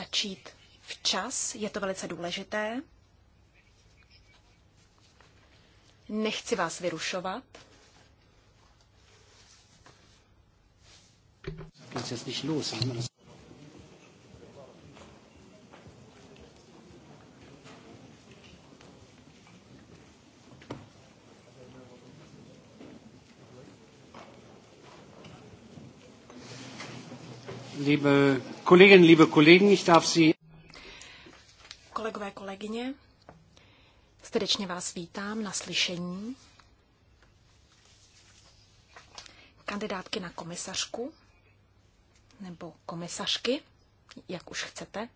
začít včas, je to velice důležité. Nechci vás vyrušovat. liebe Kolegové, kolegyně, srdečně vás vítám na slyšení kandidátky na komisařku nebo komisařky, jak už chcete,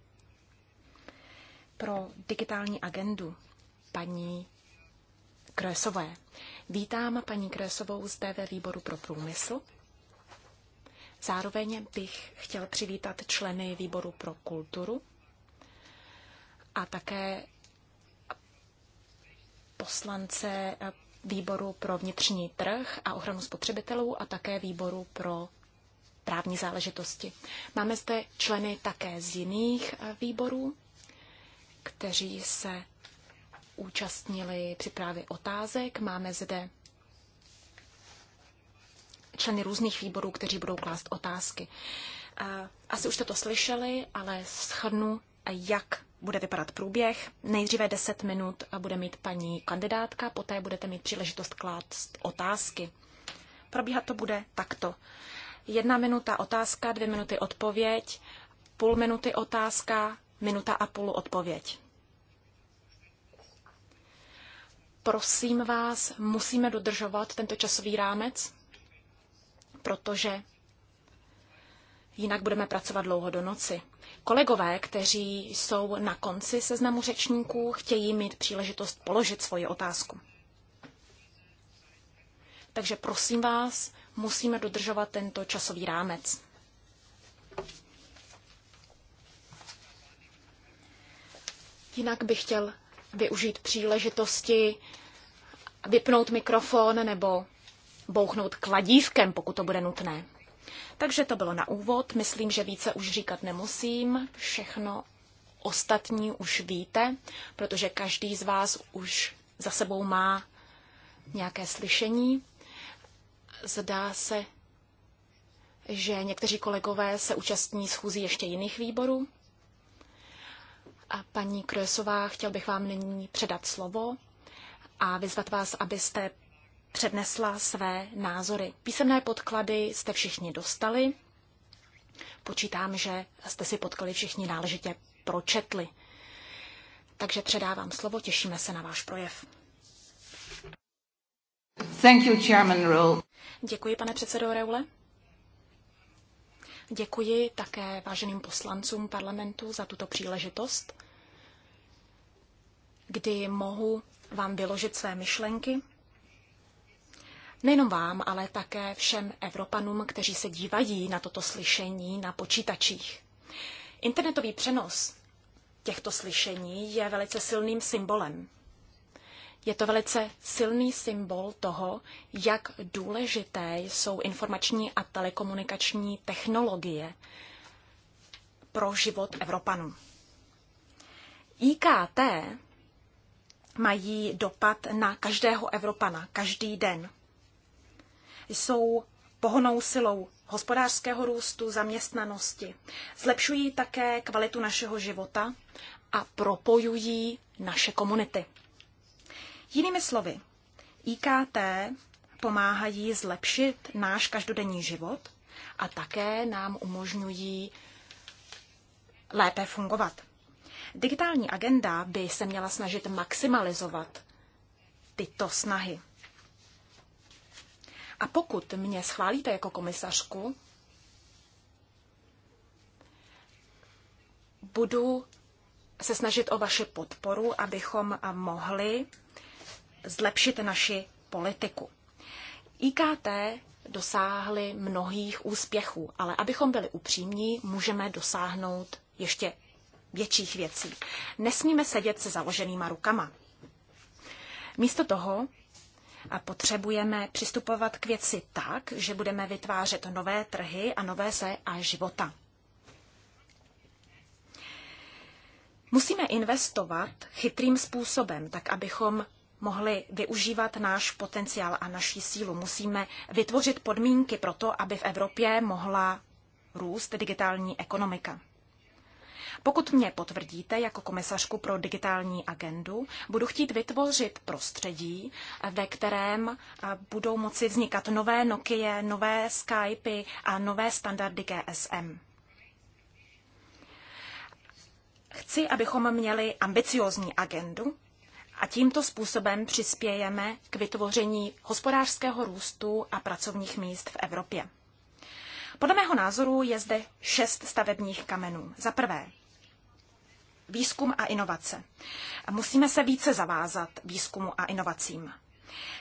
pro digitální agendu paní Kresové. Vítám paní Kresovou zde ve výboru pro průmysl Zároveň bych chtěl přivítat členy výboru pro kulturu a také poslance výboru pro vnitřní trh a ochranu spotřebitelů a také výboru pro právní záležitosti. Máme zde členy také z jiných výborů, kteří se účastnili právě otázek. Máme zde členy různých výborů, kteří budou klást otázky. Eh, asi už jste to slyšeli, ale schrnu, jak bude vypadat průběh. Nejdříve 10 minut bude mít paní kandidátka, poté budete mít příležitost klást otázky. Probíhat to bude takto. Jedna minuta otázka, dvě minuty odpověď, půl minuty otázka, minuta a půl odpověď. Prosím vás, musíme dodržovat tento časový rámec protože jinak budeme pracovat dlouho do noci. Kolegové, kteří jsou na konci seznamu řečníků, chtějí mít příležitost položit svoji otázku. Takže prosím vás, musíme dodržovat tento časový rámec. Jinak bych chtěl využít příležitosti vypnout mikrofon nebo bouchnout kladívkem, pokud to bude nutné. Takže to bylo na úvod. Myslím, že více už říkat nemusím. Všechno ostatní už víte, protože každý z vás už za sebou má nějaké slyšení. Zdá se, že někteří kolegové se účastní schůzí ještě jiných výborů. A paní Krojesová, chtěl bych vám nyní předat slovo a vyzvat vás, abyste přednesla své názory. Písemné podklady jste všichni dostali. Počítám, že jste si podklady všichni náležitě pročetli. Takže předávám slovo, těšíme se na váš projev. Thank you, Chairman Rule. Děkuji, pane předsedo Reule. Děkuji také váženým poslancům parlamentu za tuto příležitost, kdy mohu vám vyložit své myšlenky Nejenom vám, ale také všem Evropanům, kteří se dívají na toto slyšení na počítačích. Internetový přenos těchto slyšení je velice silným symbolem. Je to velice silný symbol toho, jak důležité jsou informační a telekomunikační technologie pro život Evropanů. IKT mají dopad na každého Evropana, každý den jsou pohonou silou hospodářského růstu, zaměstnanosti. Zlepšují také kvalitu našeho života a propojují naše komunity. Jinými slovy, IKT pomáhají zlepšit náš každodenní život a také nám umožňují lépe fungovat. Digitální agenda by se měla snažit maximalizovat tyto snahy. A pokud mě schválíte jako komisařku, budu se snažit o vaši podporu, abychom mohli zlepšit naši politiku. IKT dosáhly mnohých úspěchů, ale abychom byli upřímní, můžeme dosáhnout ještě větších věcí. Nesmíme sedět se založenýma rukama. Místo toho a potřebujeme přistupovat k věci tak, že budeme vytvářet nové trhy a nové se a života. Musíme investovat chytrým způsobem, tak abychom mohli využívat náš potenciál a naší sílu. Musíme vytvořit podmínky pro to, aby v Evropě mohla růst digitální ekonomika. Pokud mě potvrdíte jako komisařku pro digitální agendu, budu chtít vytvořit prostředí, ve kterém budou moci vznikat nové Nokia, nové Skype a nové standardy GSM. Chci, abychom měli ambiciozní agendu a tímto způsobem přispějeme k vytvoření hospodářského růstu a pracovních míst v Evropě. Podle mého názoru je zde šest stavebních kamenů. Za prvé, výzkum a inovace. Musíme se více zavázat výzkumu a inovacím.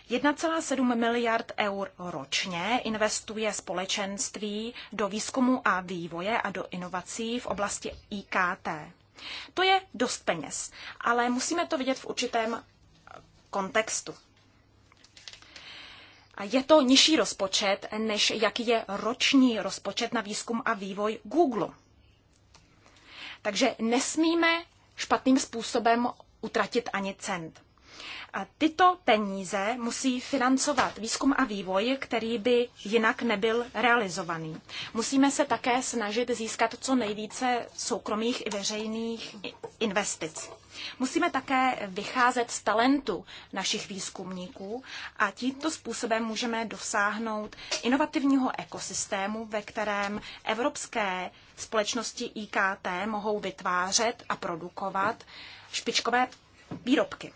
1,7 miliard eur ročně investuje společenství do výzkumu a vývoje a do inovací v oblasti IKT. To je dost peněz, ale musíme to vidět v určitém kontextu. Je to nižší rozpočet, než jaký je roční rozpočet na výzkum a vývoj Google. Takže nesmíme špatným způsobem utratit ani cent tyto peníze musí financovat výzkum a vývoj, který by jinak nebyl realizovaný. Musíme se také snažit získat co nejvíce soukromých i veřejných investic. Musíme také vycházet z talentu našich výzkumníků a tímto způsobem můžeme dosáhnout inovativního ekosystému, ve kterém evropské společnosti IKT mohou vytvářet a produkovat špičkové výrobky.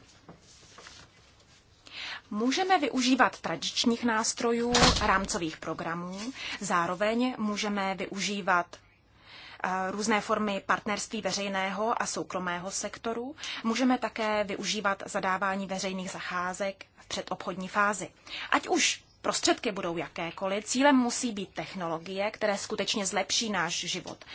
Můžeme využívat tradičních nástrojů, rámcových programů, zároveň můžeme využívat eh, různé formy partnerství veřejného a soukromého sektoru. Můžeme také využívat zadávání veřejných zacházek v předobchodní fázi. Ať už prostředky budou jakékoliv, cílem musí být technologie, které skutečně zlepší náš život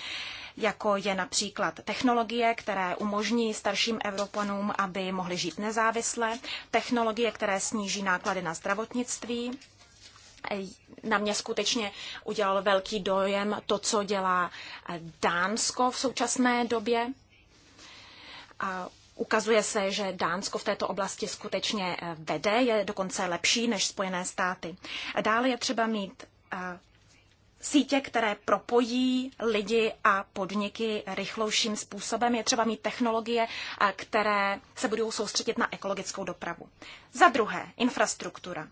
jako je například technologie, které umožní starším Evropanům, aby mohli žít nezávisle, technologie, které sníží náklady na zdravotnictví. Na mě skutečně udělalo velký dojem to, co dělá eh, Dánsko v současné době. A ukazuje se, že Dánsko v této oblasti skutečně eh, vede, je dokonce lepší než Spojené státy. Dále je třeba mít eh, sítě, které propojí lidi a podniky rychlejším způsobem. Je třeba mít technologie, které se budou soustředit na ekologickou dopravu. Za druhé, infrastruktura.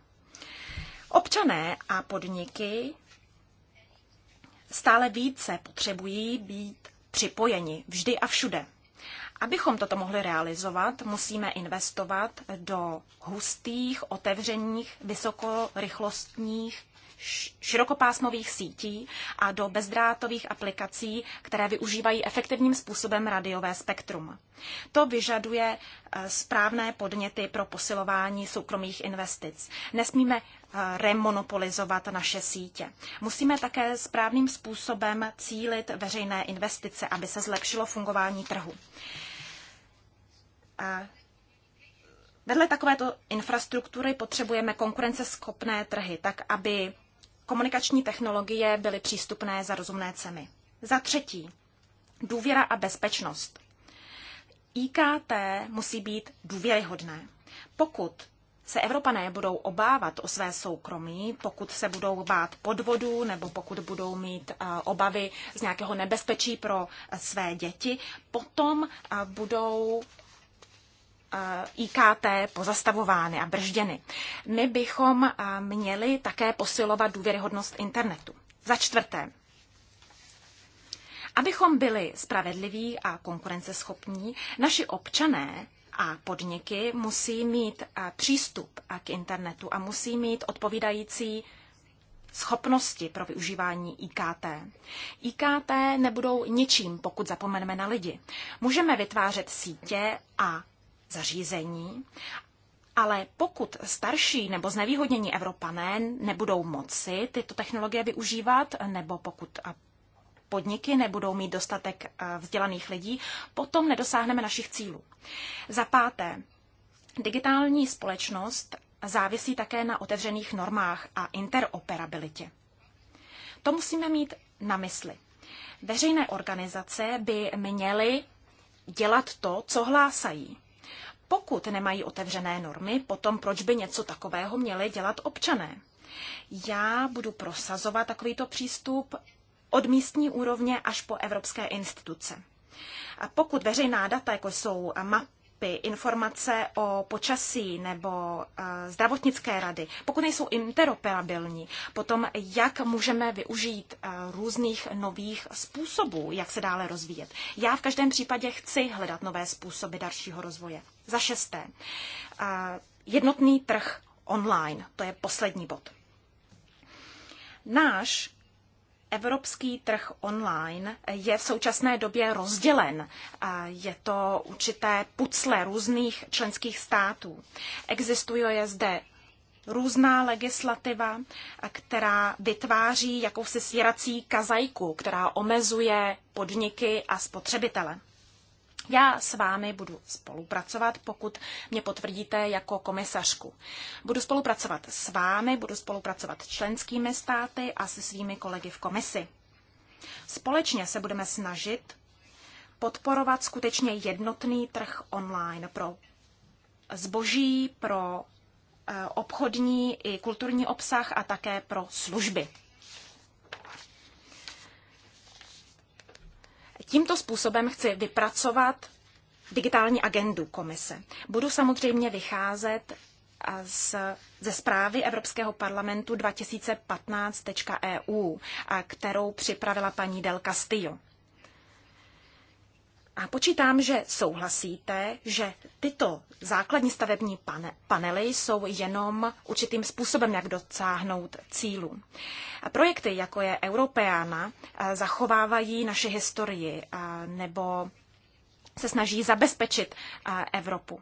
Občané a podniky stále více potřebují být připojeni vždy a všude. Abychom toto mohli realizovat, musíme investovat do hustých, otevřených, vysokorychlostních širokopásmových sítí a do bezdrátových aplikací, které využívají efektivním způsobem radiové spektrum. To vyžaduje eh, správné podněty pro posilování soukromých investic. Nesmíme eh, remonopolizovat naše sítě. Musíme také správným způsobem cílit veřejné investice, aby se zlepšilo fungování trhu. A eh, vedle takovéto infrastruktury potřebujeme konkurenceschopné trhy, tak aby komunikační technologie byly přístupné za rozumné ceny. Za třetí, důvěra a bezpečnost. IKT musí být důvěryhodné. Pokud se Evropané budou obávat o své soukromí, pokud se budou bát podvodu nebo pokud budou mít eh, obavy z nějakého nebezpečí pro eh, své děti, potom eh, budou Eh, IKT pozastavovány a bržděny. My bychom eh, měli také posilovat důvěryhodnost internetu. Za čtvrté, abychom byli spravedliví a konkurenceschopní, naši občané a podniky musí mít eh, přístup k internetu a musí mít odpovídající schopnosti pro využívání IKT. IKT nebudou ničím, pokud zapomeneme na lidi. Můžeme vytvářet sítě a zařízení, ale pokud starší nebo znevýhodnění Evropané nebudou moci tyto technologie využívat, nebo pokud podniky nebudou mít dostatek vzdělaných lidí, potom nedosáhneme našich cílů. Za páté, digitální společnost závisí také na otevřených normách a interoperabilitě. To musíme mít na mysli. Veřejné organizace by měly dělat to, co hlásají. Pokud nemají otevřené normy, potom proč by něco takového měli dělat občané? Já budu prosazovat takovýto přístup od místní úrovně až po evropské instituce. A pokud veřejná data, jako jsou mapy, typy informace o počasí nebo eh, zdravotnické rady, pokud nejsou interoperabilní, potom jak můžeme využít eh, různých nových způsobů, jak se dále rozvíjet. Já v každém případě chci hledat nové způsoby dalšího rozvoje. Za šesté, eh, jednotný trh online, to je poslední bod. Náš Evropský trh online je v současné době rozdělen. Je to určité pucle různých členských států. Existuje zde různá legislativa, která vytváří jakousi svěrací kazajku, která omezuje podniky a spotřebitele. Já s vámi budu spolupracovat, pokud mě potvrdíte jako komisařku. Budu spolupracovat s vámi, budu spolupracovat s členskými státy a se svými kolegy v komisi. Společně se budeme snažit podporovat skutečně jednotný trh online pro zboží, pro eh, obchodní i kulturní obsah a také pro služby. Tímto způsobem chci vypracovat digitální agendu komise. Budu samozřejmě vycházet z, ze zprávy Evropského parlamentu 2015.eu, e kterou připravila paní Del Castillo. A počítám, že souhlasíte, že tyto základní stavební pane, panely jsou jenom určitým způsobem, jak dosáhnout cílu. Projekty, jako je Europeana, eh, zachovávají naši historii eh, nebo se snaží zabezpečit eh, Evropu.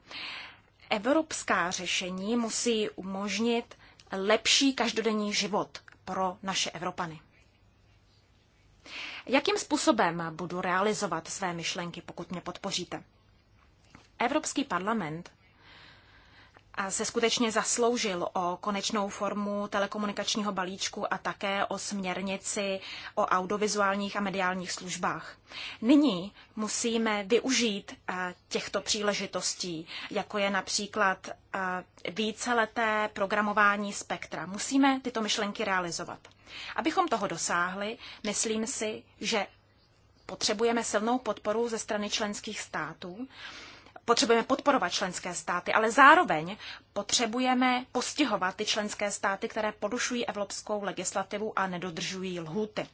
Evropská řešení musí umožnit lepší každodenní život pro naše Evropany. Jakým způsobem budu realizovat své myšlenky, pokud mě podpoříte? Evropský parlament se skutečně zasloužil o konečnou formu telekomunikačního balíčku a také o směrnici o audiovizuálních a mediálních službách. Nyní musíme využít eh, těchto příležitostí, jako je například eh, víceleté programování spektra. Musíme tyto myšlenky realizovat. Abychom toho dosáhli, myslím si, že potřebujeme silnou podporu ze strany členských států potřebujeme podporovat členské státy, ale zároveň potřebujeme postihovat ty členské státy, které porušují evropskou legislativu a nedodržují lhůty.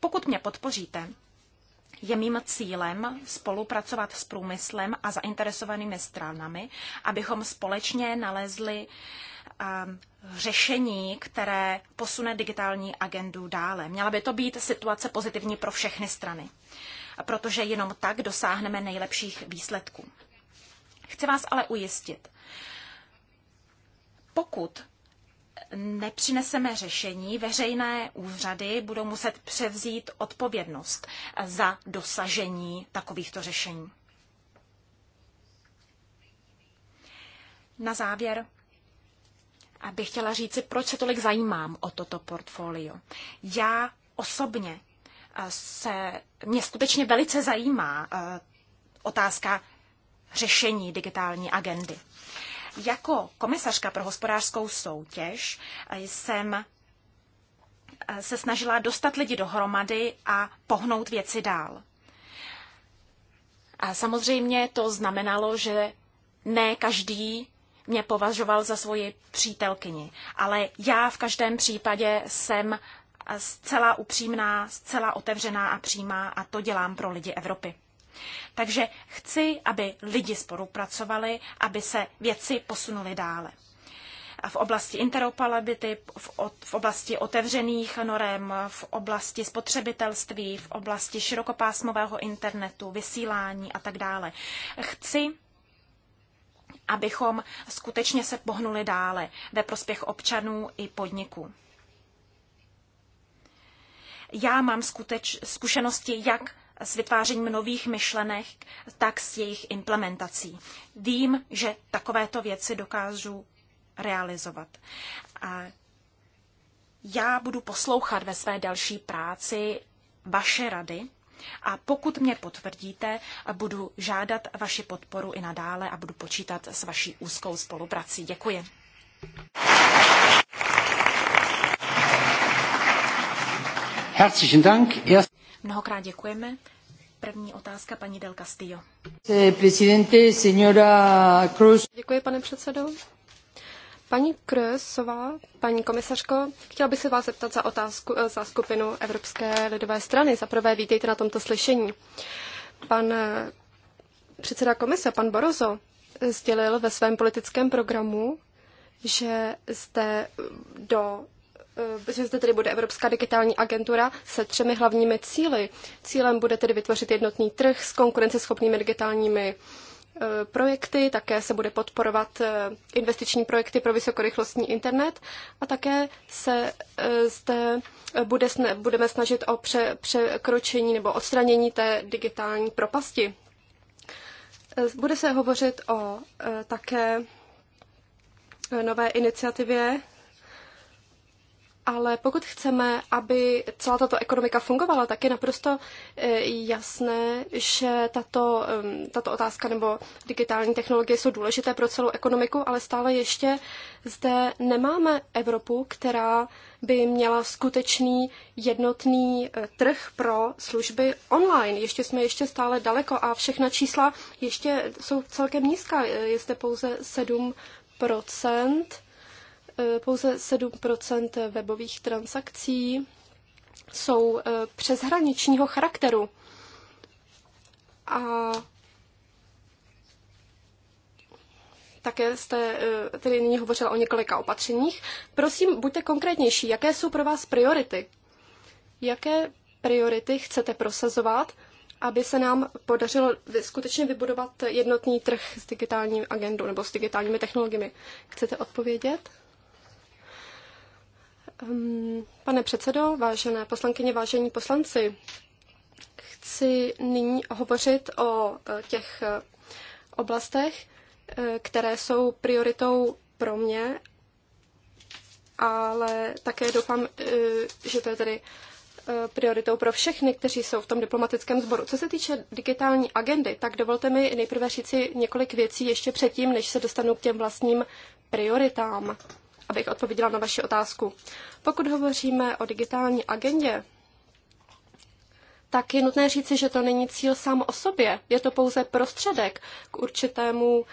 Pokud mě podpoříte, je mým cílem spolupracovat s průmyslem a zainteresovanými stranami, abychom společně nalezli ehm, řešení, které posune digitální agendu dále. Měla by to být situace pozitivní pro všechny strany, protože jenom tak dosáhneme nejlepších výsledků. Chci vás ale ujistit. Pokud nepřineseme řešení, veřejné úřady budou muset převzít odpovědnost za dosažení takovýchto řešení. Na závěr bych chtěla říci, proč se tolik zajímám o toto portfolio. Já osobně se, mě skutečně velice zajímá eh, otázka řešení digitální agendy. Jako komisařka pro hospodářskou soutěž jsem eh, se snažila dostat lidi dohromady a pohnout věci dál. A samozřejmě to znamenalo, že ne každý mě považoval za svoji přítelkyni, ale já v každém případě jsem eh, zcela upřímná, zcela otevřená a přímá a to dělám pro lidi Evropy. Takže chci, aby lidi spolupracovali, aby se věci posunuly dále. A v oblasti interoperability, v, v oblasti otevřených norem, v oblasti spotřebitelství, v oblasti širokopásmového internetu, vysílání a tak dále. Chci, abychom skutečně se pohnuli dále ve prospěch občanů i podniků. Já mám skuteč, zkušenosti jak s vytvářením nových myšlenek, tak s jejich implementací. Vím, že takovéto věci dokážu realizovat. A já budu poslouchat ve své další práci vaše rady a pokud mě potvrdíte, budu žádat vaši podporu i nadále a budu počítat s vaší úzkou spoluprací. Děkuji. Herzlichen Dank. Mnohokrát děkujeme. První otázka paní Del Castillo. Eh, Děkuji, pane předsedo. Paní Krösová, paní komisařko, chtěla bych se vás zeptat za otázku eh, za skupinu Evropské lidové strany. Za prvé vítejte na tomto slyšení. Pan eh, předseda komise, pan Borozo, sdělil ve svém politickém programu, že zde do Eh, že zde tedy bude Evropská digitální agentura se třemi hlavními cíly. Cílem bude tedy vytvořit jednotný trh s konkurenceschopnými digitálními eh, projekty, také se bude podporovat eh, investiční projekty pro vysokorychlostní internet a také se zde bude, budeme snažit o pře, překročení nebo odstranění té digitální propasti. Bude se hovořit o také nové iniciativě ale pokud chceme, aby celá tato ekonomika fungovala, tak je naprosto eh, jasné, že tato, tato otázka nebo digitální technologie jsou důležité pro celou ekonomiku, ale stále ještě zde nemáme Evropu, která by měla skutečný jednotný eh, trh pro služby online. Ještě jsme ještě stále daleko a všechna čísla ještě jsou celkem nízká. Je zde pouze 7 procent pouze 7 webových transakcí jsou eh, přeshraničního charakteru. A také jste eh, tedy nyní hovořila o několika opatřeních. Prosím, buďte konkrétnější. Jaké jsou pro vás priority? Jaké priority chcete prosazovat, aby se nám podařilo skutečně vybudovat jednotný trh s digitální agendou nebo s digitálními technologiemi? Chcete odpovědět? Ehm, pane předsedo, vážené poslankyně, vážení poslanci, chci nyní hovořit o e, těch e, oblastech, e, které jsou prioritou pro mě, ale také doufám, že to je tedy prioritou pro všechny, kteří jsou v tom diplomatickém sboru. Co se týče digitální agendy, tak dovolte mi nejprve říci několik věcí ještě předtím, než se dostanu k těm vlastním prioritám abych odpověděla na vaši otázku. Pokud hovoříme o digitální agendě, tak je nutné říci, že to není cíl sám o sobě. Je to pouze prostředek k určitému,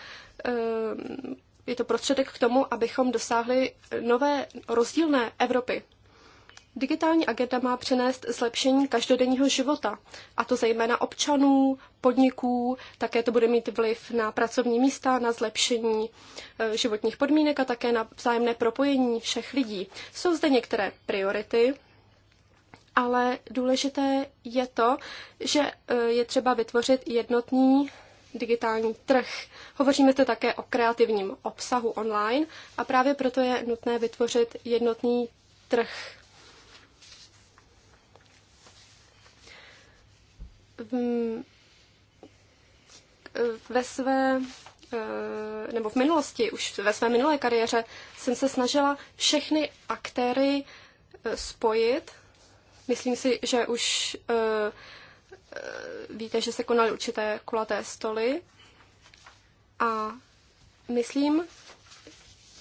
ehm, je to prostředek k tomu, abychom dosáhli nové rozdílné Evropy. Digitální agenda má přinést zlepšení každodenního života, a to zejména občanů, podniků, také to bude mít vliv na pracovní místa, na zlepšení e, životních podmínek a také na vzájemné propojení všech lidí. Jsou zde některé priority, ale důležité je to, že e, je třeba vytvořit jednotný digitální trh. Hovoříme zde také o kreativním obsahu online a právě proto je nutné vytvořit jednotný trh ve své eh, nebo v minulosti, už ve své minulé kariéře, jsem se snažila všechny aktéry eh, spojit. Myslím si, že už eh, víte, že se konaly určité kulaté stoly. A myslím,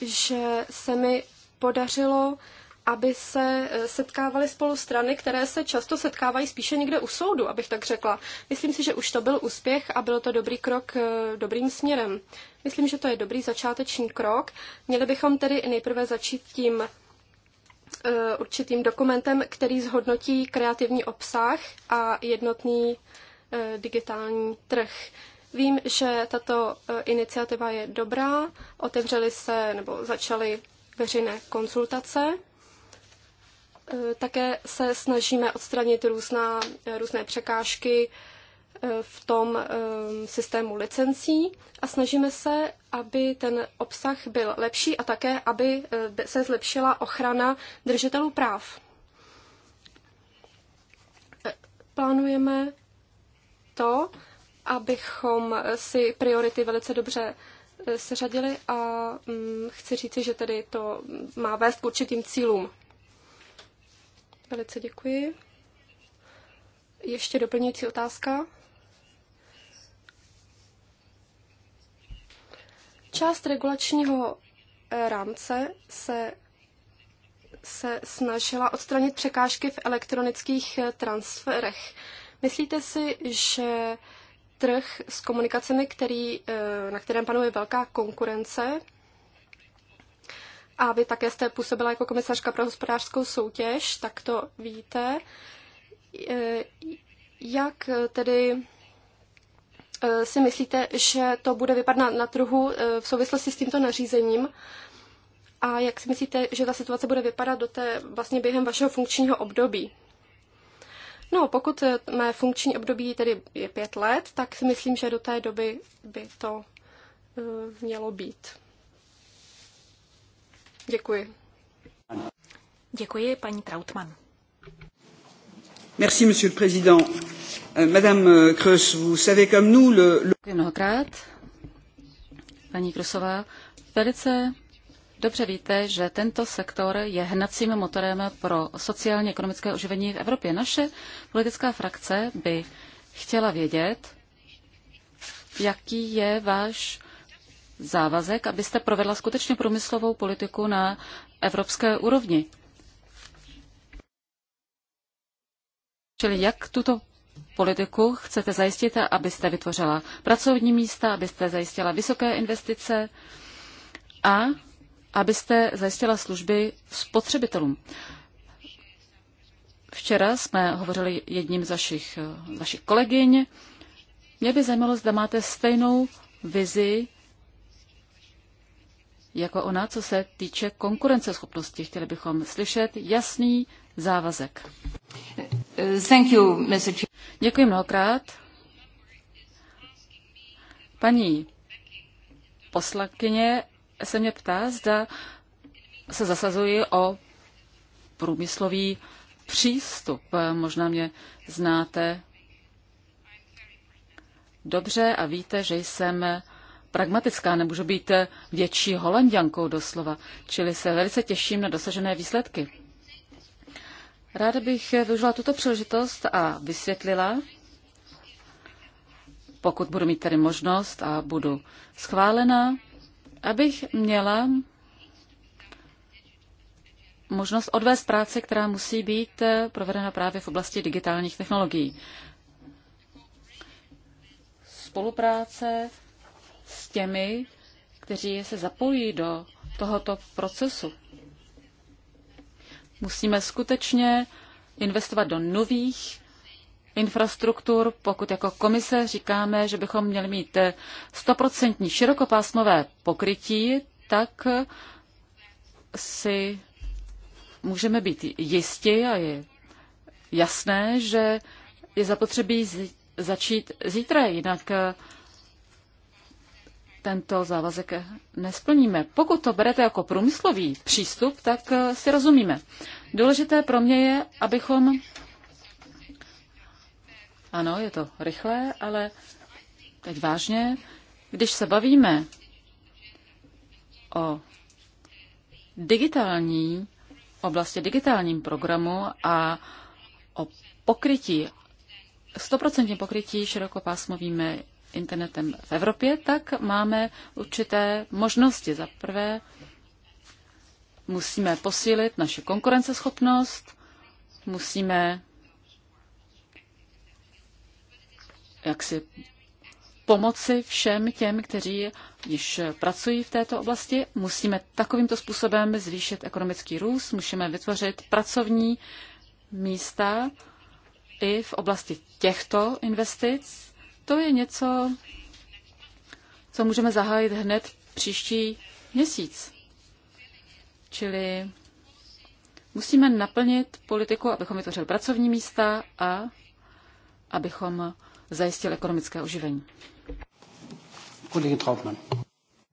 že se mi podařilo aby se eh, setkávaly spolu strany, které se často setkávají spíše někde u soudu, abych tak řekla. Myslím si, že už to byl úspěch a byl to dobrý krok eh, dobrým směrem. Myslím, že to je dobrý začáteční krok. Měli bychom tedy nejprve začít tím eh, určitým dokumentem, který zhodnotí kreativní obsah a jednotný digitální trh. Vím, že tato iniciativa je dobrá, otevřely se nebo začaly veřejné konsultace Eh, také se snažíme odstranit různá, eh, různé překážky eh, v tom systému licencí a snažíme se, aby ten obsah byl lepší a také, aby se zlepšila ochrana držitelů práv. Plánujeme to, abychom si priority velice dobře seřadili a mm, chci říci, že tedy to má vést k určitým cílům. Velice děkuji. Ještě doplňující otázka. Část regulačního eh, rámce se, se snažila odstranit překážky v elektronických eh, transferech. Myslíte si, že trh s komunikacemi, který, eh, na kterém panuje velká konkurence, a vy také jste působila jako komisařka pro hospodářskou soutěž, tak to víte. E, jak tedy e, si myslíte, že to bude vypadat na trhu e, v souvislosti s tímto nařízením? A jak si myslíte, že ta situace bude vypadat do té, vlastně během vašeho funkčního období? No, pokud mé funkční období tedy je pět let, tak si myslím, že do té doby by to mělo být. Děkuji. Děkuji, paní Trautmann. Merci, monsieur le président. Euh, madame Kreus, euh, vous savez comme nous le... Děkuji mnohokrát, paní Krusová. Velice dobře víte, že tento sektor je hnacím motorem pro sociálně ekonomické oživení v Evropě. Naše politická frakce by chtěla vědět, jaký je váš závazek, abyste provedla skutečně průmyslovou politiku na evropské úrovni. Čili jak tuto politiku chcete zajistit, abyste vytvořila pracovní místa, abyste zajistila vysoké investice a abyste zajistila služby spotřebitelům. Včera jsme hovořili jedním z vašich, vašich kolegyň. Mě by zajímalo, zda máte stejnou vizi jako ona, co se týče konkurenceschopnosti. Chtěli bychom slyšet jasný závazek. Thank you, Mr. Děkuji mnohokrát. Paní poslankyně se mě ptá, zda se zasazuji o průmyslový přístup. Možná mě znáte dobře a víte, že jsem pragmatická, nemůžu být eh, větší holandiankou doslova, čili se velice těším na dosažené výsledky. Ráda bych eh, využila tuto příležitost a vysvětlila, pokud budu mít tady možnost a budu schválena, abych měla možnost odvést práce, která musí být eh, provedena právě v oblasti digitálních technologií. Spolupráce s těmi, kteří se zapojí do tohoto procesu. Musíme skutečně investovat do nových infrastruktur, pokud jako komise říkáme, že bychom měli mít 100% širokopásmové pokrytí, tak si můžeme být jisti a je jasné, že je zapotřebí začít zítra, jinak tento závazek nesplníme. Pokud to berete jako průmyslový přístup, tak eh, si rozumíme. Důležité pro mě je, abychom. Ano, je to rychlé, ale teď vážně, když se bavíme o digitální oblasti, digitálním programu a o pokrytí, 100% pokrytí širokopásmovými internetem v Evropě, tak máme určité možnosti. Za prvé musíme posílit naši konkurenceschopnost, musíme jak si pomoci všem těm, kteří již pracují v této oblasti. Musíme takovýmto způsobem zvýšit ekonomický růst, musíme vytvořit pracovní místa i v oblasti těchto investic. To je něco, co můžeme zahájit hned příští měsíc. Čili musíme naplnit politiku, abychom vytvořili pracovní místa a abychom zajistili ekonomické oživení. Kolegyně Trautmann.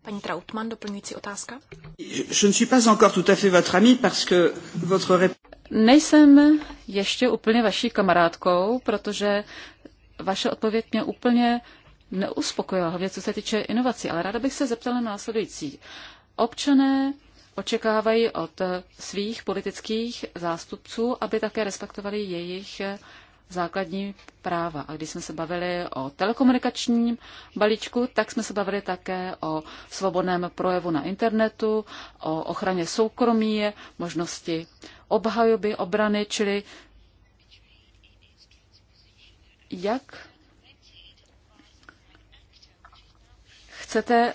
Paní Trautmann, doplňující otázka. Je ne suis pas encore tout à fait votre ami parce que votre Nejsem ještě úplně vaší kamarádkou, protože vaše odpověď mě úplně neuspokojila, hlavně co se týče inovací, ale ráda bych se zeptala následující. Občané očekávají od svých politických zástupců, aby také respektovali jejich základní práva. A když jsme se bavili o telekomunikačním balíčku, tak jsme se bavili také o svobodném projevu na internetu, o ochraně soukromí, možnosti obhajoby, obrany, čili jak chcete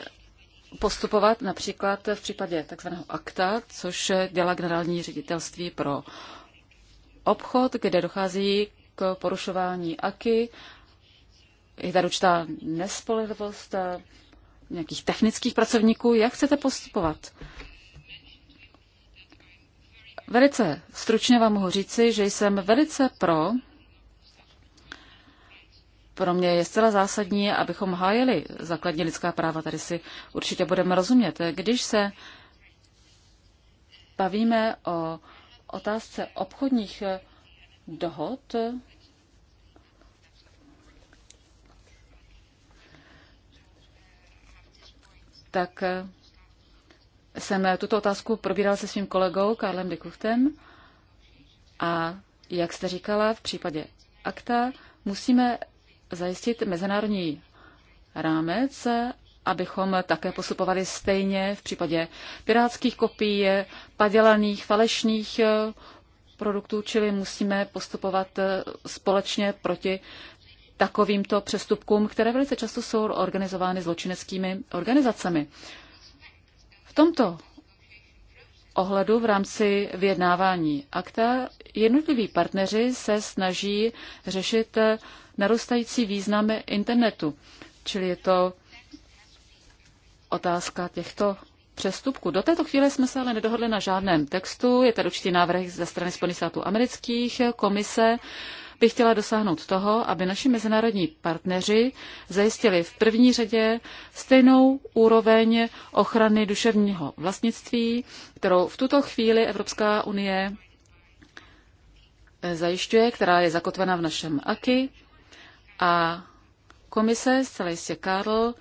postupovat například v případě takzvaného akta, což dělá generální ředitelství pro obchod, kde dochází k porušování AKY. Je tady určitá nespolehlivost eh, nějakých technických pracovníků. Jak chcete postupovat? Velice stručně vám mohu říci, že jsem velice pro pro mě je zcela zásadní, abychom hájili základní lidská práva. Tady si určitě budeme rozumět. Když se bavíme o otázce obchodních dohod, tak jsem tuto otázku probíral se svým kolegou Karlem Dekuchtem a jak jste říkala, v případě akta musíme zajistit mezinárodní rámec, abychom také postupovali stejně v případě pirátských kopií, padělaných, falešných eh, produktů, čili musíme postupovat eh, společně proti takovýmto přestupkům, které velice často jsou organizovány zločineckými organizacemi. V tomto ohledu v rámci vyjednávání akta jednotliví partneři se snaží řešit eh, narůstající významy internetu. Čili je to otázka těchto přestupků. Do této chvíle jsme se ale nedohodli na žádném textu. Je tady určitý návrh ze strany Spojených států amerických. Komise by chtěla dosáhnout toho, aby naši mezinárodní partneři zajistili v první řadě stejnou úroveň ochrany duševního vlastnictví, kterou v tuto chvíli Evropská unie zajišťuje, která je zakotvena v našem AKI. A komise, zcela jistě Karl,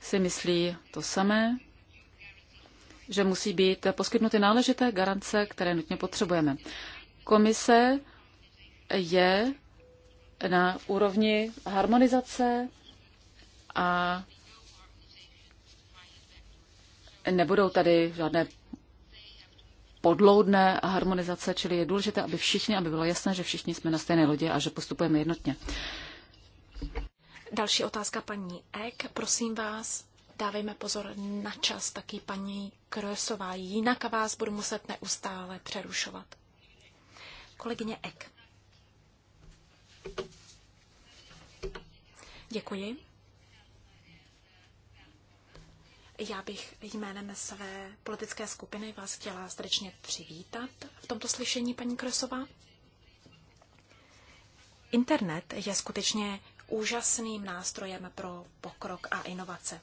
si myslí to samé, že musí být poskytnuty náležité garance, které nutně potřebujeme. Komise je na úrovni harmonizace a nebudou tady žádné podloudné harmonizace, čili je důležité, aby všichni, aby bylo jasné, že všichni jsme na stejné lodi a že postupujeme jednotně. Další otázka paní Ek. Prosím vás, dávejme pozor na čas, taky paní Krosová. jinak vás budu muset neustále přerušovat. Kolegyně Ek. Děkuji. Já bych jménem své politické skupiny vás chtěla srdečně přivítat v tomto slyšení, paní Krosová. Internet je skutečně úžasným nástrojem pro pokrok a inovace.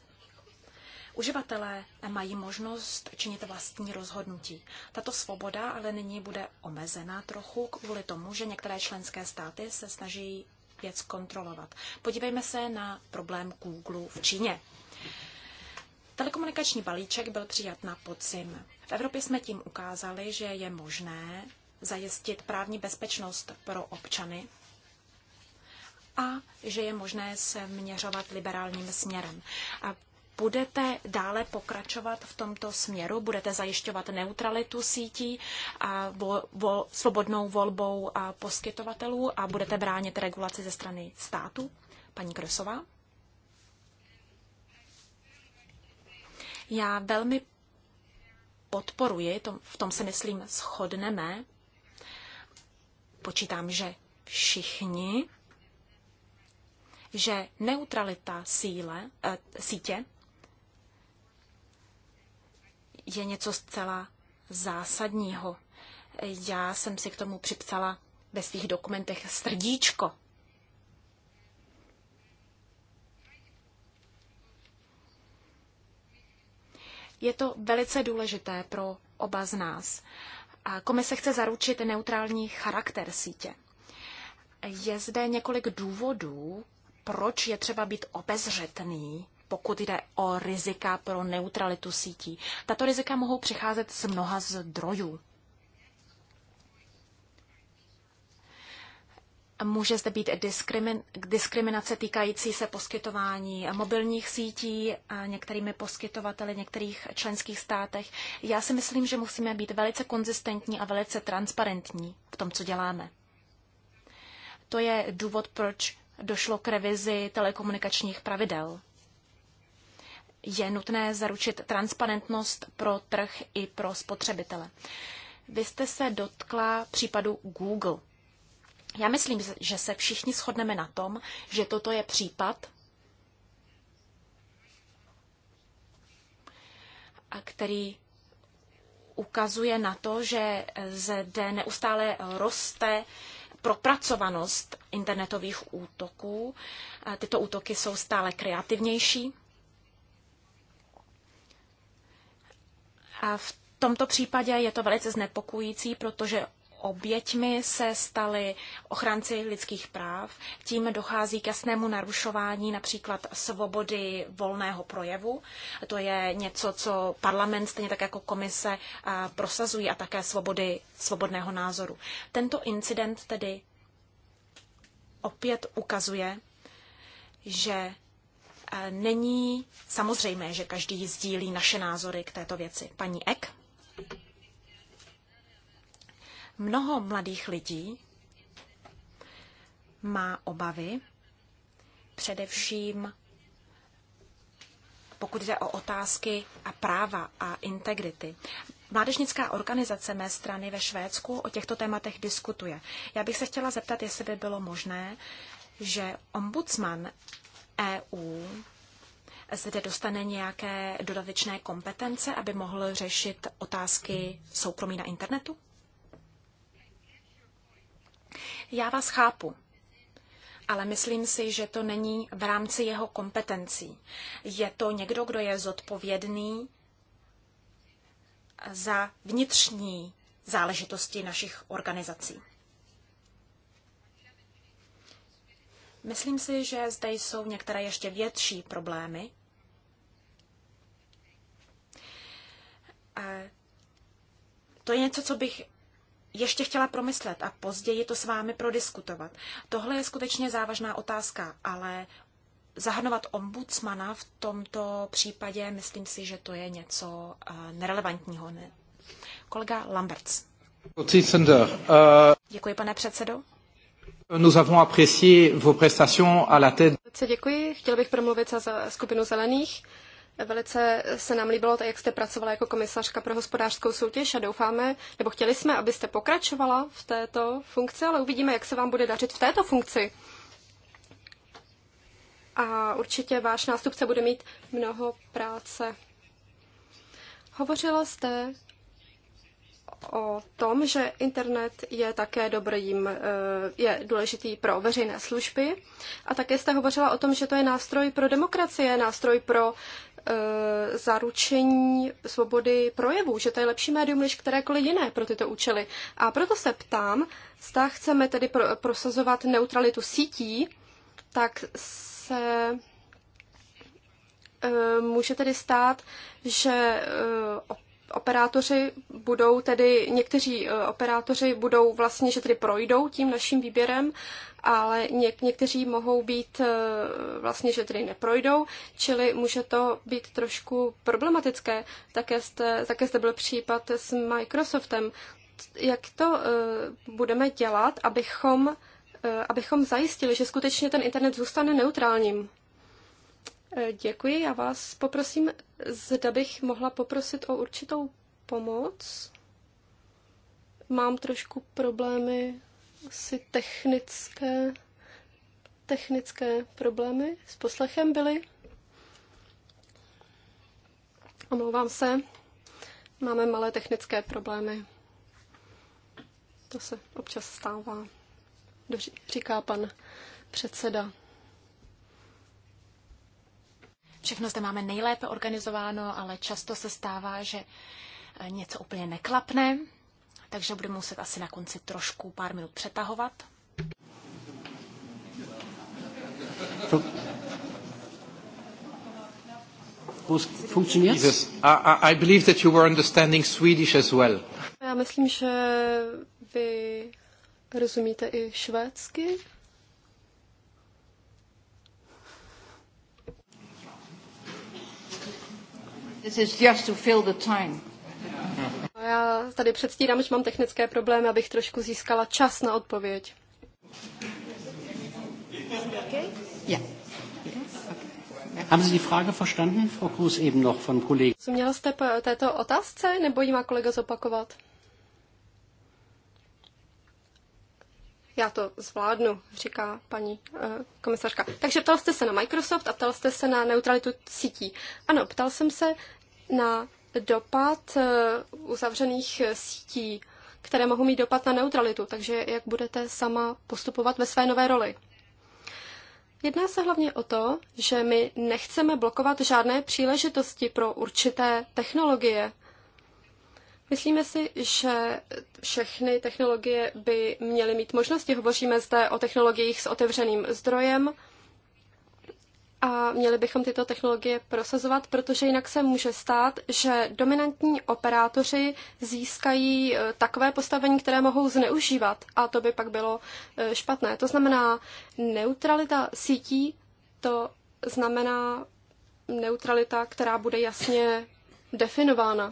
Uživatelé mají možnost činit vlastní rozhodnutí. Tato svoboda ale nyní bude omezena trochu kvůli tomu, že některé členské státy se snaží věc kontrolovat. Podívejme se na problém Google v Číně. Telekomunikační balíček byl přijat na podzim. V Evropě jsme tím ukázali, že je možné zajistit právní bezpečnost pro občany a že je možné se měřovat liberálním směrem. A budete dále pokračovat v tomto směru, budete zajišťovat neutralitu sítí a vo, vo, svobodnou volbou a poskytovatelů a budete bránit regulaci ze strany státu? Paní Krosová? Já velmi podporuji, to, v tom se myslím shodneme. Počítám, že všichni, že neutralita síle, e, sítě je něco zcela zásadního. Já jsem si k tomu připsala ve svých dokumentech srdíčko. Je to velice důležité pro oba z nás. A komise chce zaručit neutrální charakter sítě. Je zde několik důvodů, proč je třeba být obezřetný, pokud jde o rizika pro neutralitu sítí. Tato rizika mohou přicházet z mnoha zdrojů. Může zde být diskriminace týkající se poskytování mobilních sítí některými poskytovateli některých členských státech. Já si myslím, že musíme být velice konzistentní a velice transparentní v tom, co děláme. To je důvod, proč došlo k revizi telekomunikačních pravidel. Je nutné zaručit transparentnost pro trh i pro spotřebitele. Vy jste se dotkla případu Google. Já myslím, že se všichni shodneme na tom, že toto je případ, který ukazuje na to, že zde neustále roste propracovanost internetových útoků. Tyto útoky jsou stále kreativnější. A v tomto případě je to velice znepokojící, protože oběťmi se stali ochranci lidských práv. Tím dochází k jasnému narušování například svobody volného projevu. To je něco, co parlament, stejně tak jako komise, prosazují a také svobody svobodného názoru. Tento incident tedy opět ukazuje, že není samozřejmé, že každý sdílí naše názory k této věci. Paní Ek? Mnoho mladých lidí má obavy, především pokud jde o otázky a práva a integrity. Mládežnická organizace mé strany ve Švédsku o těchto tématech diskutuje. Já bych se chtěla zeptat, jestli by bylo možné, že ombudsman EU zde dostane nějaké dodatečné kompetence, aby mohl řešit otázky soukromí na internetu? Já vás chápu, ale myslím si, že to není v rámci jeho kompetencí. Je to někdo, kdo je zodpovědný za vnitřní záležitosti našich organizací. Myslím si, že zde jsou některé ještě větší problémy. To je něco, co bych ještě chtěla promyslet a později to s vámi prodiskutovat. Tohle je skutečně závažná otázka, ale zahrnovat ombudsmana v tomto případě, myslím si, že to je něco eh, nerelevantního. Ne? Kolega Lamberts. Euh, děkuji, pane předsedo. Nous avons apprécié vos prestations à la tête. Děkuji, chtěl bych promluvit za skupinu zelených. Velice se nám líbilo, jak jste pracovala jako komisařka pro hospodářskou soutěž a doufáme, nebo chtěli jsme, abyste pokračovala v této funkci, ale uvidíme, jak se vám bude dařit v této funkci. A určitě váš nástupce bude mít mnoho práce. Hovořila jste o tom, že internet je také dobrým, eh, je důležitý pro veřejné služby a také jste hovořila o tom, že to je nástroj pro demokracie, nástroj pro Eh, zaručení svobody projevu, že to je lepší médium než kterékoliv jiné pro tyto účely. A proto se ptám, zda chceme tedy pro, prosazovat neutralitu sítí, tak se eh, může tedy stát, že eh, operátoři budou tedy, někteří eh, operátoři budou vlastně, že tedy projdou tím naším výběrem, ale něk, někteří mohou být eh, vlastně, že tedy neprojdou, čili může to být trošku problematické. Také jste, také jste byl případ s Microsoftem. Jak to eh, budeme dělat, abychom, abychom zajistili, že skutečně ten internet zůstane neutrálním? Eh, děkuji, já vás poprosím, zda bych mohla poprosit o určitou pomoc. Mám trošku problémy asi technické, technické problémy s poslechem byly. Omlouvám se, máme malé technické problémy. To se občas stává, říká pan předseda. Všechno zde máme nejlépe organizováno, ale často se stává, že eh, něco úplně neklapne, takže budeme muset asi na konci trošku pár minut přetahovat. I believe that you were understanding Swedish as well. Já myslím, že vy rozumíte i švédsky. This is just to fill the time. No, Já tady předstírám, že mám technické problémy, abych trošku získala čas na odpověď. Okay? Yeah. Haben Sie die Frage verstanden, Frau Kruse, eben noch von Kollegen? Rozuměla jste této otázce, nebo ji má kolega zopakovat? Já to zvládnu, říká paní uh, komisařka. Takže ptal jste se na Microsoft a ptal jste se na neutralitu sítí. Ano, ptal jsem se na dopad eh, uzavřených sítí, které mohou mít dopad na neutralitu, takže jak budete sama postupovat ve své nové roli. Jedná se hlavně o to, že my nechceme blokovat žádné příležitosti pro určité technologie. Myslíme si, že všechny technologie by měly mít možnosti. Hovoříme zde o technologiích s otevřeným zdrojem a měli bychom tyto technologie prosazovat, protože jinak se může stát, že dominantní operátoři získají eh, takové postavení, které mohou zneužívat a to by pak bylo eh, špatné. To znamená, neutralita sítí, to znamená neutralita, která bude jasně definována.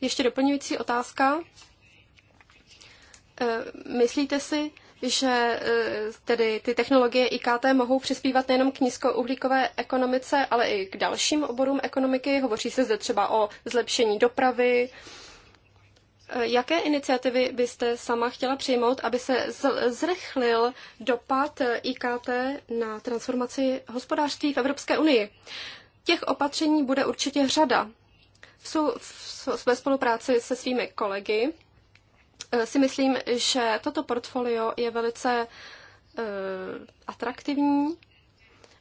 Ještě doplňující otázka. Eh, myslíte si, že eh, tedy ty technologie IKT mohou přispívat nejenom k nízkouhlíkové ekonomice, ale i k dalším oborům ekonomiky? Hovoří se zde třeba o zlepšení dopravy. Eh, jaké iniciativy byste sama chtěla přijmout, aby se zrychlil dopad IKT na transformaci hospodářství v Evropské unii? Těch opatření bude určitě řada sou ve spolupráci se svými kolegy eh, si myslím, že toto portfolio je velice uh, atraktivní.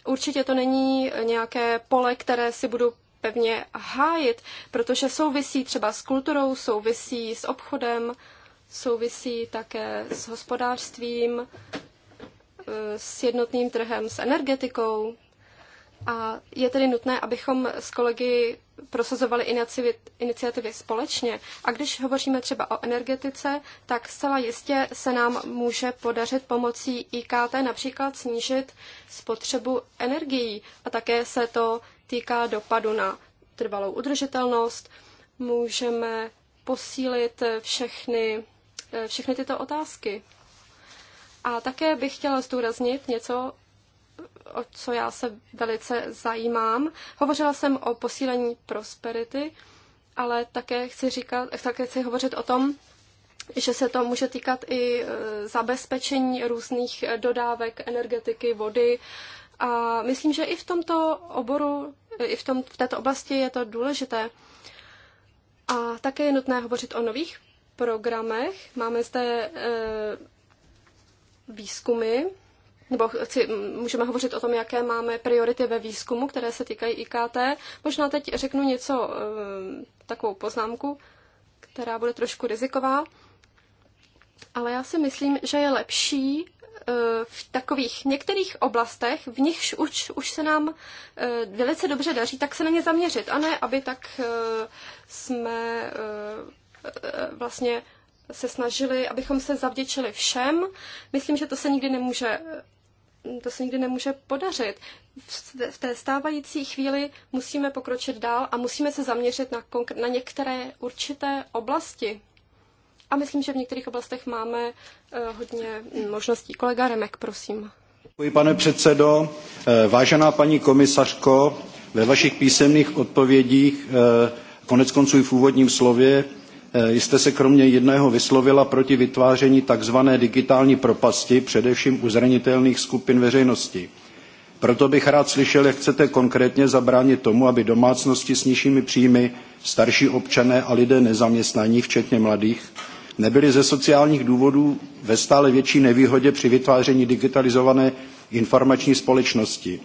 Určitě to není nějaké pole, které si budu pevně hájit, protože souvisí třeba s kulturou, souvisí s obchodem, souvisí také s hospodářstvím, eh, s jednotným trhem, s energetikou. A je tedy nutné, abychom s kolegy prosazovali iniciativy společně. A když hovoříme třeba o energetice, tak zcela jistě se nám může podařit pomocí IKT například snížit spotřebu energií. A také se to týká dopadu na trvalou udržitelnost. Můžeme posílit všechny, eh, všechny tyto otázky. A také bych chtěla zdůraznit něco, o co já se velice zajímám. Hovořila jsem o posílení prosperity, ale také chci, říkat, také chci hovořit o tom, že se to může týkat i e, zabezpečení různých dodávek energetiky, vody. A myslím, že i v tomto oboru, i v, tom, v této oblasti je to důležité. A také je nutné hovořit o nových programech. Máme zde e, výzkumy, nebo chci, můžeme hovořit o tom, jaké máme priority ve výzkumu, které se týkají IKT. Možná teď řeknu něco, eh, takovou poznámku, která bude trošku riziková, ale já si myslím, že je lepší eh, v takových některých oblastech, v nichž už, už se nám eh, velice dobře daří, tak se na ně zaměřit, a ne, aby tak jsme vlastně se snažili, abychom se zavděčili všem. Myslím, že to se nikdy nemůže to se nikdy nemůže podařit. V té stávající chvíli musíme pokročit dál a musíme se zaměřit na, na některé určité oblasti. A myslím, že v některých oblastech máme eh, hodně možností. Kolega Remek, prosím. Děkuji, pane předsedo. Eh, vážená paní komisařko, ve vašich písemných odpovědích, eh, konec konců i v úvodním slově, Eh, jste se kromě jiného vyslovila proti vytváření tzv. digitální propasti, především u zranitelných skupin veřejnosti. Proto bych rád slyšel, jak chcete konkrétně zabránit tomu, aby domácnosti s nižšími příjmy, starší občané a lidé nezaměstnaní, včetně mladých, nebyli ze sociálních důvodů ve stále větší nevýhodě při vytváření digitalizované informační společnosti.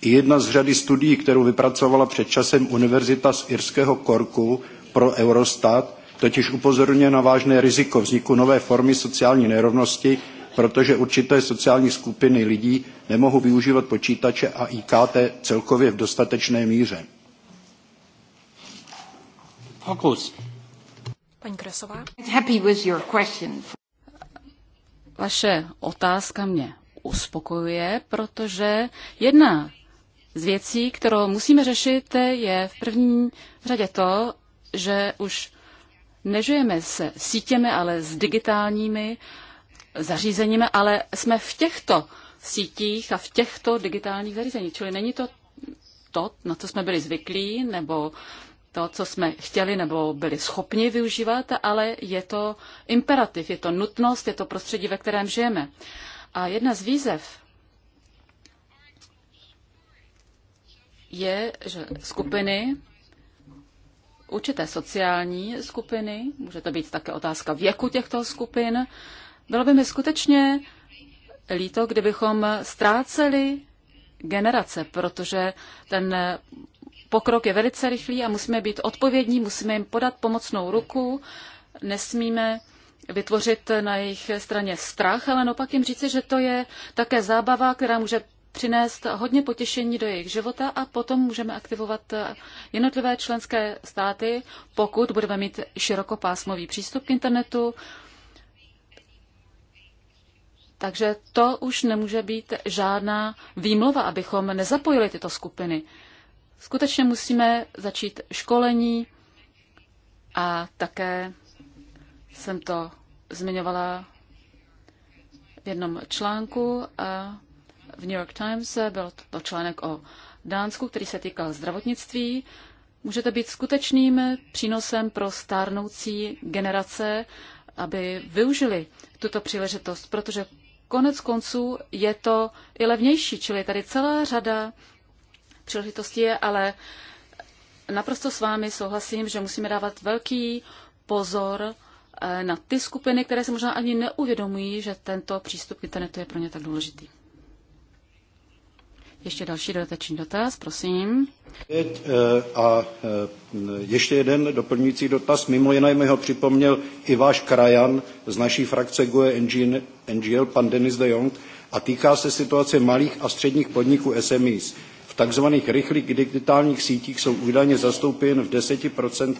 I jedna z řady studií, kterou vypracovala před časem Univerzita z Irského Corku pro Eurostat, totiž upozorňuje na vážné riziko vzniku nové formy sociální nerovnosti, protože určité sociální skupiny lidí nemohou využívat počítače a IKT celkově v dostatečné míře. Pokus. Paní Kresová. Happy with your question. Vaše otázka mě uspokojuje, protože jedna z věcí, kterou musíme řešit, je v první řadě to, že už nežijeme se sítěmi, ale s digitálními zařízeními, ale jsme v těchto sítích a v těchto digitálních zařízeních. Čili není to to, na co jsme byli zvyklí, nebo to, co jsme chtěli nebo byli schopni využívat, ale je to imperativ, je to nutnost, je to prostředí, ve kterém žijeme. A jedna z výzev je, že skupiny určité sociální skupiny, může to být také otázka věku těchto skupin. Bylo by mi skutečně líto, kdybychom ztráceli generace, protože ten pokrok je velice rychlý a musíme být odpovědní, musíme jim podat pomocnou ruku, nesmíme vytvořit na jejich straně strach, ale naopak jim říci, že to je také zábava, která může přinést hodně potěšení do jejich života a potom můžeme aktivovat jednotlivé členské státy, pokud budeme mít širokopásmový přístup k internetu. Takže to už nemůže být žádná výmluva, abychom nezapojili tyto skupiny. Skutečně musíme začít školení a také jsem to zmiňovala v jednom článku. A v New York Times, eh, byl to článek o Dánsku, který se týkal zdravotnictví. Můžete být skutečným eh, přínosem pro stárnoucí generace, aby využili tuto příležitost, protože konec konců je to i levnější, čili tady celá řada příležitostí, je, ale naprosto s vámi souhlasím, že musíme dávat velký pozor eh, na ty skupiny, které se možná ani neuvědomují, že tento přístup k internetu je pro ně tak důležitý. Ještě další dodatečný dotaz, prosím. Eh, a eh, ještě jeden doplňující dotaz. Mimo jiné mi ho připomněl i váš krajan z naší frakce GUE NGL, pan Denis de Jong, a týká se situace malých a středních podniků SMEs. V takzvaných rychlých digitálních sítích jsou údajně zastoupen v 10%.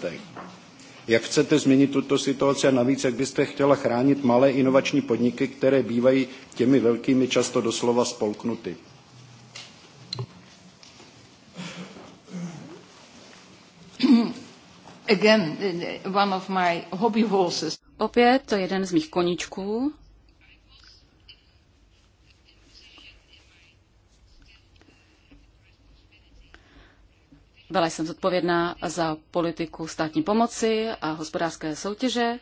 Jak chcete změnit tuto situaci a navíc, jak byste chtěla chránit malé inovační podniky, které bývají těmi velkými často doslova spolknuty? Again, one of my hobby horses. Opět to je jeden z mých koníčků. Byla jsem zodpovědná za politiku státní pomoci a hospodářské soutěže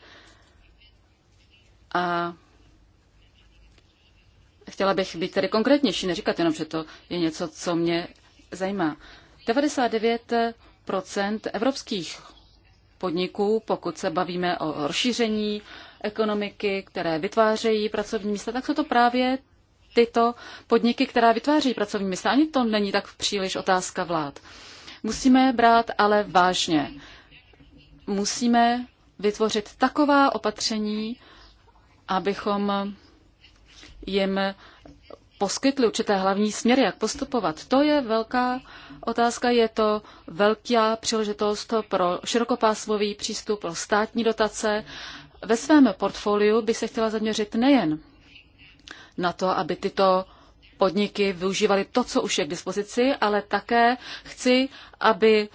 a chtěla bych být tedy konkrétnější, neříkat jenom, že to je něco, co mě zajímá. 99 procent evropských podniků, pokud se bavíme o rozšíření ekonomiky, které vytvářejí pracovní místa, tak jsou to právě tyto podniky, která vytváří pracovní místa. Ani to není tak příliš otázka vlád. Musíme brát ale vážně. Musíme vytvořit taková opatření, abychom jim poskytli určité hlavní směry, jak postupovat. To je velká otázka, je to velká příležitost pro širokopásmový přístup, pro státní dotace. Ve svém portfoliu by se chtěla zaměřit nejen na to, aby tyto podniky využívaly to, co už je k dispozici, ale také chci, aby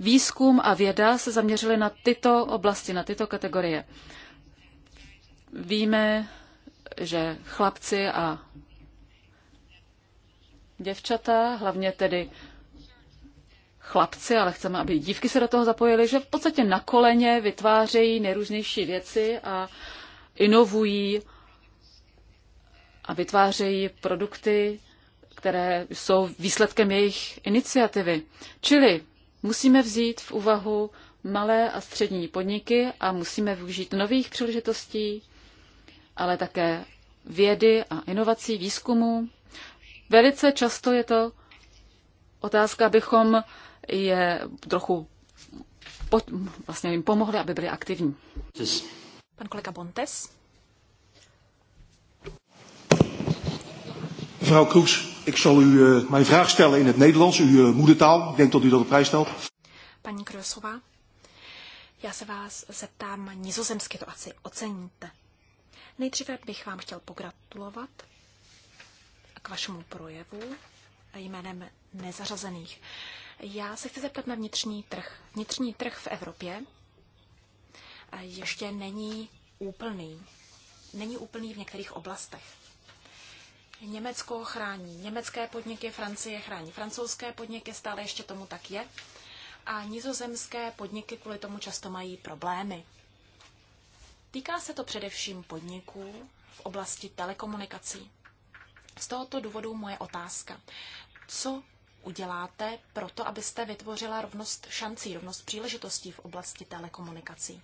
výzkum a věda se zaměřily na tyto oblasti, na tyto kategorie. Víme, že chlapci a děvčata, hlavně tedy chlapci, ale chceme, aby dívky se do toho zapojily, že v podstatě na koleně vytvářejí nejrůznější věci a inovují a vytvářejí produkty, které jsou výsledkem jejich iniciativy. Čili musíme vzít v úvahu malé a střední podniky a musíme využít nových příležitostí, ale také vědy a inovací, výzkumu Velice často je to otázka, abychom je trochu po, vlastně jim pomohli, aby byli aktivní. Pan kolega Bontes. Mevrouw Kroes, ik zal u uh, mijn vraag stellen in het Nederlands, uw uh, moedertaal. Ik denk dat u dat op prijs stelt. Paní Krosová, já se vás zeptám nizozemsky, to asi oceníte. Nejdříve bych vám chtěl pogratulovat k vašemu projevu jménem nezařazených. Já se chci zeptat na vnitřní trh. Vnitřní trh v Evropě ještě není úplný. Není úplný v některých oblastech. Německo chrání německé podniky, Francie chrání francouzské podniky, stále ještě tomu tak je. A nizozemské podniky kvůli tomu často mají problémy. Týká se to především podniků v oblasti telekomunikací. Z tohoto důvodu moje otázka. Co uděláte pro to, abyste vytvořila rovnost šancí, rovnost příležitostí v oblasti telekomunikací?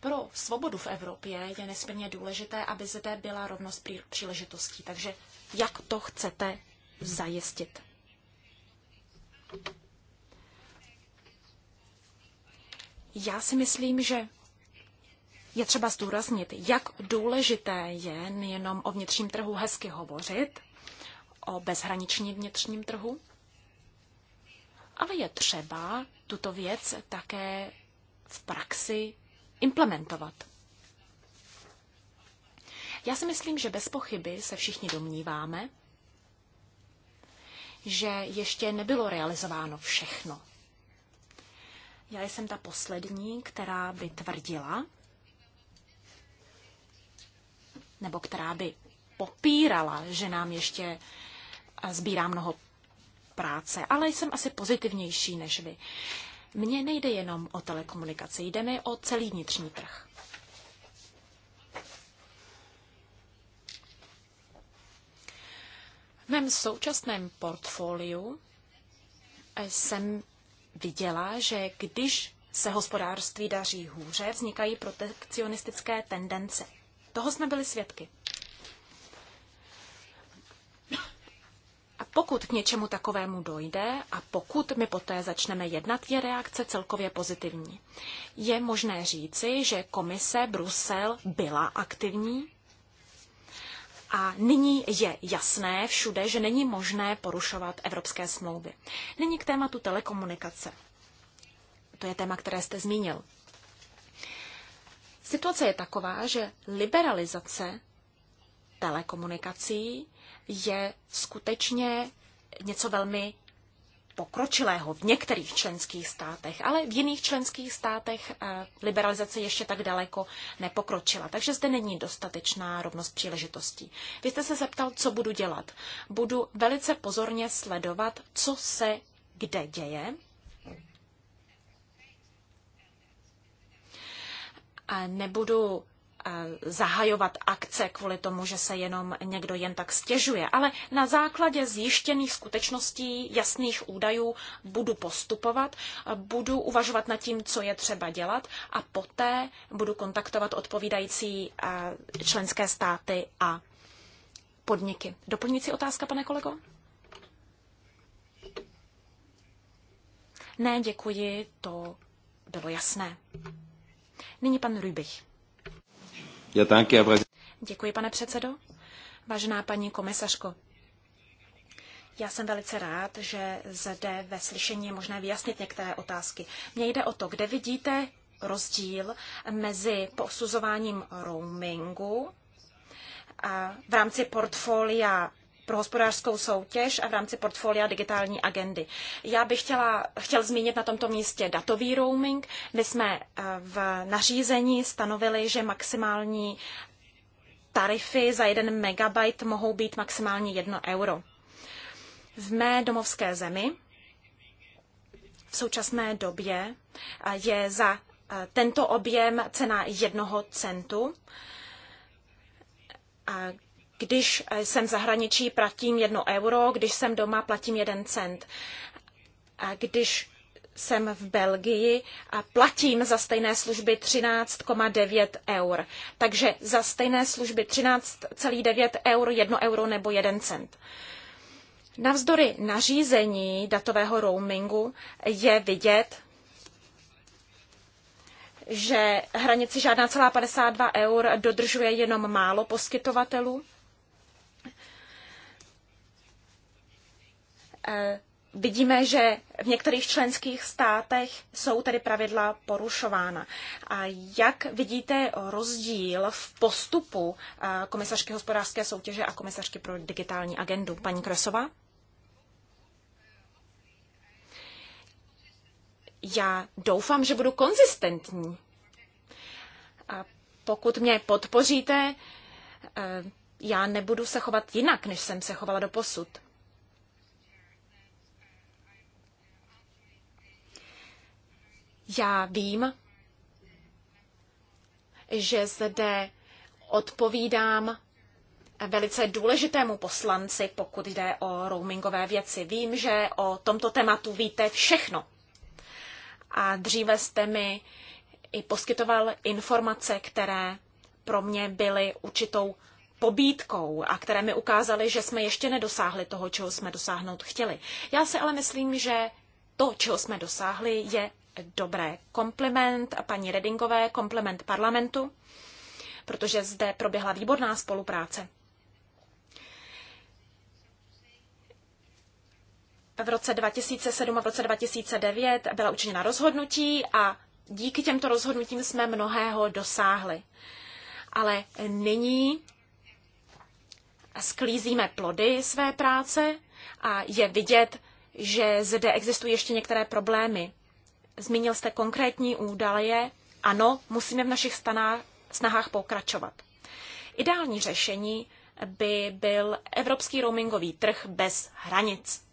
Pro svobodu v Evropě je nesmírně důležité, aby zde byla rovnost příležitostí. Takže jak to chcete zajistit? Já si myslím, že je třeba zdůraznit, jak důležité je nejenom o vnitřním trhu hezky hovořit, o bezhraničním vnitřním trhu, ale je třeba tuto věc také v praxi implementovat. Já si myslím, že bez pochyby se všichni domníváme, že ještě nebylo realizováno všechno. Já jsem ta poslední, která by tvrdila, nebo která by popírala, že nám ještě sbírá eh, mnoho práce, ale jsem asi pozitivnější než vy. Mně nejde jenom o telekomunikaci, jde mi o celý vnitřní trh. V mém současném portfoliu eh, jsem viděla, že když se hospodářství daří hůře, vznikají protekcionistické tendence. Toho jsme byli svědky. A pokud k něčemu takovému dojde a pokud my poté začneme jednat, je reakce celkově pozitivní. Je možné říci, že komise Brusel byla aktivní a nyní je jasné všude, že není možné porušovat evropské smlouvy. Nyní k tématu telekomunikace. To je téma, které jste zmínil. Situace je taková, že liberalizace telekomunikací je skutečně něco velmi pokročilého v některých členských státech, ale v jiných členských státech eh, liberalizace ještě tak daleko nepokročila. Takže zde není dostatečná rovnost příležitostí. Vy jste se zeptal, co budu dělat. Budu velice pozorně sledovat, co se kde děje nebudu eh, zahajovat akce kvůli tomu, že se jenom někdo jen tak stěžuje, ale na základě zjištěných skutečností, jasných údajů budu postupovat, eh, budu uvažovat nad tím, co je třeba dělat a poté budu kontaktovat odpovídající eh, členské státy a podniky. Doplňující otázka, pane kolego? Ne, děkuji, to bylo jasné. Nyní pan Rybich. Já taky, Děkuji, pane předsedo. Vážená paní komisařko, já jsem velice rád, že zde ve slyšení je možné vyjasnit některé otázky. Mně jde o to, kde vidíte rozdíl mezi posuzováním roamingu v rámci portfolia pro hospodářskou soutěž a v rámci portfolia digitální agendy. Já bych chtěla, chtěl zmínit na tomto místě datový roaming. My jsme eh, v nařízení stanovili, že maximální tarify za jeden megabyte mohou být maximálně jedno euro. V mé domovské zemi v současné době eh, je za eh, tento objem cena jednoho centu, když eh, jsem v zahraničí, platím jedno euro, když jsem doma, platím jeden cent. A když jsem v Belgii a platím za stejné služby 13,9 eur. Takže za stejné služby 13,9 eur, 1 euro nebo 1 cent. Navzdory nařízení datového roamingu je vidět, že hranici žádná celá 52 eur dodržuje jenom málo poskytovatelů Eh, vidíme, že v některých členských státech jsou tedy pravidla porušována. A jak vidíte rozdíl v postupu eh, komisařky hospodářské soutěže a komisařky pro digitální agendu? Paní Kresová? Já doufám, že budu konzistentní. A pokud mě podpoříte, eh, já nebudu se chovat jinak, než jsem se chovala do posud. Já vím, že zde odpovídám velice důležitému poslanci, pokud jde o roamingové věci. Vím, že o tomto tématu víte všechno. A dříve jste mi i poskytoval informace, které pro mě byly určitou pobídkou a které mi ukázaly, že jsme ještě nedosáhli toho, čeho jsme dosáhnout chtěli. Já si ale myslím, že to, čeho jsme dosáhli, je dobré. Kompliment paní Redingové, kompliment parlamentu, protože zde proběhla výborná spolupráce. V roce 2007 a v roce 2009 byla učiněna rozhodnutí a díky těmto rozhodnutím jsme mnohého dosáhli. Ale nyní sklízíme plody své práce a je vidět, že zde existují ještě některé problémy. Zmínil jste konkrétní údaje. Ano, musíme v našich stanách, snahách pokračovat. Ideální řešení by byl evropský roamingový trh bez hranic.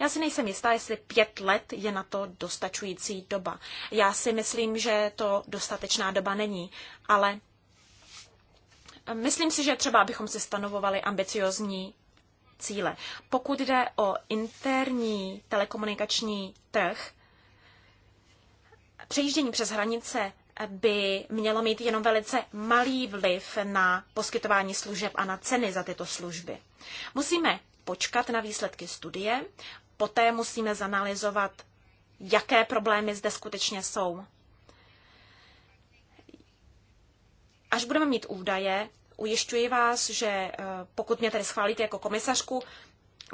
Já si nejsem jistá, jestli pět let je na to dostačující doba. Já si myslím, že to dostatečná doba není, ale myslím si, že třeba abychom si stanovovali ambiciozní cíle. Pokud jde o interní telekomunikační trh, přejíždění přes hranice by mělo mít jenom velice malý vliv na poskytování služeb a na ceny za tyto služby. Musíme počkat na výsledky studie, poté musíme zanalizovat, jaké problémy zde skutečně jsou. Až budeme mít údaje, ujišťuji vás, že eh, pokud mě tedy schválíte jako komisařku,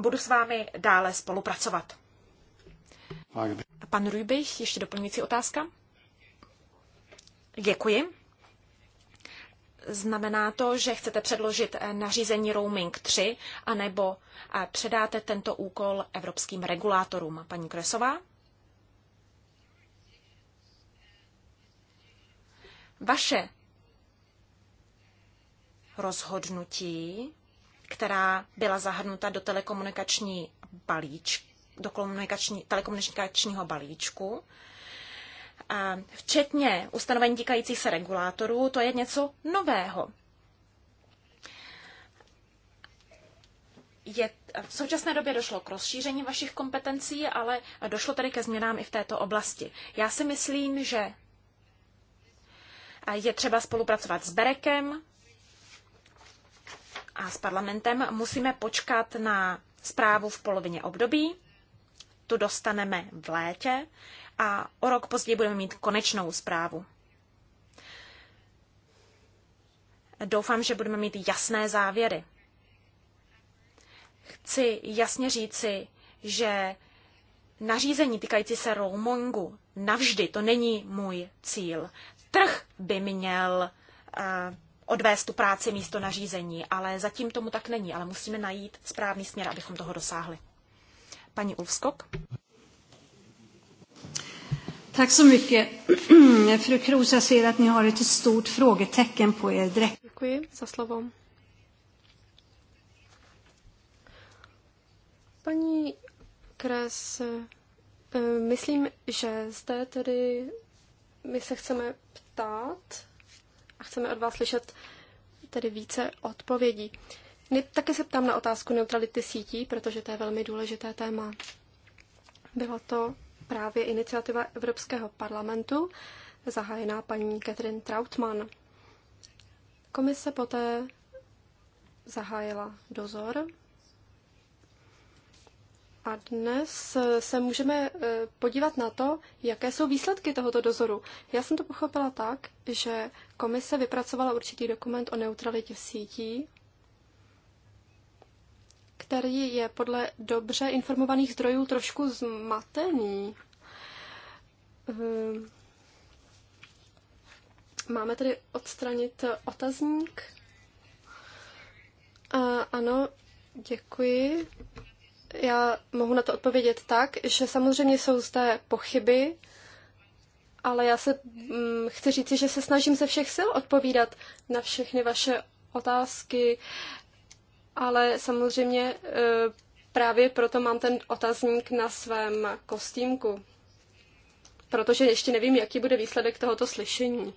budu s vámi dále spolupracovat. A pan Rujbejch, ještě doplňující otázka? Děkuji. Znamená to, že chcete předložit eh, nařízení Roaming 3, anebo eh, předáte tento úkol evropským regulátorům. Paní Kresová? Vaše rozhodnutí, která byla zahrnuta do telekomunikační balíčky, do telekomunikačního balíčku, a včetně ustanovení týkající se regulátorů, to je něco nového. Je, v současné době došlo k rozšíření vašich kompetencí, ale došlo tedy ke změnám i v této oblasti. Já si myslím, že je třeba spolupracovat s Berekem a s parlamentem. Musíme počkat na zprávu v polovině období tu dostaneme v létě a o rok později budeme mít konečnou zprávu. Doufám, že budeme mít jasné závěry. Chci jasně říci, že nařízení týkající se roamingu navždy, to není můj cíl. Trh by měl uh, odvést tu práci místo nařízení, ale zatím tomu tak není, ale musíme najít správný směr, abychom toho dosáhli. Paní Tack så mycket. Fru Kroos, jag ser att ni har ett stort frågetecken på er dräkt. Děkuji za slovo. Paní Kres, eh, myslím, že zde tedy my se chceme ptát a chceme od vás slyšet tedy více odpovědí. Také se ptám na otázku neutrality sítí, protože to je velmi důležité téma. Byla to právě iniciativa Evropského parlamentu, zahájená paní Catherine Trautmann. Komise poté zahájila dozor a dnes se můžeme eh, podívat na to, jaké jsou výsledky tohoto dozoru. Já jsem to pochopila tak, že komise vypracovala určitý dokument o neutralitě sítí který je podle dobře informovaných zdrojů trošku zmatený. Ehm, máme tedy odstranit otazník. A, ano, děkuji. Já mohu na to odpovědět tak, že samozřejmě jsou zde pochyby, ale já se hm, chci říci, že se snažím ze všech sil odpovídat na všechny vaše otázky ale samozřejmě e, právě proto mám ten otazník na svém kostýmku, protože ještě nevím, jaký bude výsledek tohoto slyšení.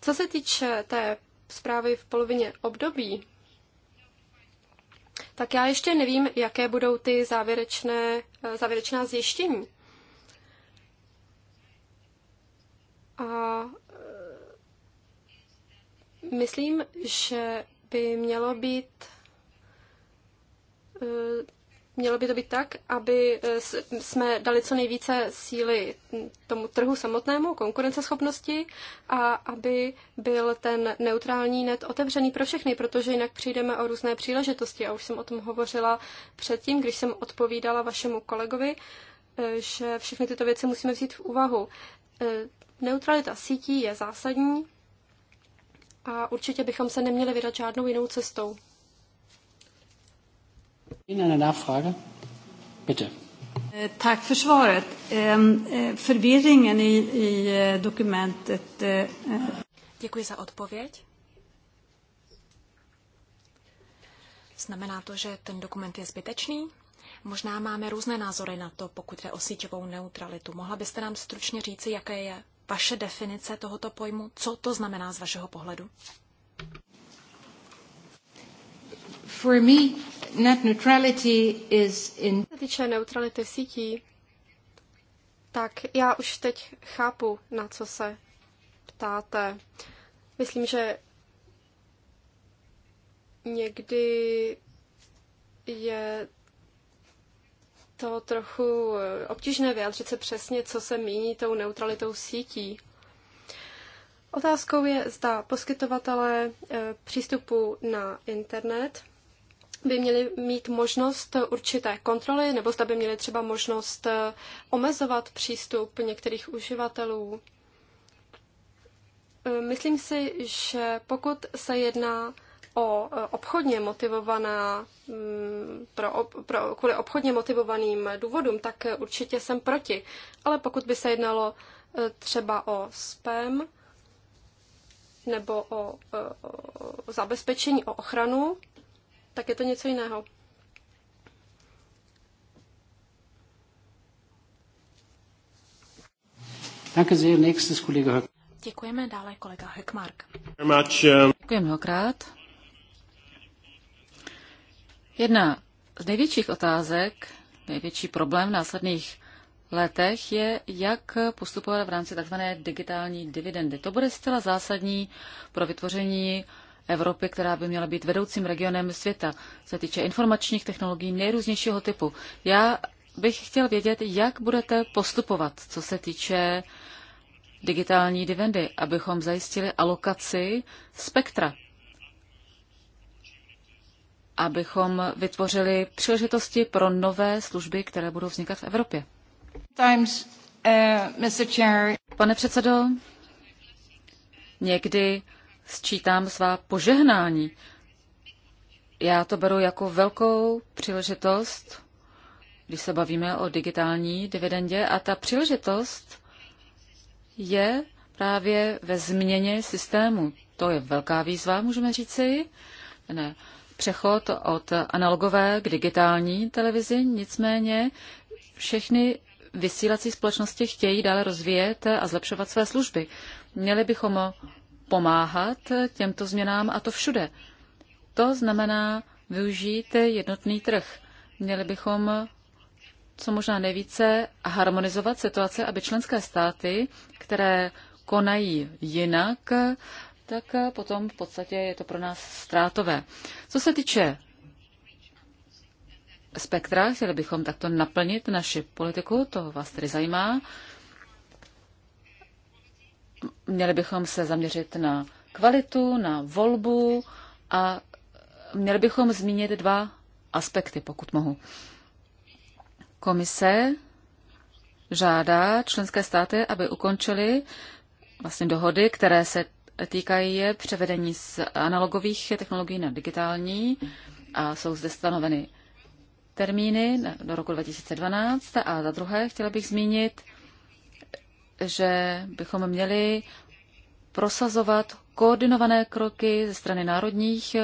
Co se týče té zprávy v polovině období, tak já ještě nevím, jaké budou ty závěrečné, e, závěrečná zjištění. A e, myslím, že by mělo být eh, mělo by to být tak, aby eh, jsme dali co nejvíce síly tomu trhu samotnému, konkurenceschopnosti a aby byl ten neutrální net otevřený pro všechny, protože jinak přijdeme o různé příležitosti. A už jsem o tom hovořila předtím, když jsem odpovídala vašemu kolegovi, eh, že všechny tyto věci musíme vzít v úvahu. Neutralita sítí je zásadní, a určitě bychom se neměli vydat žádnou jinou cestou. Jiná nachfrage? Bitte. Eh, tack för svaret. Ehm, eh, förvirringen i, i eh, dokumentet... Děkuji za odpověď. Znamená to, že ten dokument je zbytečný? Možná máme různé názory na to, pokud jde o síťovou neutralitu. Mohla byste nám stručně říci, jaké je vaše definice tohoto pojmu? Co to znamená z vašeho pohledu? For me, net neutrality is in... Se týče neutrality sítí, tak já už teď chápu, na co se ptáte. Myslím, že někdy je to trochu eh, obtížné vyjádřit se přesně, co se míní tou neutralitou sítí. Otázkou je, zda poskytovatelé eh, přístupu na internet by měli mít možnost určité kontroly, nebo zda by měli třeba možnost eh, omezovat přístup některých uživatelů. Myslím si, že pokud se jedná o e, obchodně motivovaná, mm, pro, pro, kvůli obchodně motivovaným důvodům, tak e, určitě jsem proti. Ale pokud by se jednalo e, třeba o spam nebo o, o zabezpečení, o ochranu, tak je to něco jiného. Děkujeme dále kolega Hekmark. Um, Děkuji mnohokrát. Jedna z největších otázek, největší problém v následných letech je, jak postupovat v rámci tzv. digitální dividendy. To bude zcela zásadní pro vytvoření Evropy, která by měla být vedoucím regionem světa, se týče informačních technologií nejrůznějšího typu. Já bych chtěl vědět, jak budete postupovat, co se týče digitální dividendy, abychom zajistili alokaci spektra abychom vytvořili příležitosti pro nové služby, které budou vznikat v Evropě. Times, uh, Pane předsedo, někdy sčítám svá požehnání. Já to beru jako velkou příležitost, když se bavíme o digitální dividendě, a ta příležitost je právě ve změně systému. To je velká výzva, můžeme říci. Ne, přechod od analogové k digitální televizi, nicméně všechny vysílací společnosti chtějí dále rozvíjet a zlepšovat své služby. Měli bychom pomáhat těmto změnám a to všude. To znamená využít jednotný trh. Měli bychom co možná nejvíce harmonizovat situace, aby členské státy, které konají jinak, tak eh, potom v podstatě je to pro nás ztrátové. Co se týče spektra, chtěli bychom takto naplnit naši politiku, to vás tedy zajímá. Měli bychom se zaměřit na kvalitu, na volbu a měli bychom zmínit dva aspekty, pokud mohu. Komise žádá členské státy, aby ukončili vlastně dohody, které se týkají je převedení z analogových technologií na digitální a jsou zde stanoveny termíny do roku 2012. A za druhé chtěla bych zmínit, že bychom měli prosazovat koordinované kroky ze strany národních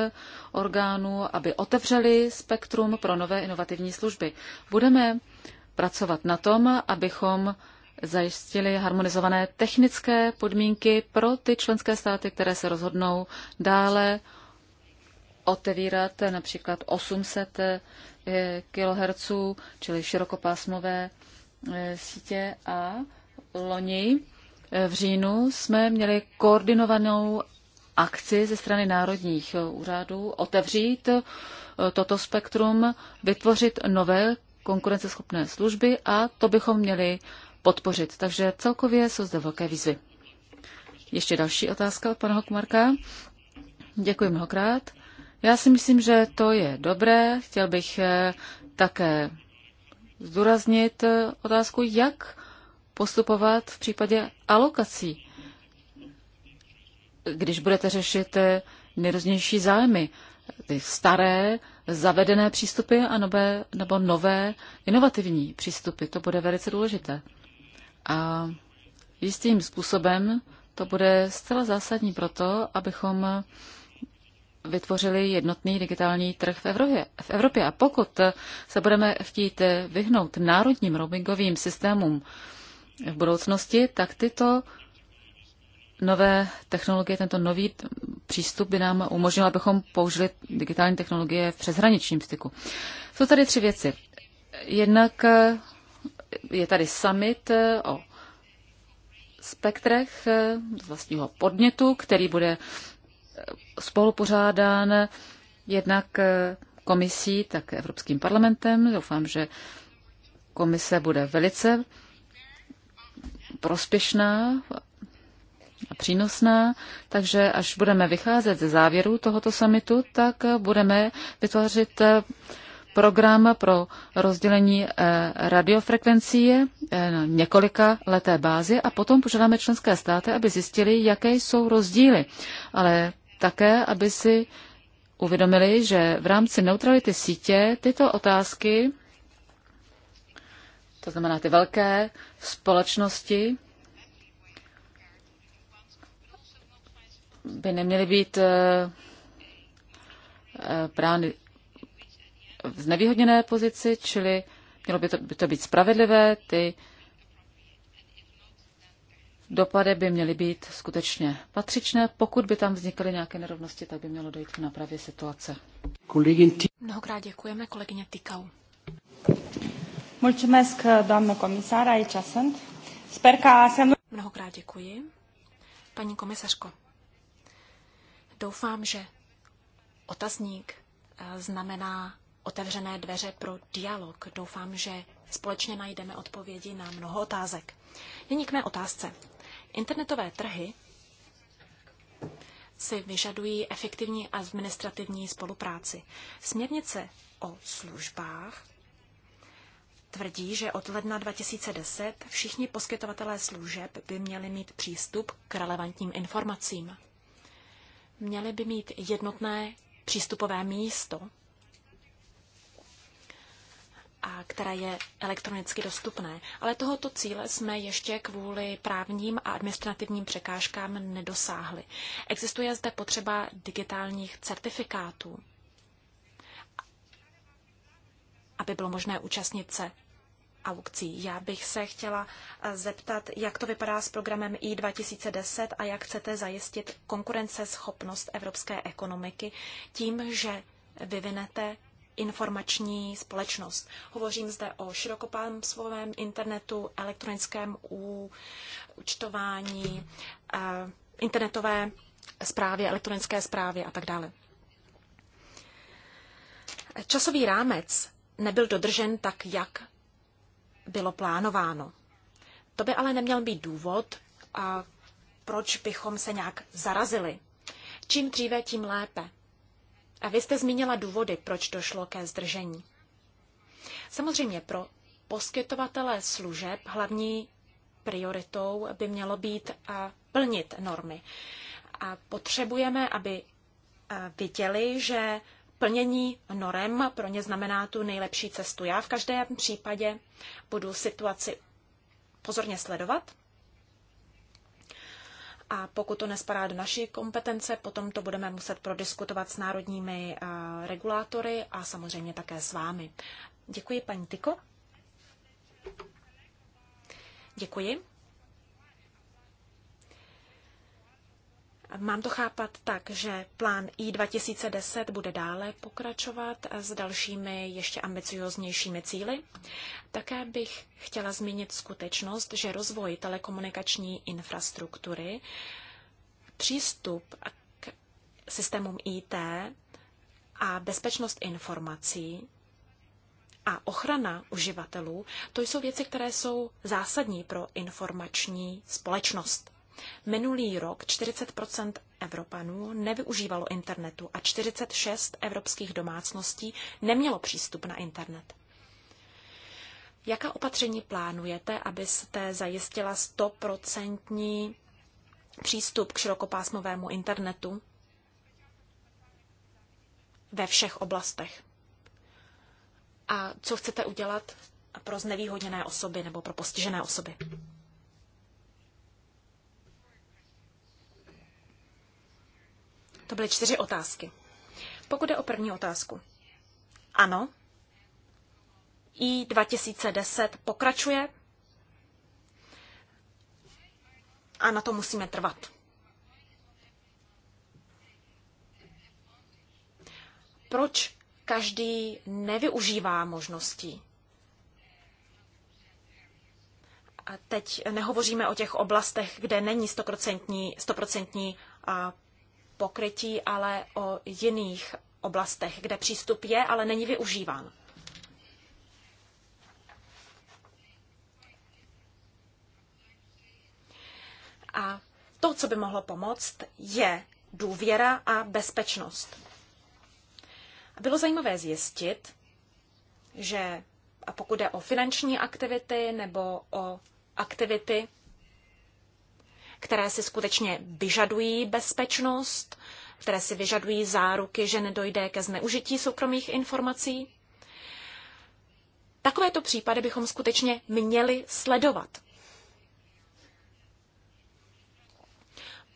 orgánů, aby otevřeli spektrum pro nové inovativní služby. Budeme pracovat na tom, abychom zajistili harmonizované technické podmínky pro ty členské státy, které se rozhodnou dále otevírat například 800 eh, kHz, čili širokopásmové eh, sítě a loni eh, v říjnu jsme měli koordinovanou akci ze strany národních úřadů otevřít toto spektrum, vytvořit nové konkurenceschopné služby a to bychom měli podpořit. Takže celkově jsou zde velké výzvy. Ještě další otázka od pana Hokmarka. Děkuji mnohokrát. Já si myslím, že to je dobré. Chtěl bych eh, také zdůraznit eh, otázku, jak postupovat v případě alokací, když budete řešit eh, nejrůznější zájmy, ty staré, zavedené přístupy a nové, nebo nové inovativní přístupy. To bude velice důležité. A jistým způsobem to bude zcela zásadní pro to, abychom vytvořili jednotný digitální trh v Evropě. v Evropě. A pokud se budeme chtít vyhnout národním roamingovým systémům v budoucnosti, tak tyto nové technologie, tento nový přístup by nám umožnil, abychom použili digitální technologie v přeshraničním styku. Jsou tady tři věci. Jednak je tady summit eh, o spektrech z eh, vlastního podnětu, který bude eh, spolupořádán jednak komisí, tak Evropským parlamentem. Doufám, že komise bude velice prospěšná a přínosná, takže až budeme vycházet ze závěru tohoto samitu, tak budeme vytvářet program pro rozdělení eh, radiofrekvencí eh, na několika leté bázi a potom požádáme členské státy, aby zjistili, jaké jsou rozdíly, ale také, aby si uvědomili, že v rámci neutrality sítě tyto otázky, to znamená ty velké společnosti, by neměly být eh, brány v znevýhodněné pozici, čili mělo by to, by to být spravedlivé, ty dopady by měly být skutečně patřičné. Pokud by tam vznikly nějaké nerovnosti, tak by mělo dojít k napravě situace. Mnohokrát děkujeme, kolegyně Tykau. Mulțumesc, doamnă comisar, aici sunt. Sper ca semnul... Mnohokrát děkuji. Paní komisařko, doufám, že otazník eh, znamená otevřené dveře pro dialog. Doufám, že společně najdeme odpovědi na mnoho otázek. Nyní k mé otázce. Internetové trhy si vyžadují efektivní administrativní spolupráci. Směrnice o službách tvrdí, že od ledna 2010 všichni poskytovatelé služeb by měli mít přístup k relevantním informacím. Měli by mít jednotné přístupové místo a které je elektronicky dostupné. Ale tohoto cíle jsme ještě kvůli právním a administrativním překážkám nedosáhli. Existuje zde potřeba digitálních certifikátů, aby bylo možné účastnit se aukcí. Já bych se chtěla zeptat, jak to vypadá s programem I2010 a jak chcete zajistit konkurenceschopnost evropské ekonomiky tím, že vyvinete informační společnost. Hovořím zde o širokopásmovém internetu, elektronickém účtování, eh, internetové zprávě, elektronické zprávě a tak dále. Časový rámec nebyl dodržen tak, jak bylo plánováno. To by ale neměl být důvod, a eh, proč bychom se nějak zarazili. Čím dříve, tím lépe. A vy jste zmínila důvody, proč došlo ke zdržení. Samozřejmě pro poskytovatele služeb hlavní prioritou by mělo být plnit normy. A potřebujeme, aby viděli, že plnění norem pro ně znamená tu nejlepší cestu. Já v každém případě budu situaci pozorně sledovat a pokud to nespadá do naší kompetence, potom to budeme muset prodiskutovat s národními eh, regulátory a samozřejmě také s vámi. Děkuji, paní Tyko. Děkuji. Mám to chápat tak, že plán I 2010 bude dále pokračovat s dalšími ještě ambicioznějšími cíly. Také bych chtěla zmínit skutečnost, že rozvoj telekomunikační infrastruktury, přístup k systémům IT a bezpečnost informací a ochrana uživatelů, to jsou věci, které jsou zásadní pro informační společnost. Minulý rok 40 Evropanů nevyužívalo internetu a 46 evropských domácností nemělo přístup na internet. Jaká opatření plánujete, abyste zajistila 100% přístup k širokopásmovému internetu ve všech oblastech? A co chcete udělat pro znevýhodněné osoby nebo pro postižené osoby? To byly čtyři otázky. Pokud je o první otázku. Ano, I 2010 pokračuje a na to musíme trvat. Proč každý nevyužívá možností? A teď nehovoříme o těch oblastech, kde není stoprocentní pokrytí, ale o jiných oblastech, kde přístup je, ale není využíván. A to, co by mohlo pomoct, je důvěra a bezpečnost. Bylo zajímavé zjistit, že a pokud jde o finanční aktivity nebo o aktivity, které si skutečně vyžadují bezpečnost, které si vyžadují záruky, že nedojde ke zneužití soukromých informací. Takovéto případy bychom skutečně měli sledovat.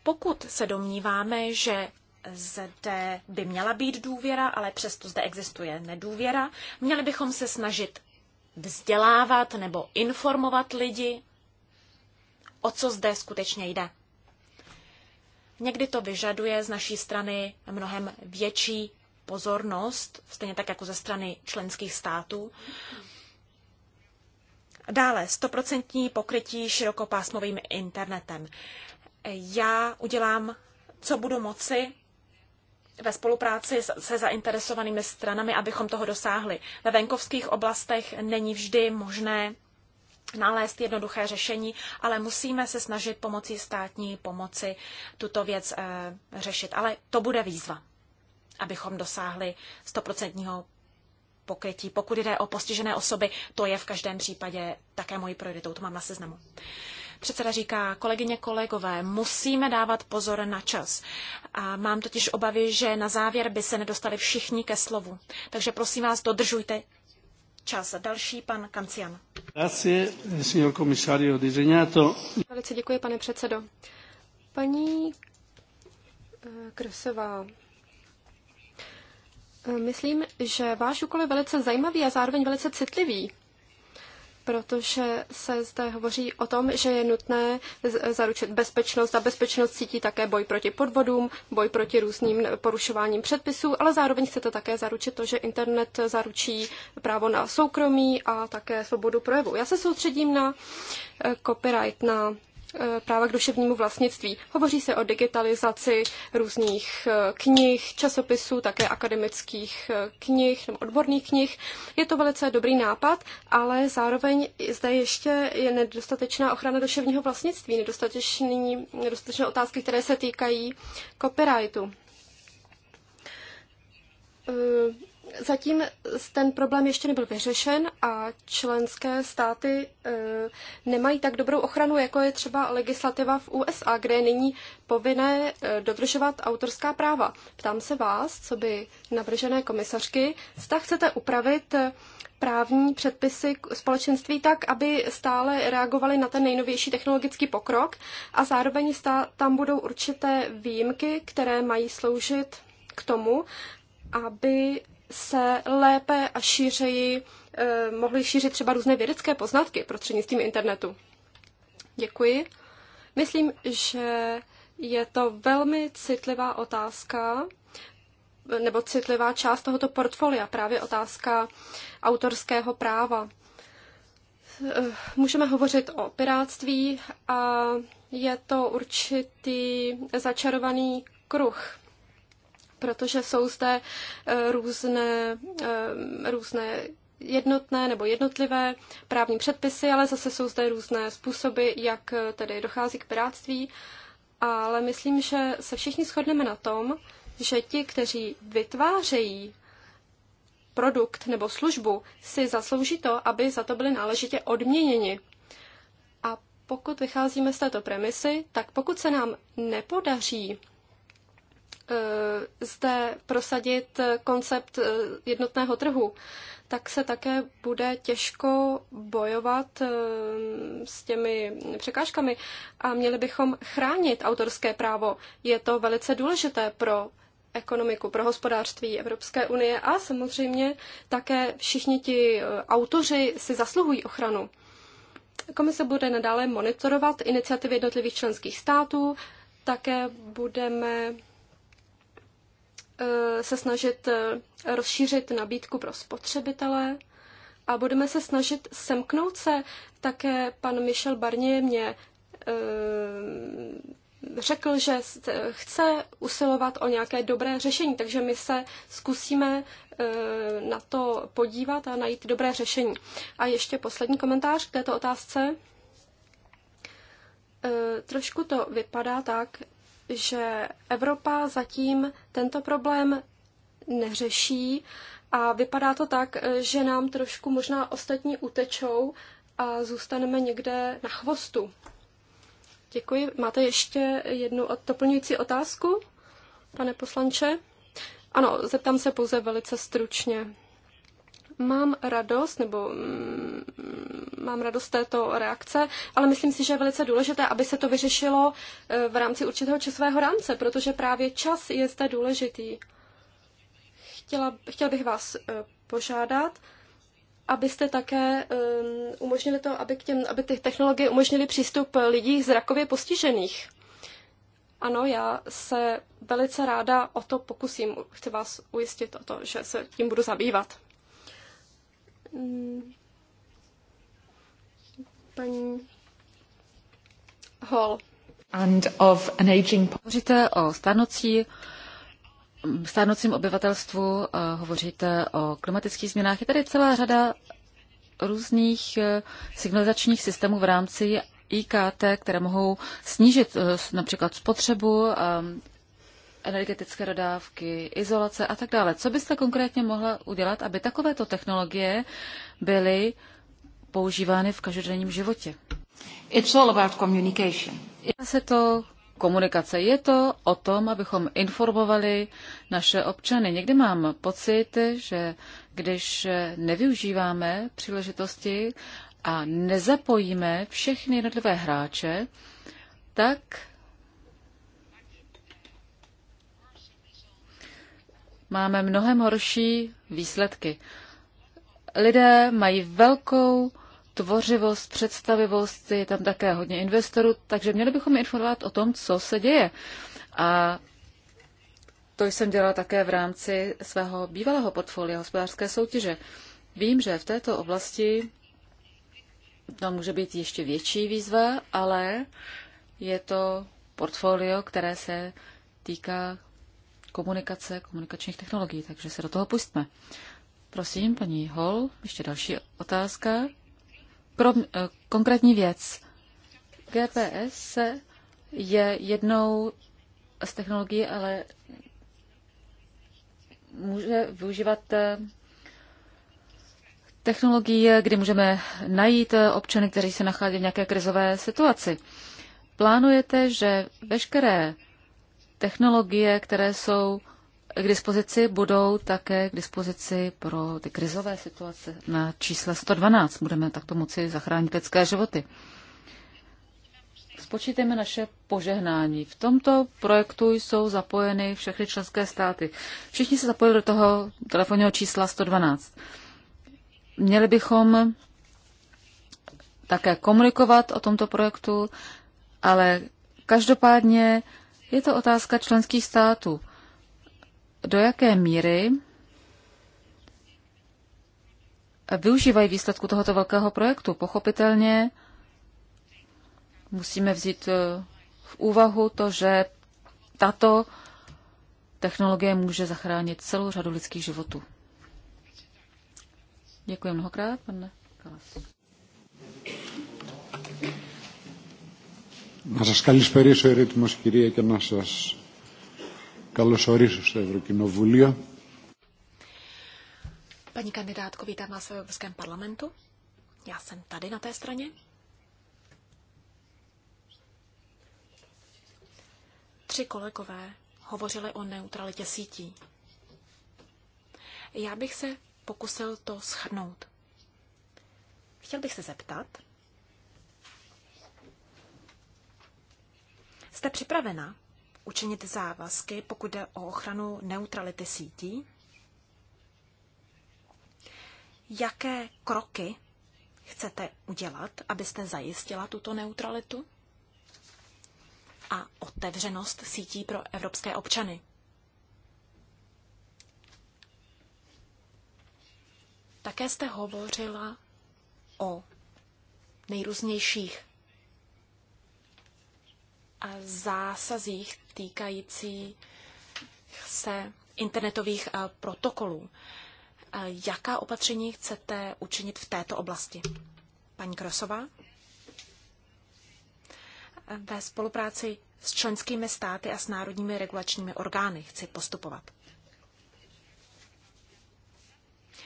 Pokud se domníváme, že zde by měla být důvěra, ale přesto zde existuje nedůvěra, měli bychom se snažit vzdělávat nebo informovat lidi o co zde skutečně jde. Někdy to vyžaduje z naší strany mnohem větší pozornost, stejně tak jako ze strany členských států. Dále, stoprocentní pokrytí širokopásmovým internetem. Já udělám, co budu moci ve spolupráci se zainteresovanými stranami, abychom toho dosáhli. Ve venkovských oblastech není vždy možné nalézt jednoduché řešení, ale musíme se snažit pomocí státní pomoci tuto věc e, řešit. Ale to bude výzva, abychom dosáhli stoprocentního pokrytí. Pokud jde o postižené osoby, to je v každém případě také mojí prioritou, to mám na seznamu. Předseda říká, kolegyně, kolegové, musíme dávat pozor na čas. A mám totiž obavy, že na závěr by se nedostali všichni ke slovu. Takže prosím vás, dodržujte čas. Další pan Kancian. Grazie, signor commissario disegnato. Velice děkuji, pane předsedo. Paní eh, Kresová, eh, myslím, že váš úkol je velice zajímavý a zároveň velice citlivý protože se zde hovoří o tom, že je nutné zaručit bezpečnost a bezpečnost cítí také boj proti podvodům, boj proti různým porušováním předpisů, ale zároveň chcete také zaručit to, že internet zaručí právo na soukromí a také svobodu projevu. Já se soustředím na eh, copyright, na Eh, práva k duševnímu vlastnictví. Hovoří se o digitalizaci různých eh, knih, časopisů, také akademických eh, knih nebo odborných knih. Je to velice dobrý nápad, ale zároveň zde ještě je nedostatečná ochrana duševního vlastnictví, nedostatečný, nedostatečné otázky, které se týkají copyrightu zatím ten problém ještě nebyl vyřešen a členské státy e, nemají tak dobrou ochranu, jako je třeba legislativa v USA, kde je nyní povinné e, dodržovat autorská práva. Ptám se vás, co by navržené komisařky, zda chcete upravit e, právní předpisy společenství tak, aby stále reagovaly na ten nejnovější technologický pokrok a zároveň tam budou určité výjimky, které mají sloužit k tomu, aby se lépe a šířeji eh, mohly šířit třeba různé vědecké poznatky prostřednictvím internetu. Děkuji. Myslím, že je to velmi citlivá otázka, nebo citlivá část tohoto portfolia, právě otázka autorského práva. Eh, můžeme hovořit o piráctví a je to určitý začarovaný kruh protože jsou zde eh, různé, eh, různé jednotné nebo jednotlivé právní předpisy, ale zase jsou zde různé způsoby, jak eh, tedy dochází k piráctví. Ale myslím, že se všichni shodneme na tom, že ti, kteří vytvářejí produkt nebo službu, si zaslouží to, aby za to byli náležitě odměněni. A pokud vycházíme z této premisy, tak pokud se nám nepodaří Eh, zde prosadit koncept eh, jednotného trhu, tak se také bude těžko bojovat eh, s těmi překážkami a měli bychom chránit autorské právo. Je to velice důležité pro ekonomiku, pro hospodářství Evropské unie a samozřejmě také všichni ti autoři si zasluhují ochranu. Komise bude nadále monitorovat iniciativy jednotlivých členských států, také budeme Eh, se snažit eh, rozšířit nabídku pro spotřebitele a budeme se snažit semknout se. Také pan Michel Barnier mě eh, řekl, že chce usilovat o nějaké dobré řešení, takže my se zkusíme na to podívat a najít dobré řešení. A ještě poslední komentář k této otázce. Trošku to vypadá tak, že Evropa zatím tento problém neřeší a vypadá to tak, že nám trošku možná ostatní utečou a zůstaneme někde na chvostu. Děkuji. Máte ještě jednu doplňující otázku, pane poslanče? Ano, zeptám se pouze velice stručně. Mám radost, nebo mm, mám radost této reakce, ale myslím si, že je velice důležité, aby se to vyřešilo e, v rámci určitého časového rámce, protože právě čas je zde důležitý. Chtěla, chtěl bych vás e, požádat, abyste také e, umožnili to, aby, k těm, aby ty technologie umožnily přístup lidí zrakově postižených. Ano, já se velice ráda o to pokusím. Chci vás ujistit o to, že se tím budu zabývat. Mm. paní Hall. And of an aging... Hovoříte o stárnocí, stárnoucím obyvatelstvu, eh, hovoříte o klimatických změnách. Je tady celá řada různých eh, signalizačních systémů v rámci IKT, které mohou snížit eh, například spotřebu energetické dodávky, izolace a tak dále. Co byste konkrétně mohla udělat, aby takovéto technologie byly používány v každodenním životě? It's all about communication. Já se to komunikace. Je to o tom, abychom informovali naše občany. Někdy mám pocit, že když nevyužíváme příležitosti a nezapojíme všechny jednotlivé hráče, tak máme mnohem horší výsledky. Lidé mají velkou tvořivost, představivost, je tam také hodně investorů, takže měli bychom informovat o tom, co se děje. A to jsem dělala také v rámci svého bývalého portfolia hospodářské soutěže. Vím, že v této oblasti tam může být ještě větší výzva, ale je to portfolio, které se týká komunikace, komunikačních technologií, takže se do toho pustme. Prosím, paní Hol, ještě další otázka. Pro, eh, konkrétní věc. GPS je jednou z technologií, ale může využívat eh, technologie, kdy můžeme najít eh, občany, kteří se nachází v nějaké krizové situaci. Plánujete, že veškeré Technologie, které jsou k dispozici, budou také k dispozici pro ty krizové situace. Na čísle 112 budeme takto moci zachránit lidské životy. Spočítejme naše požehnání. V tomto projektu jsou zapojeny všechny členské státy. Všichni se zapojili do toho telefonního čísla 112. Měli bychom také komunikovat o tomto projektu, ale každopádně je to otázka členských států. Do jaké míry využívají výsledku tohoto velkého projektu? Pochopitelně musíme vzít eh, v úvahu to, že tato technologie může zachránit celou řadu lidských životů. Děkuji mnohokrát, pane Kalas. Να σας καλησπέρισω ερήτημος κυρία και να σας καλωσορίσω στο Ευρωκοινοβούλιο. Paní kandidátko, vítám vás v Evropském parlamentu. Já jsem tady na té straně. Tři kolegové hovořili o neutralitě sítí. Já bych se pokusil to schrnout. Chtěl bych se zeptat, Jste připravena učinit závazky, pokud jde o ochranu neutrality sítí? Jaké kroky chcete udělat, abyste zajistila tuto neutralitu a otevřenost sítí pro evropské občany? Také jste hovořila o nejrůznějších zásazích týkající se internetových eh, protokolů. Eh, jaká opatření chcete učinit v této oblasti? Paní Krosová? Ve spolupráci s členskými státy a s národními regulačními orgány chci postupovat.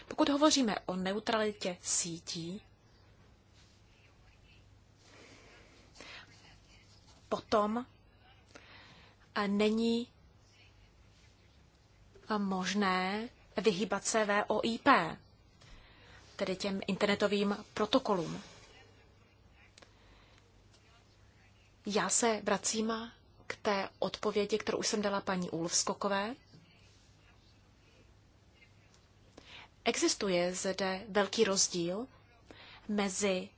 Pokud hovoříme o neutralitě sítí, potom není možné vyhýbat se VOIP, tedy těm internetovým protokolům. Já se vracím k té odpovědi, kterou už jsem dala paní Úlvskokové. Existuje zde velký rozdíl mezi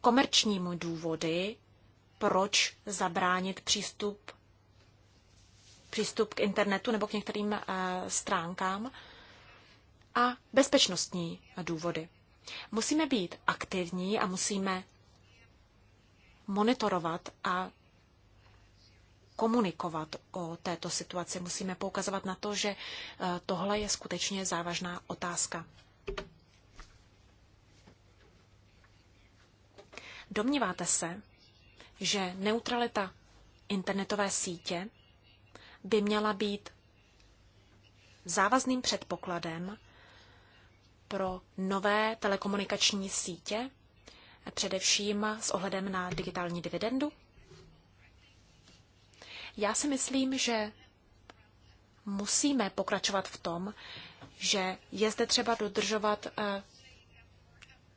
komerčními důvody proč zabránit přístup, přístup k internetu nebo k některým eh, stránkám a bezpečnostní důvody. Musíme být aktivní a musíme monitorovat a komunikovat o této situaci. Musíme poukazovat na to, že eh, tohle je skutečně závažná otázka. Domníváte se, že neutralita internetové sítě by měla být závazným předpokladem pro nové telekomunikační sítě, především s ohledem na digitální dividendu? Já si myslím, že musíme pokračovat v tom, že je zde třeba dodržovat eh,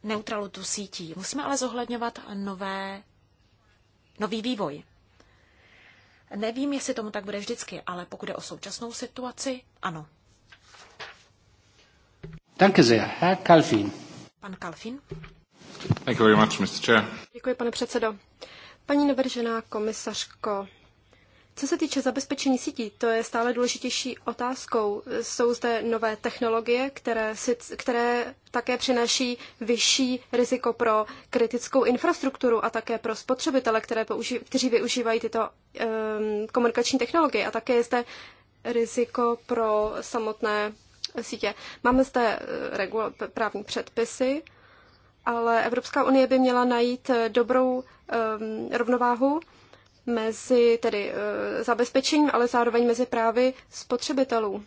neutralitu sítí. Musíme ale zohledňovat nové nový vývoj. Nevím, jestli tomu tak bude vždycky, ale pokud je o současnou situaci, ano. Danke sehr, Herr Kalfin. Pan Kalfin. Thank you very much, Mr. Chair. Děkuji, pane předsedo. Paní navržená komisařko, co se týče zabezpečení sítí, to je stále důležitější otázkou. Jsou zde nové technologie, které, si, které také přináší vyšší riziko pro kritickou infrastrukturu a také pro spotřebitele, které použi- kteří využívají tyto um, komunikační technologie. A také je zde riziko pro samotné sítě. Máme zde eh, regul- právní předpisy, ale Evropská unie by měla najít eh, dobrou um, rovnováhu mezi tedy eh, zabezpečením, ale zároveň mezi právy spotřebitelů.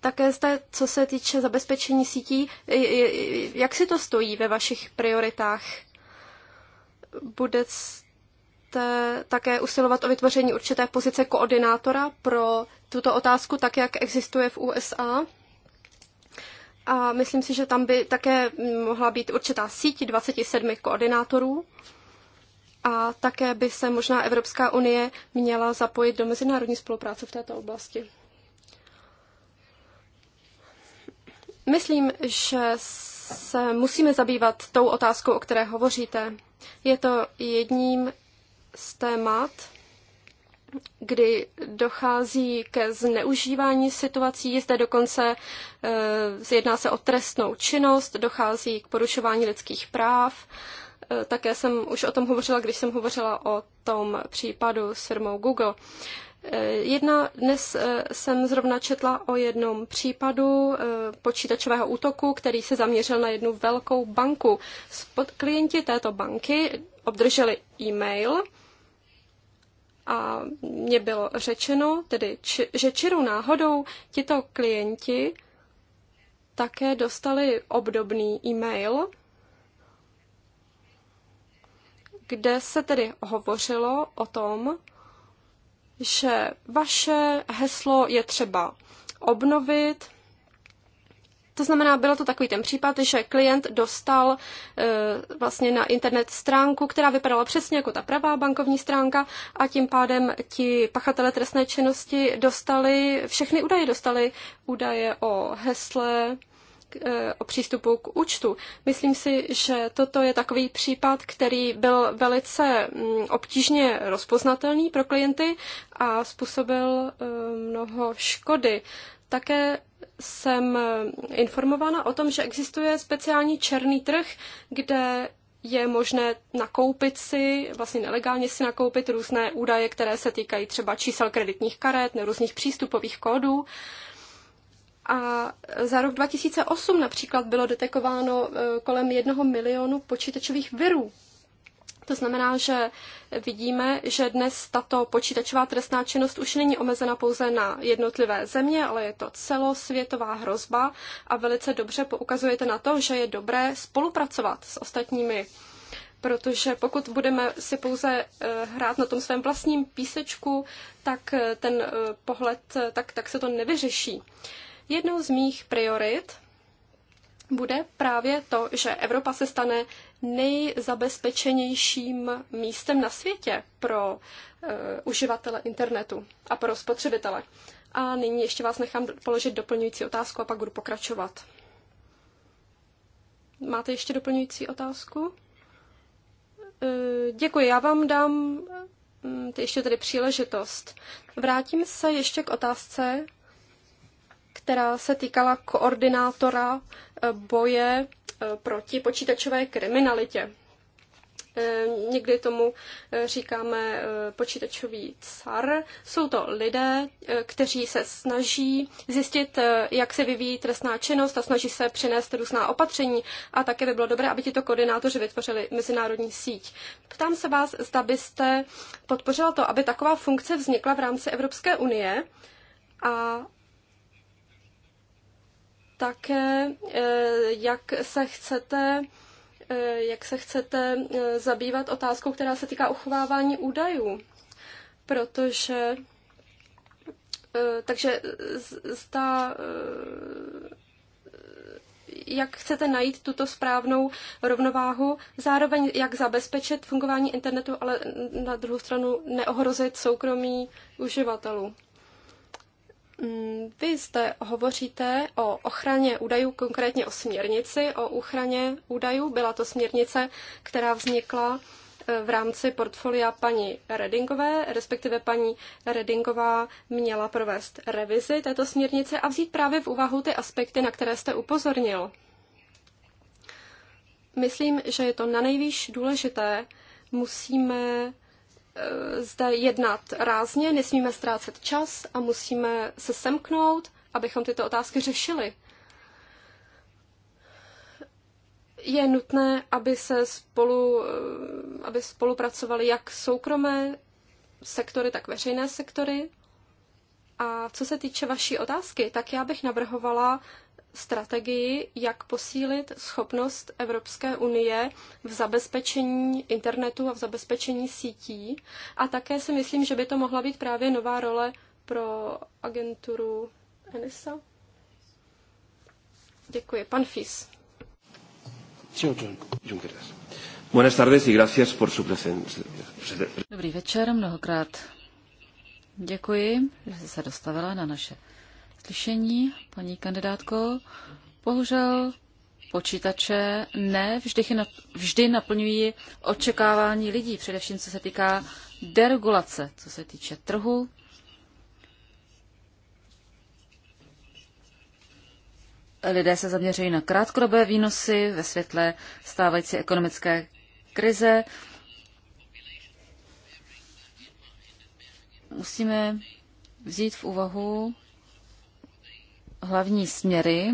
Také zde, co se týče zabezpečení sítí, jak si to stojí ve vašich prioritách? Budete také usilovat o vytvoření určité pozice koordinátora pro tuto otázku, tak jak existuje v USA? A myslím si, že tam by také mohla být určitá síť 27 koordinátorů a také by se možná Evropská unie měla zapojit do mezinárodní spolupráce v této oblasti. Myslím, že se musíme zabývat tou otázkou, o které hovoříte. Je to jedním z témat, kdy dochází ke zneužívání situací. Zde dokonce e, jedná se o trestnou činnost, dochází k porušování lidských práv. E, také jsem už o tom hovořila, když jsem hovořila o tom případu s firmou Google. Eh, jedna, dnes eh, jsem zrovna četla o jednom případu eh, počítačového útoku, který se zaměřil na jednu velkou banku. Spod klienti této banky obdrželi e-mail a mně bylo řečeno, tedy, či, že čirou náhodou tito klienti také dostali obdobný e-mail, kde se tedy hovořilo o tom, že vaše heslo je třeba obnovit. To znamená, byl to takový ten případ, že klient dostal e, vlastně na internet stránku, která vypadala přesně jako ta pravá bankovní stránka a tím pádem ti pachatelé trestné činnosti dostali všechny údaje. Dostali údaje o hesle, Eh, o přístupu k účtu. Myslím si, že toto je takový případ, který byl velice mm, obtížně rozpoznatelný pro klienty a způsobil eh, mnoho škody. Také jsem eh, informována o tom, že existuje speciální černý trh, kde je možné nakoupit si, vlastně nelegálně si nakoupit různé údaje, které se týkají třeba čísel kreditních karet, různých přístupových kódů. Uh, a za rok 2008 například bylo detekováno e, kolem jednoho milionu počítačových virů. To znamená, že vidíme, že dnes tato počítačová trestná činnost už není omezena pouze na jednotlivé země, ale je to celosvětová hrozba a velice dobře poukazujete na to, že je dobré spolupracovat s ostatními protože pokud budeme si pouze e, hrát na tom svém vlastním písečku, tak e, ten pohled, tak, tak se to nevyřeší. Jednou z mých priorit bude právě to, že Evropa se stane nejzabezpečenějším místem na světě pro uh, uživatele internetu a pro spotřebitele. A nyní ještě vás nechám položit doplňující otázku a pak budu pokračovat. Máte ještě doplňující otázku? Eh, děkuji, já vám dám hm, ještě tedy příležitost. Vrátím se ještě k otázce která se týkala koordinátora eh, boje eh, proti počítačové kriminalitě. Eh, někdy tomu říkáme počítačový car. Jsou to lidé, kteří se snaží zjistit, jak se vyvíjí trestná činnost a snaží se přinést různá opatření. A také by bylo dobré, aby tito koordinátoři vytvořili mezinárodní síť. Ptám se vás, zda byste podpořila to, aby taková funkce vznikla v rámci Evropské unie a také, eh, jak se chcete eh, jak se chcete eh, zabývat otázkou, která se týká uchovávání údajů. Protože takže zda jak chcete najít tuto správnou rovnováhu, zároveň jak zabezpečit fungování internetu, ale na druhou stranu neohrozit soukromí uživatelů. Mm, vy zde hovoříte o ochraně údajů, konkrétně o směrnici o ochraně údajů. Byla to směrnice, která vznikla e, v rámci portfolia paní Redingové, respektive paní Redingová měla provést revizi této směrnice a vzít právě v úvahu ty aspekty, na které jste upozornil. Myslím, že je to na nejvýš důležité. Musíme Eh, zde jednat rázně, nesmíme ztrácet čas a musíme se semknout, abychom tyto otázky řešili. Je nutné, aby se spolu, eh, aby spolupracovali jak soukromé sektory, tak veřejné sektory. A co se týče vaší otázky, tak já bych navrhovala strategii, jak posílit schopnost Evropské unie v zabezpečení internetu a v zabezpečení sítí. A také si myslím, že by to mohla být právě nová role pro agenturu ENISA. Děkuji. Pan Fis. tardes y gracias por su presencia. Dobrý večer, mnohokrát děkuji, že jste se dostavila na naše slyšení, paní kandidátko. Bohužel počítače ne vždy, vždy naplňují očekávání lidí, především co se týká deregulace, co se týče trhu. Lidé se zaměřují na krátkodobé výnosy ve světle stávající ekonomické krize. Musíme vzít v úvahu hlavní směry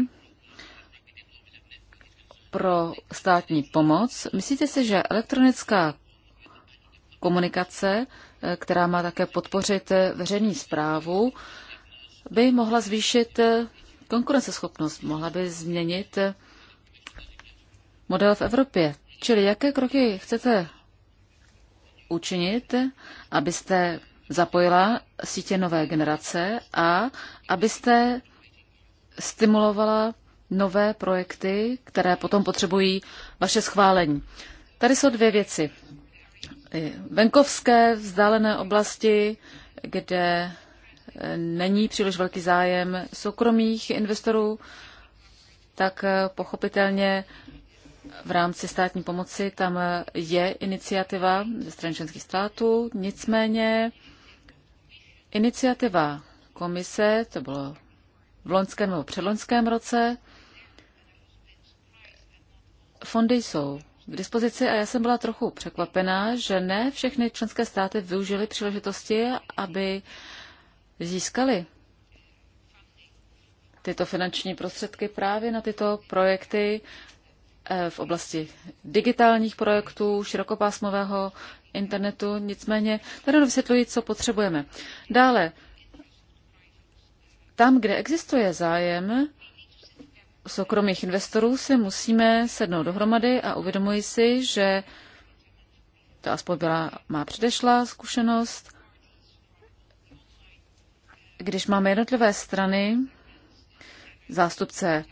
pro státní pomoc. Myslíte si, že elektronická komunikace, eh, která má také podpořit eh, veřejný zprávu, by mohla zvýšit eh, konkurenceschopnost, mohla by změnit model v Evropě. Čili jaké kroky chcete učinit, abyste zapojila sítě nové generace a abyste stimulovala nové projekty, které potom potřebují vaše schválení. Tady jsou dvě věci. Venkovské vzdálené oblasti, kde eh, není příliš velký zájem soukromých investorů, tak eh, pochopitelně v rámci státní pomoci tam eh, je iniciativa ze strany členských států, nicméně iniciativa komise, to bylo v loňském nebo předloňském roce. Fondy jsou k dispozici a já jsem byla trochu překvapená, že ne všechny členské státy využily příležitosti, aby získali tyto finanční prostředky právě na tyto projekty eh, v oblasti digitálních projektů, širokopásmového internetu. Nicméně tady vysvětluji, co potřebujeme. Dále tam, kde existuje zájem soukromých investorů, si musíme sednout dohromady a uvědomuji si, že to aspoň byla má předešlá zkušenost, když máme jednotlivé strany, zástupce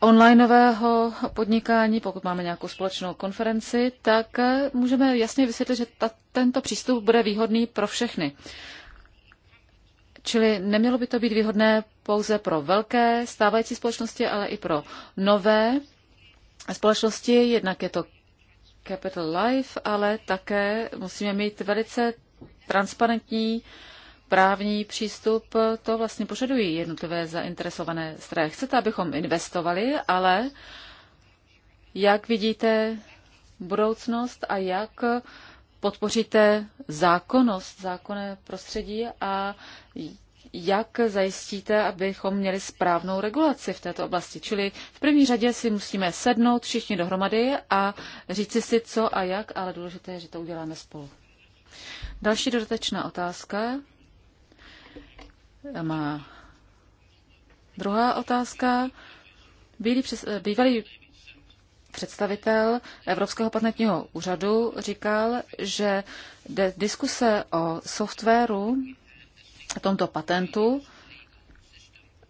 onlineového podnikání, pokud máme nějakou společnou konferenci, tak můžeme jasně vysvětlit, že ta, tento přístup bude výhodný pro všechny. Čili nemělo by to být výhodné pouze pro velké stávající společnosti, ale i pro nové společnosti. Jednak je to Capital Life, ale také musíme mít velice transparentní právní přístup. To vlastně požadují jednotlivé zainteresované strany. Chcete, abychom investovali, ale jak vidíte budoucnost a jak podpoříte zákonnost, zákonné prostředí a jak zajistíte, abychom měli správnou regulaci v této oblasti. Čili v první řadě si musíme sednout všichni dohromady a říci si, co a jak, ale důležité je, že to uděláme spolu. Další dodatečná otázka má druhá otázka. Bývalý, představitel Evropského patentního úřadu říkal, že diskuse o softwaru, tomto patentu,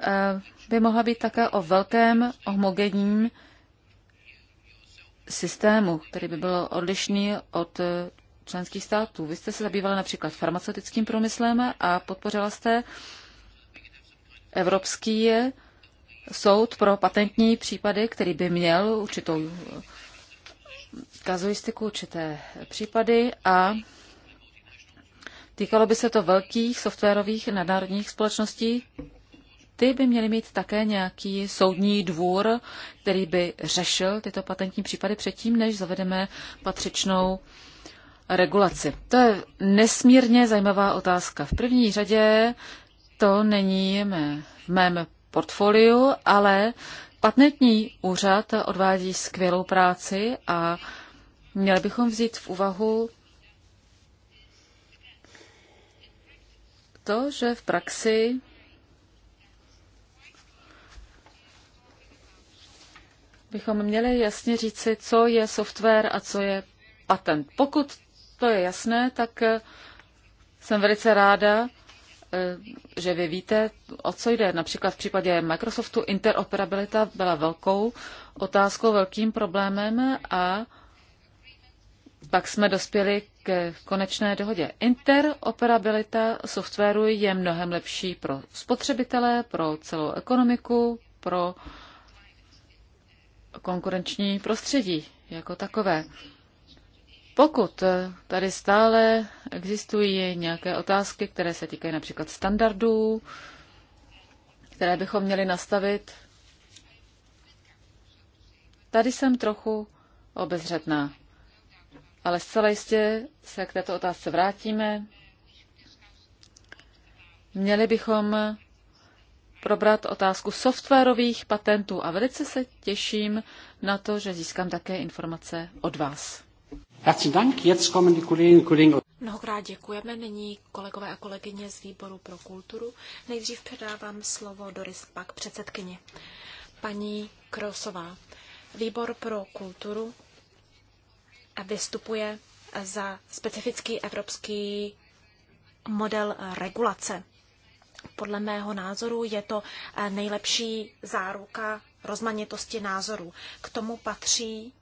eh, by mohla být také o velkém homogenním systému, který by byl odlišný od eh, členských států. Vy jste se zabývala například farmaceutickým průmyslem a podpořila jste evropský soud pro patentní případy, který by měl určitou kazuistiku, určité případy a týkalo by se to velkých softwarových nadnárodních společností, ty by měly mít také nějaký soudní dvůr, který by řešil tyto patentní případy předtím, než zavedeme patřičnou regulaci. To je nesmírně zajímavá otázka. V první řadě to není mé, v mém portfoliu, ale patentní úřad odvádí skvělou práci a měli bychom vzít v úvahu to, že v praxi bychom měli jasně říci, co je software a co je patent. Pokud to je jasné, tak jsem velice ráda, Eh, že vy víte, o co jde. Například v případě Microsoftu interoperabilita byla velkou otázkou, velkým problémem a pak jsme dospěli k konečné dohodě. Interoperabilita softwaru je mnohem lepší pro spotřebitele, pro celou ekonomiku, pro konkurenční prostředí jako takové. Pokud eh, tady stále existují nějaké otázky, které se týkají například standardů, které bychom měli nastavit, tady jsem trochu obezřetná. Ale zcela jistě se k této otázce vrátíme. Měli bychom probrat otázku softwarových patentů a velice se těším na to, že získám také informace od vás. Mnohokrát děkujeme. Nyní kolegové a kolegyně z výboru pro kulturu. Nejdřív předávám slovo Doris Pak předsedkyni. Paní Krosová, výbor pro kulturu vystupuje za specifický evropský model regulace. Podle mého názoru je to eh, nejlepší záruka rozmanitosti názorů. K tomu patří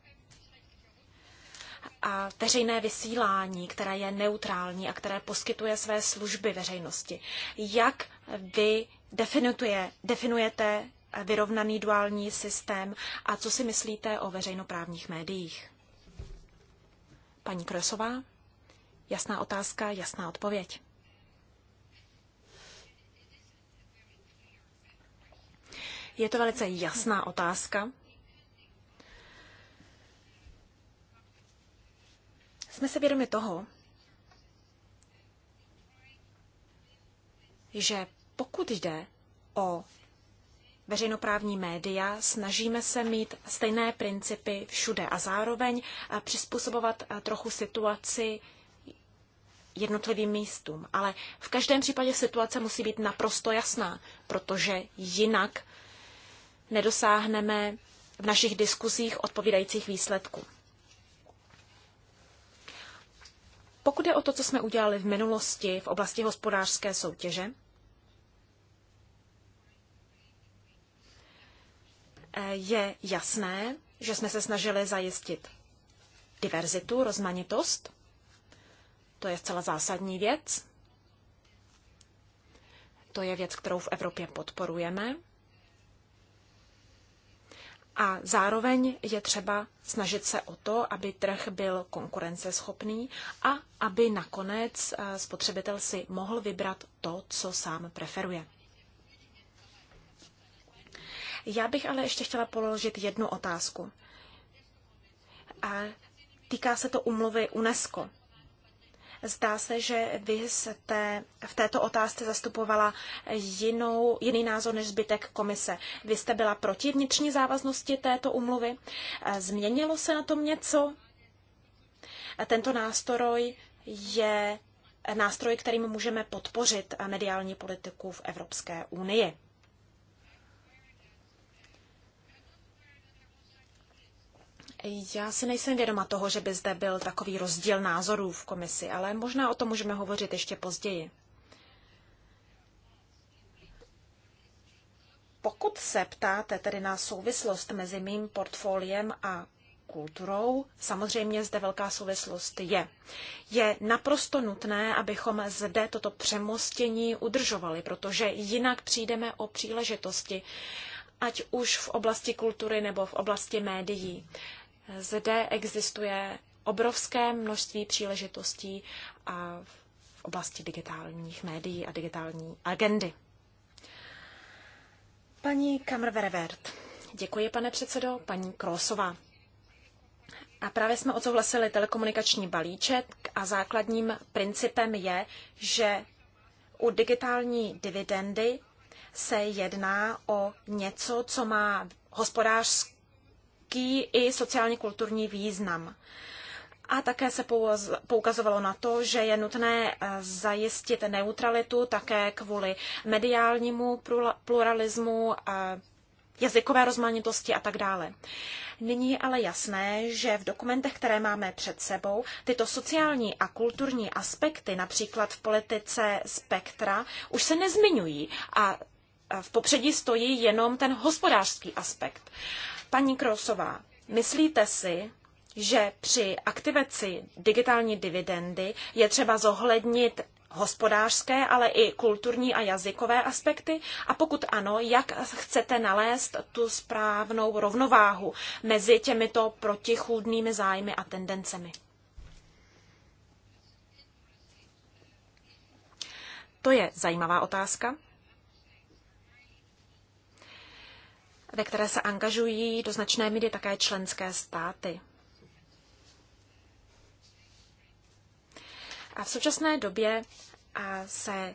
veřejné vysílání, které je neutrální a které poskytuje své služby veřejnosti. Jak vy definujete vyrovnaný duální systém a co si myslíte o veřejnoprávních médiích? Paní Krosová? Jasná otázka, jasná odpověď. Je to velice jasná otázka Jsme se vědomi toho, že pokud jde o veřejnoprávní média, snažíme se mít stejné principy všude a zároveň eh, přizpůsobovat eh, trochu situaci jednotlivým místům. Ale v každém případě situace musí být naprosto jasná, protože jinak nedosáhneme v našich diskuzích odpovídajících výsledků. Pokud je o to, co jsme udělali v minulosti v oblasti hospodářské soutěže, eh, je jasné, že jsme se snažili zajistit diverzitu, rozmanitost. To je zcela zásadní věc. To je věc, kterou v Evropě podporujeme. A zároveň je třeba snažit se o to, aby trh byl konkurenceschopný a aby nakonec eh, spotřebitel si mohl vybrat to, co sám preferuje. Já bych ale ještě chtěla položit jednu otázku. A týká se to umluvy UNESCO. Zdá se, že vy jste v této otázce zastupovala jinou, jiný názor než zbytek komise. Vy jste byla proti vnitřní závaznosti této umluvy. Změnilo se na tom něco? Tento nástroj je nástroj, kterým můžeme podpořit mediální politiku v Evropské unii. Já si nejsem vědoma toho, že by zde byl takový rozdíl názorů v komisi, ale možná o tom můžeme hovořit ještě později. Pokud se ptáte tedy na souvislost mezi mým portfoliem a kulturou, samozřejmě zde velká souvislost je. Je naprosto nutné, abychom zde toto přemostění udržovali, protože jinak přijdeme o příležitosti, ať už v oblasti kultury nebo v oblasti médií. Zde existuje obrovské množství příležitostí a v oblasti digitálních médií a digitální agendy. Paní Kamrverevert. Děkuji, pane předsedo. Paní Krosová. A právě jsme odsouhlasili telekomunikační balíček a základním principem je, že u digitální dividendy se jedná o něco, co má hospodářskou velký i sociálně kulturní význam. A také se poukazovalo na to, že je nutné eh, zajistit neutralitu také kvůli mediálnímu pluralismu, eh, jazykové rozmanitosti a tak dále. Nyní je ale jasné, že v dokumentech, které máme před sebou, tyto sociální a kulturní aspekty, například v politice spektra, už se nezmiňují a v popředí stojí jenom ten hospodářský aspekt. Paní Krosová, myslíte si, že při aktivaci digitální dividendy je třeba zohlednit hospodářské, ale i kulturní a jazykové aspekty? A pokud ano, jak chcete nalézt tu správnou rovnováhu mezi těmito protichůdnými zájmy a tendencemi? To je zajímavá otázka. ve které se angažují do značné míry také členské státy. A v současné době se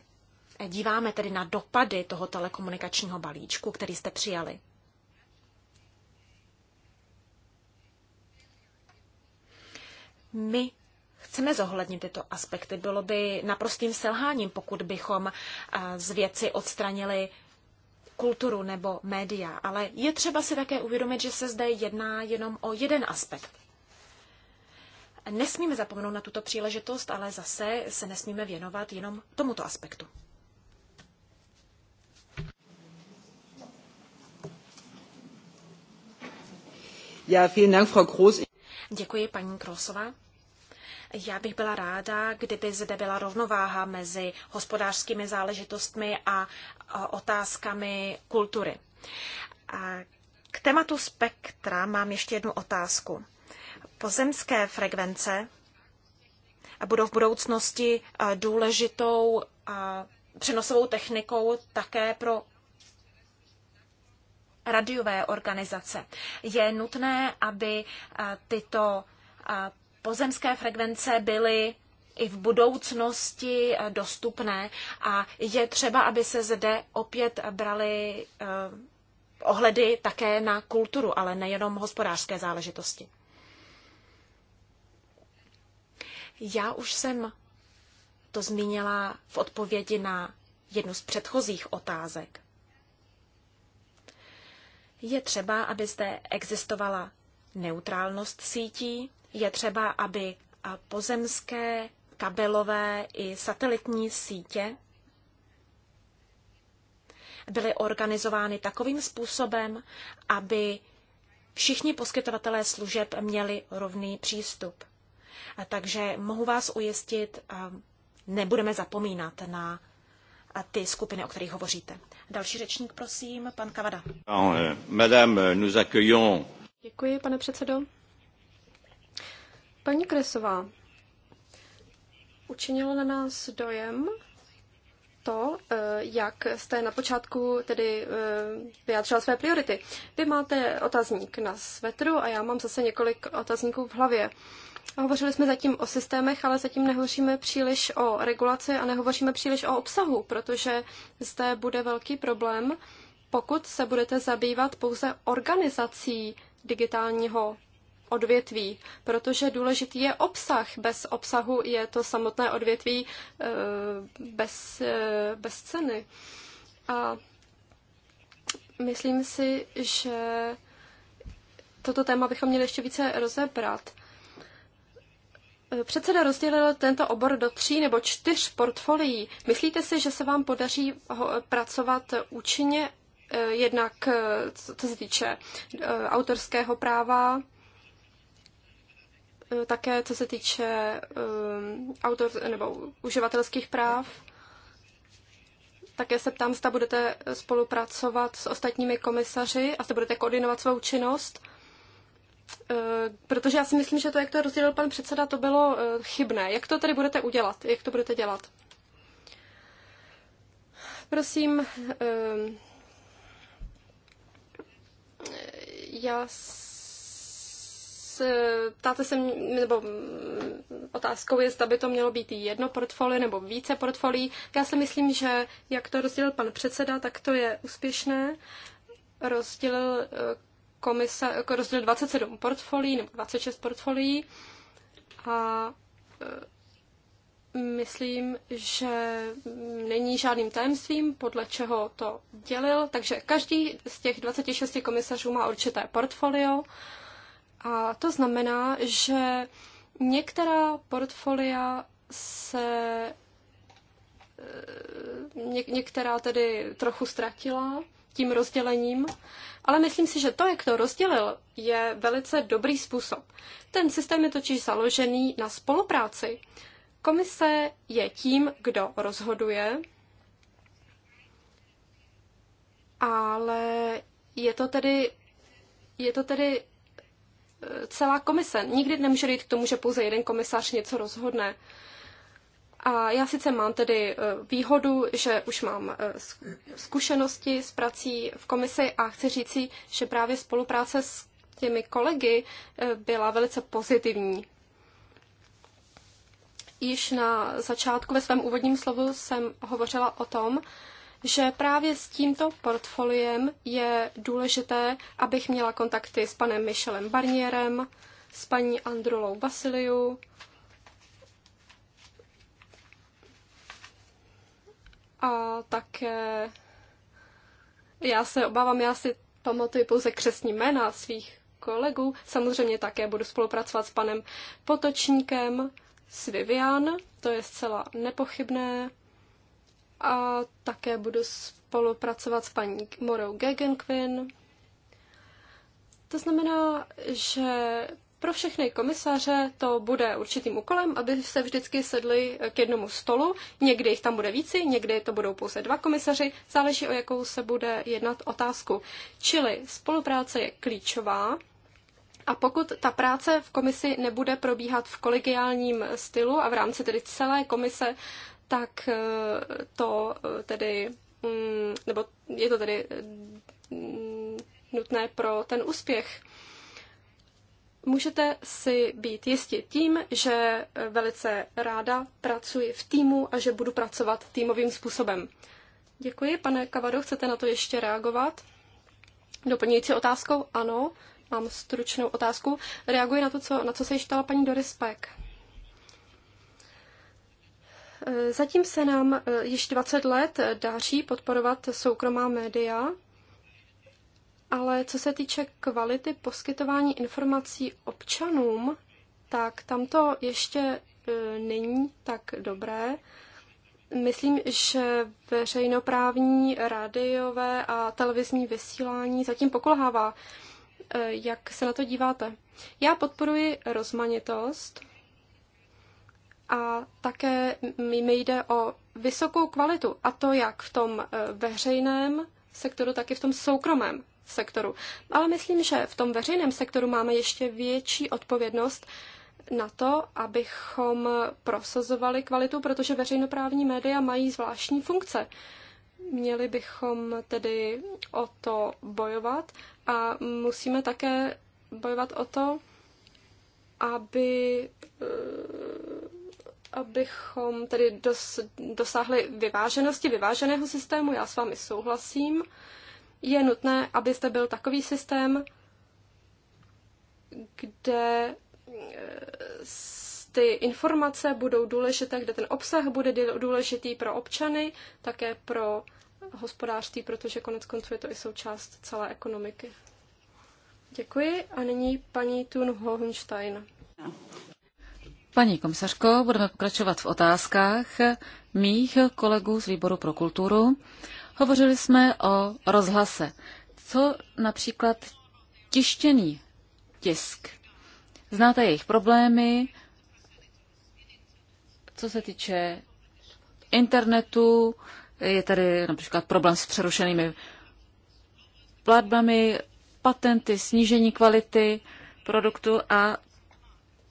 díváme tedy na dopady toho telekomunikačního balíčku, který jste přijali. My chceme zohlednit tyto aspekty. Bylo by naprostým selháním, pokud bychom z věci odstranili kulturu nebo média, ale je třeba si také uvědomit, že se zde jedná jenom o jeden aspekt. Nesmíme zapomenout na tuto příležitost, ale zase se nesmíme věnovat jenom tomuto aspektu. Ja, vielen Dank, Frau Groß. Děkuji, paní Krosová. Já bych byla ráda, kdyby zde byla rovnováha mezi hospodářskými záležitostmi a otázkami kultury. K tématu spektra mám ještě jednu otázku. Pozemské frekvence budou v budoucnosti e, důležitou přenosovou technikou také pro radiové organizace. Je nutné, aby tyto pozemské frekvence byly i v budoucnosti eh, dostupné a je třeba, aby se zde opět brali eh, ohledy také na kulturu, ale nejenom hospodářské záležitosti. Já už jsem to zmínila v odpovědi na jednu z předchozích otázek. Je třeba, aby zde existovala neutrálnost sítí. Je třeba, aby pozemské, kabelové i satelitní sítě byly organizovány takovým způsobem, aby všichni poskytovatelé služeb měli rovný přístup. Takže mohu vás ujistit, nebudeme zapomínat na ty skupiny, o kterých hovoříte. Další řečník, prosím, pan Kavada. Euh, madame, euh, nous accueillons Děkuji, pane předsedo. Paní Kresová, učinilo na nás dojem to, eh, jak jste na počátku tedy eh, vyjádřila své priority. Vy máte otazník na svetru a já mám zase několik otazníků v hlavě. Hovořili jsme zatím o systémech, ale zatím nehovoříme příliš o regulaci a nehovoříme příliš o obsahu, protože zde bude velký problém, pokud se budete zabývat pouze organizací digitálního odvětví, protože důležitý je obsah. Bez obsahu je to samotné odvětví eh, bez, eh, bez ceny. A myslím si, že toto téma bychom měli ještě více rozebrat. Předseda rozdělil tento obor do tří nebo čtyř portfolií. Myslíte si, že se vám podaří eh, pracovat účinně Eh, jednak eh, co se týče eh, autorského práva, také co se týče autor nebo uživatelských práv. Také se ptám, zda budete spolupracovat s ostatními komisaři a zda budete koordinovat svou činnost. Protože já si myslím, že to, jak to rozdělil pan předseda, to bylo chybné. Jak to tedy budete udělat? Jak to budete dělat? Prosím, Já se, ptáte se mě, nebo otázkou je, zda by to mělo být jedno portfolio nebo více portfolií. Já si myslím, že jak to rozdělil pan předseda, tak to je úspěšné. Rozdělil eh, komise, jako rozdělil 27 portfolií nebo 26 portfolií a eh, myslím, že není žádným tajemstvím, podle čeho to dělil. Takže každý z těch 26 komisařů má určité portfolio a to znamená, že některá portfolia se eh, ně, některá tedy trochu ztratila tím rozdělením, ale myslím si, že to, jak to rozdělil, je velice dobrý způsob. Ten systém je totiž založený na spolupráci. Komise je tím, kdo rozhoduje, ale je to tedy, je to tedy eh, celá komise. Nikdy nemůže dojít k tomu, že pouze jeden komisař něco rozhodne. A já sice mám tedy eh, výhodu, že už mám eh, zkušenosti s prací v komisi a chci říci, že právě spolupráce s těmi kolegy byla velice pozitivní již na začátku ve svém úvodním slovu jsem hovořila o tom, že právě s tímto portfoliem je důležité, abych měla kontakty s panem Michelem Barnierem, s paní Androlou Vasiliu a také já se obávám, já si pamatuji pouze křesní jména svých kolegů. Samozřejmě také budu spolupracovat s panem Potočníkem, s Vivian, to je zcela nepochybné. A také budu spolupracovat s paní Morou Gegenquin. To znamená, že pro všechny komisaře to bude určitým úkolem, aby se vždycky sedli k jednomu stolu. Někdy jich tam bude víci, někdy to budou pouze dva komisaři, záleží o jakou se bude jednat otázku. Čili spolupráce je klíčová a pokud ta práce v komisi nebude probíhat v kolegiálním stylu a v rámci tedy celé komise, tak eh, to eh, tedy, mm, nebo je to tedy mm, nutné pro ten úspěch. Můžete si být jistí tím, že eh, velice ráda pracuji v týmu a že budu pracovat týmovým způsobem. Děkuji, pane Kavado, chcete na to ještě reagovat? Doplňující otázkou? Ano, Mám stručnou otázku. Reaguje na to, co, na co se již ptala paní Doris Peck. E, zatím se nám e, již 20 let daří podporovat soukromá média, ale co se týče kvality poskytování informací občanům, tak tam to ještě e, není tak dobré. Myslím, že veřejnoprávní rádiové a televizní vysílání zatím pokulhává. Eh, jak se na to díváte. Já podporuji rozmanitost a také mi jde o vysokou kvalitu, a to jak v tom eh, veřejném sektoru, tak i v tom soukromém sektoru. Ale myslím, že v tom veřejném sektoru máme ještě větší odpovědnost na to, abychom prosazovali kvalitu, protože veřejnoprávní média mají zvláštní funkce. Uh, Měli bychom tedy o to bojovat a musíme také bojovat o to, aby, eh, abychom tedy dos, dosáhli vyváženosti, vyváženého systému. Já s vámi souhlasím. Je nutné, abyste byl takový systém, kde eh, ty informace budou důležité, kde ten obsah bude důležitý pro občany, také pro hospodářství, protože konec konců je to i součást celé ekonomiky. Děkuji a nyní paní Thun Hohenstein. Paní komisařko, budeme pokračovat v otázkách mých kolegů z Výboru pro kulturu. Hovořili jsme o rozhlase. Co například tištěný tisk? Znáte jejich problémy, co se týče internetu, je tady například problém s přerušenými platbami, patenty, snížení kvality produktu a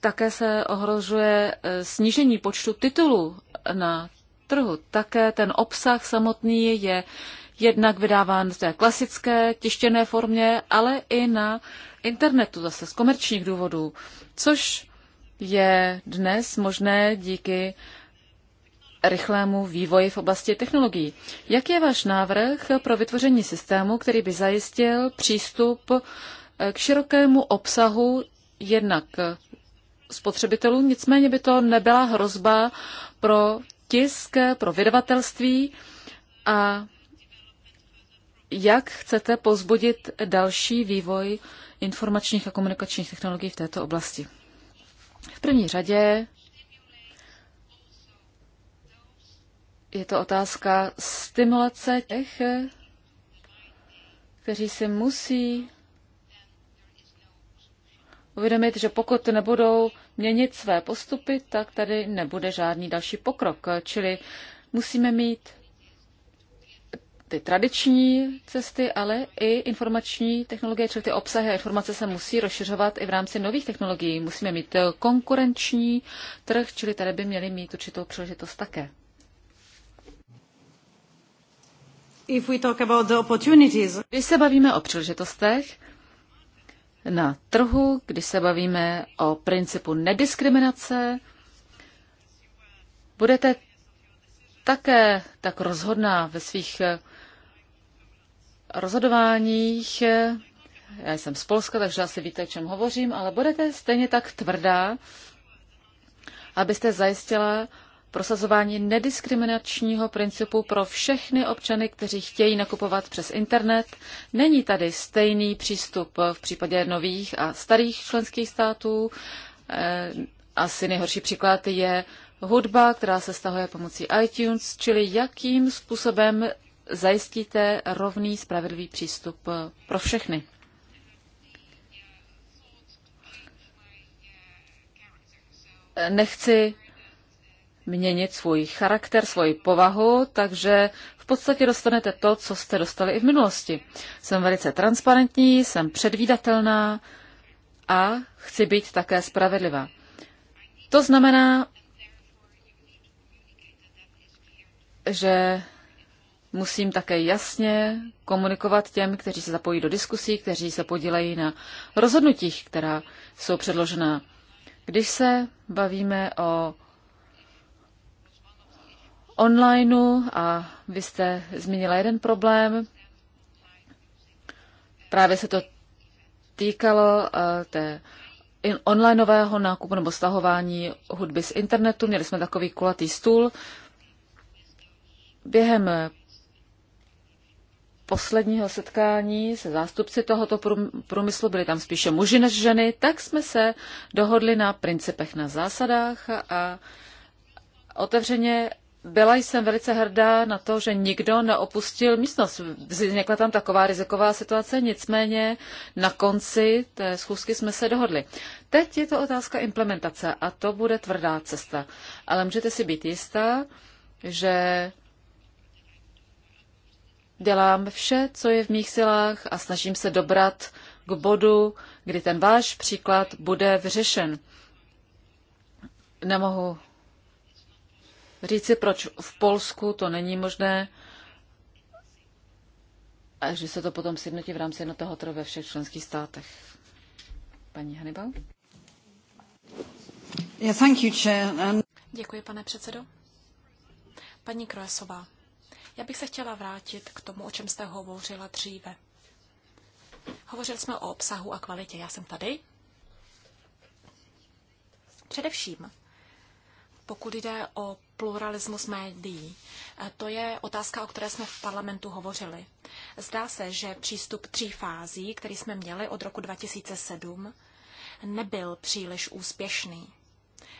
také se ohrožuje e, snížení počtu titulů na trhu. Také ten obsah samotný je jednak vydáván v té klasické tištěné formě, ale i na internetu zase z komerčních důvodů, což je dnes možné díky rychlému vývoji v oblasti technologií. Jak je váš návrh pro vytvoření systému, který by zajistil přístup eh, k širokému obsahu jednak eh, spotřebitelů, nicméně by to nebyla hrozba pro tisk, eh, pro vydavatelství a jak chcete pozbudit další vývoj informačních a komunikačních technologií v této oblasti? V první řadě je to otázka stimulace těch, kteří si musí uvědomit, že pokud nebudou měnit své postupy, tak tady nebude žádný další pokrok. Čili musíme mít ty tradiční cesty, ale i informační technologie, čili ty obsahy a informace se musí rozšiřovat i v rámci nových technologií. Musíme mít konkurenční trh, čili tady by měli mít určitou příležitost také. if we talk about the opportunities. Když se bavíme o příležitostech na trhu, když se bavíme o principu nediskriminace, budete také tak rozhodná ve svých eh, rozhodováních. Já jsem z Polska, takže asi víte, o čem hovořím, ale budete stejně tak tvrdá, abyste zajistila prosazování nediskriminačního principu pro všechny občany, kteří chtějí nakupovat přes internet. Není tady stejný přístup v případě nových a starých členských států. Eh, asi nejhorší příklad je hudba, která se stahuje pomocí iTunes, čili jakým způsobem zajistíte rovný, spravedlivý přístup eh, pro všechny. Nechci měnit svůj charakter, svoji povahu, takže v podstatě dostanete to, co jste dostali i v minulosti. Jsem velice transparentní, jsem předvídatelná a chci být také spravedlivá. To znamená, že musím také jasně komunikovat těm, kteří se zapojí do diskusí, kteří se podílejí na rozhodnutích, která jsou předložena. Když se bavíme o onlineu a vy jste zmínila jeden problém. Právě se to týkalo eh, té onlineového nákupu nebo stahování hudby z internetu. Měli jsme takový kulatý stůl. Během posledního setkání se zástupci tohoto průmyslu, byli tam spíše muži než ženy, tak jsme se dohodli na principech, na zásadách a otevřeně byla jsem velice hrdá na to, že nikdo neopustil místnost. Vznikla tam taková riziková situace, nicméně na konci té schůzky jsme se dohodli. Teď je to otázka implementace a to bude tvrdá cesta. Ale můžete si být jistá, že dělám vše, co je v mých silách a snažím se dobrat k bodu, kdy ten váš příklad bude vyřešen. Nemohu říci, proč v Polsku to není možné, a že se to potom sjednotí v rámci jednotného trhu ve všech členských státech. Paní Hannibal? Yeah, thank you, chair. And... Děkuji, pane předsedo. Paní Kroesová, já bych se chtěla vrátit k tomu, o čem jste hovořila dříve. Hovořili jsme o obsahu a kvalitě. Já jsem tady. Především, pokud jde o pluralismus médií. E, to je otázka, o které jsme v parlamentu hovořili. Zdá se, že přístup tří fází, který jsme měli od roku 2007, nebyl příliš úspěšný.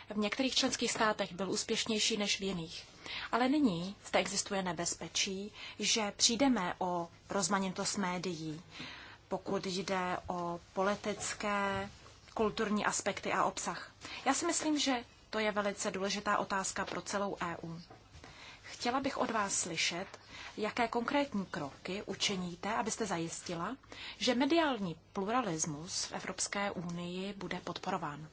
V některých členských státech byl úspěšnější než v jiných. Ale nyní zde existuje nebezpečí, že přijdeme o rozmanitost médií, pokud jde o politické, kulturní aspekty a obsah. Já si myslím, že to je velice důležitá otázka pro celou EU. Chtěla bych od vás slyšet, jaké konkrétní kroky učiníte, abyste zajistila, že mediální pluralismus v Evropské unii bude podporován.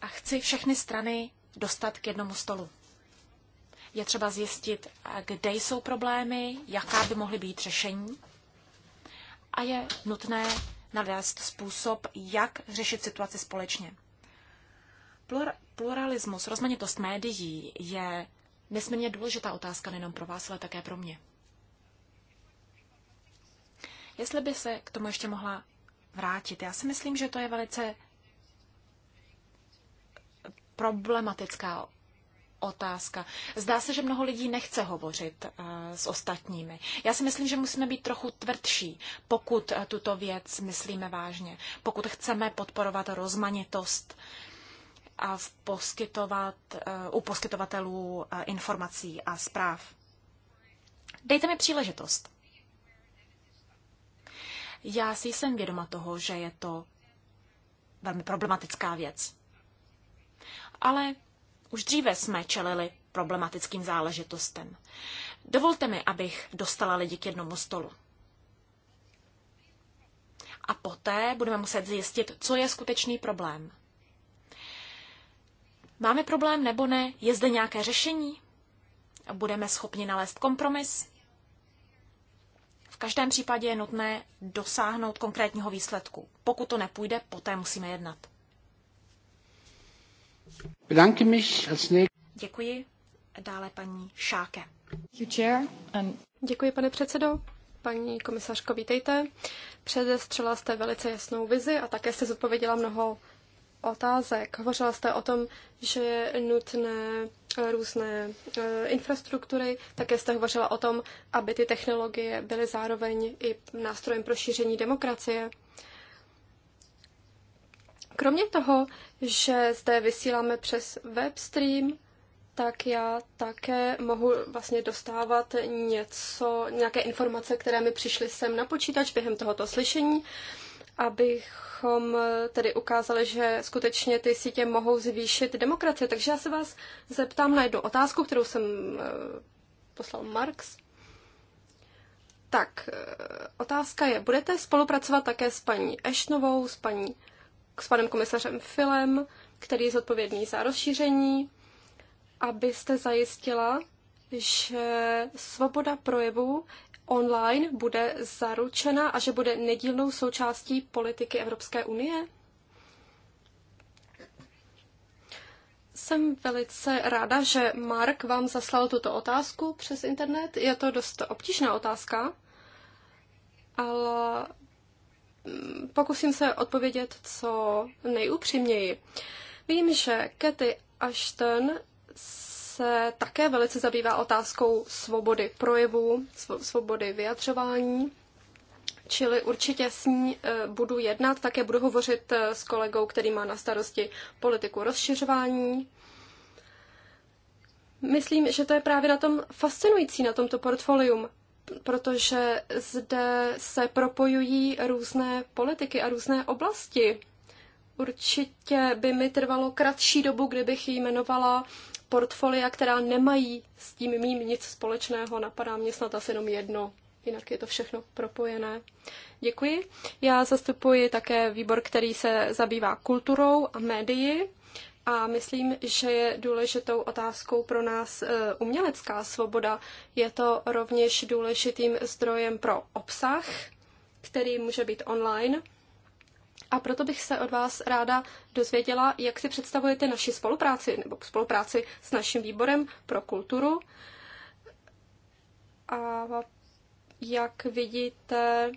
A chci všechny strany dostat k jednomu stolu. Je třeba zjistit, kde jsou problémy, jaká by mohly být řešení a je nutné nalézt způsob, jak řešit situaci společně. pluralismus, rozmanitost médií je nesmírně důležitá otázka nejenom pro vás, ale také pro mě. Jestli by se k tomu ještě mohla vrátit, já si myslím, že to je velice problematická otázka. Zdá se, že mnoho lidí nechce hovořit eh, s ostatními. Já si myslím, že musíme být trochu tvrdší, pokud eh, tuto věc myslíme vážně, pokud chceme podporovat rozmanitost a v poskytovat, eh, u poskytovatelů informací a zpráv. Dejte mi příležitost. Já si jsem vědoma toho, že je to velmi problematická věc. Ale už dříve jsme čelili problematickým záležitostem. Dovolte mi, abych dostala lidi k jednomu stolu. A poté budeme muset zjistit, co je skutečný problém. Máme problém nebo ne? Je zde nějaké řešení? Budeme schopni nalézt kompromis? V každém případě je nutné dosáhnout konkrétního výsledku. Pokud to nepůjde, poté musíme jednat. Děkuji. Dále paní Šáke. Děkuji, pane předsedo. Paní komisařko, vítejte. Předestřela jste velice jasnou vizi a také jste zodpověděla mnoho otázek. Hovořila jste o tom, že je nutné eh, různé eh, infrastruktury, také jste hovořila o tom, aby ty technologie byly zároveň i nástrojem pro šíření demokracie. Kromě toho, že zde vysíláme přes webstream, tak já také mohu vlastně dostávat něco, nějaké informace, které mi přišly sem na počítač během tohoto slyšení, abychom tedy ukázali, že skutečně ty sítě mohou zvýšit demokracie. Takže já se vás zeptám na jednu otázku, kterou jsem eh, poslal Marx. Tak, eh, otázka je, budete spolupracovat také s paní Ešnovou, s paní s panem komisařem Filem, který je zodpovědný za rozšíření, abyste zajistila, že svoboda projevu online bude zaručena a že bude nedílnou součástí politiky Evropské unie? Jsem velice ráda, že Mark vám zaslal tuto otázku přes internet. Je to dost obtížná otázka, ale pokusím se odpovědět co nejupřímněji. Vím, že Kety Ashton se také velice zabývá otázkou svobody projevu, svobody vyjadřování, čili určitě s ní e, budu jednat, také budu hovořit e, s kolegou, který má na starosti politiku rozšiřování. Myslím, že to je právě na tom fascinující, na tomto portfolium protože zde se propojují různé politiky a různé oblasti. Určitě by mi trvalo kratší dobu, kdybych jí jmenovala portfolia, která nemají s tím mým nic společného. Napadá mě snad asi jenom jedno. Jinak je to všechno propojené. Děkuji. Já zastupuji také výbor, který se zabývá kulturou a médií. A myslím, že je důležitou otázkou pro nás e, umělecká svoboda. Je to rovněž důležitým zdrojem pro obsah, který může být online. A proto bych se od vás ráda dozvěděla, jak si představujete naši spolupráci nebo spolupráci s naším výborem pro kulturu. A jak vidíte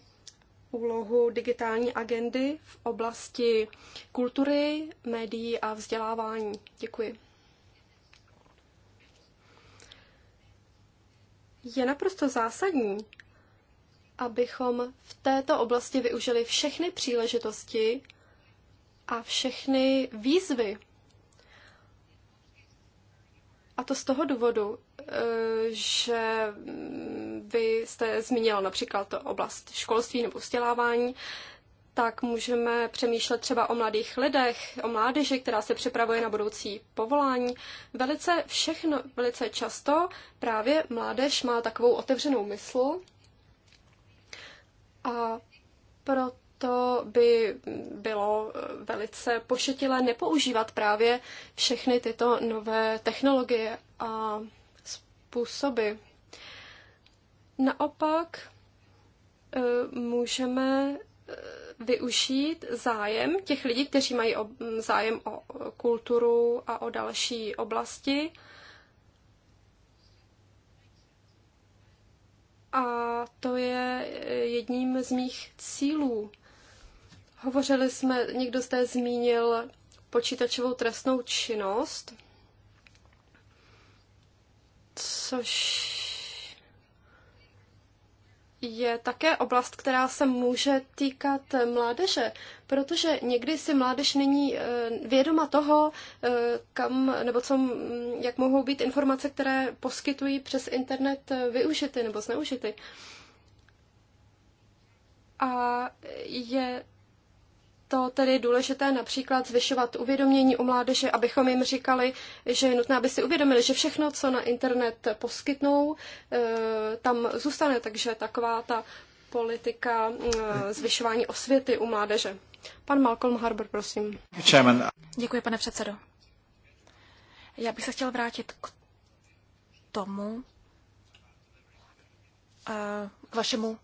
úlohu digitální agendy v oblasti kultury, médií a vzdělávání. Děkuji. Je naprosto zásadní, abychom v této oblasti využili všechny příležitosti a všechny výzvy, a to z toho důvodu, e, že vy jste zmínila například to oblast školství nebo vzdělávání, tak můžeme přemýšlet třeba o mladých lidech, o mládeži, která se připravuje na budoucí povolání. Velice všechno, velice často právě mládež má takovou otevřenou mysl a proto to by bylo velice pošetilé nepoužívat právě všechny tyto nové technologie a způsoby. Naopak eh, můžeme eh, využít zájem těch lidí, kteří mají zájem o kulturu a o další oblasti. A to je eh, jedním z mých cílů Hovořili jsme, někdo zde zmínil počítačovou trestnou činnost, což je také oblast, která se může týkat mládeže, protože někdy si mládež není eh, vědoma toho, eh, kam nebo co, jak mohou být informace, které poskytují přes internet eh, využity nebo zneužity. A je to tedy důležité například zvyšovat uvědomění u mládeže, abychom jim říkali, že je nutné, aby si uvědomili, že všechno, co na internet poskytnou, eh, tam zůstane. Takže taková ta politika eh, zvyšování osvěty u mládeže. Pan Malcolm Harbour, prosím. Děkuji, pane předsedo. Já bych se chtěl vrátit k tomu, eh, k vašemu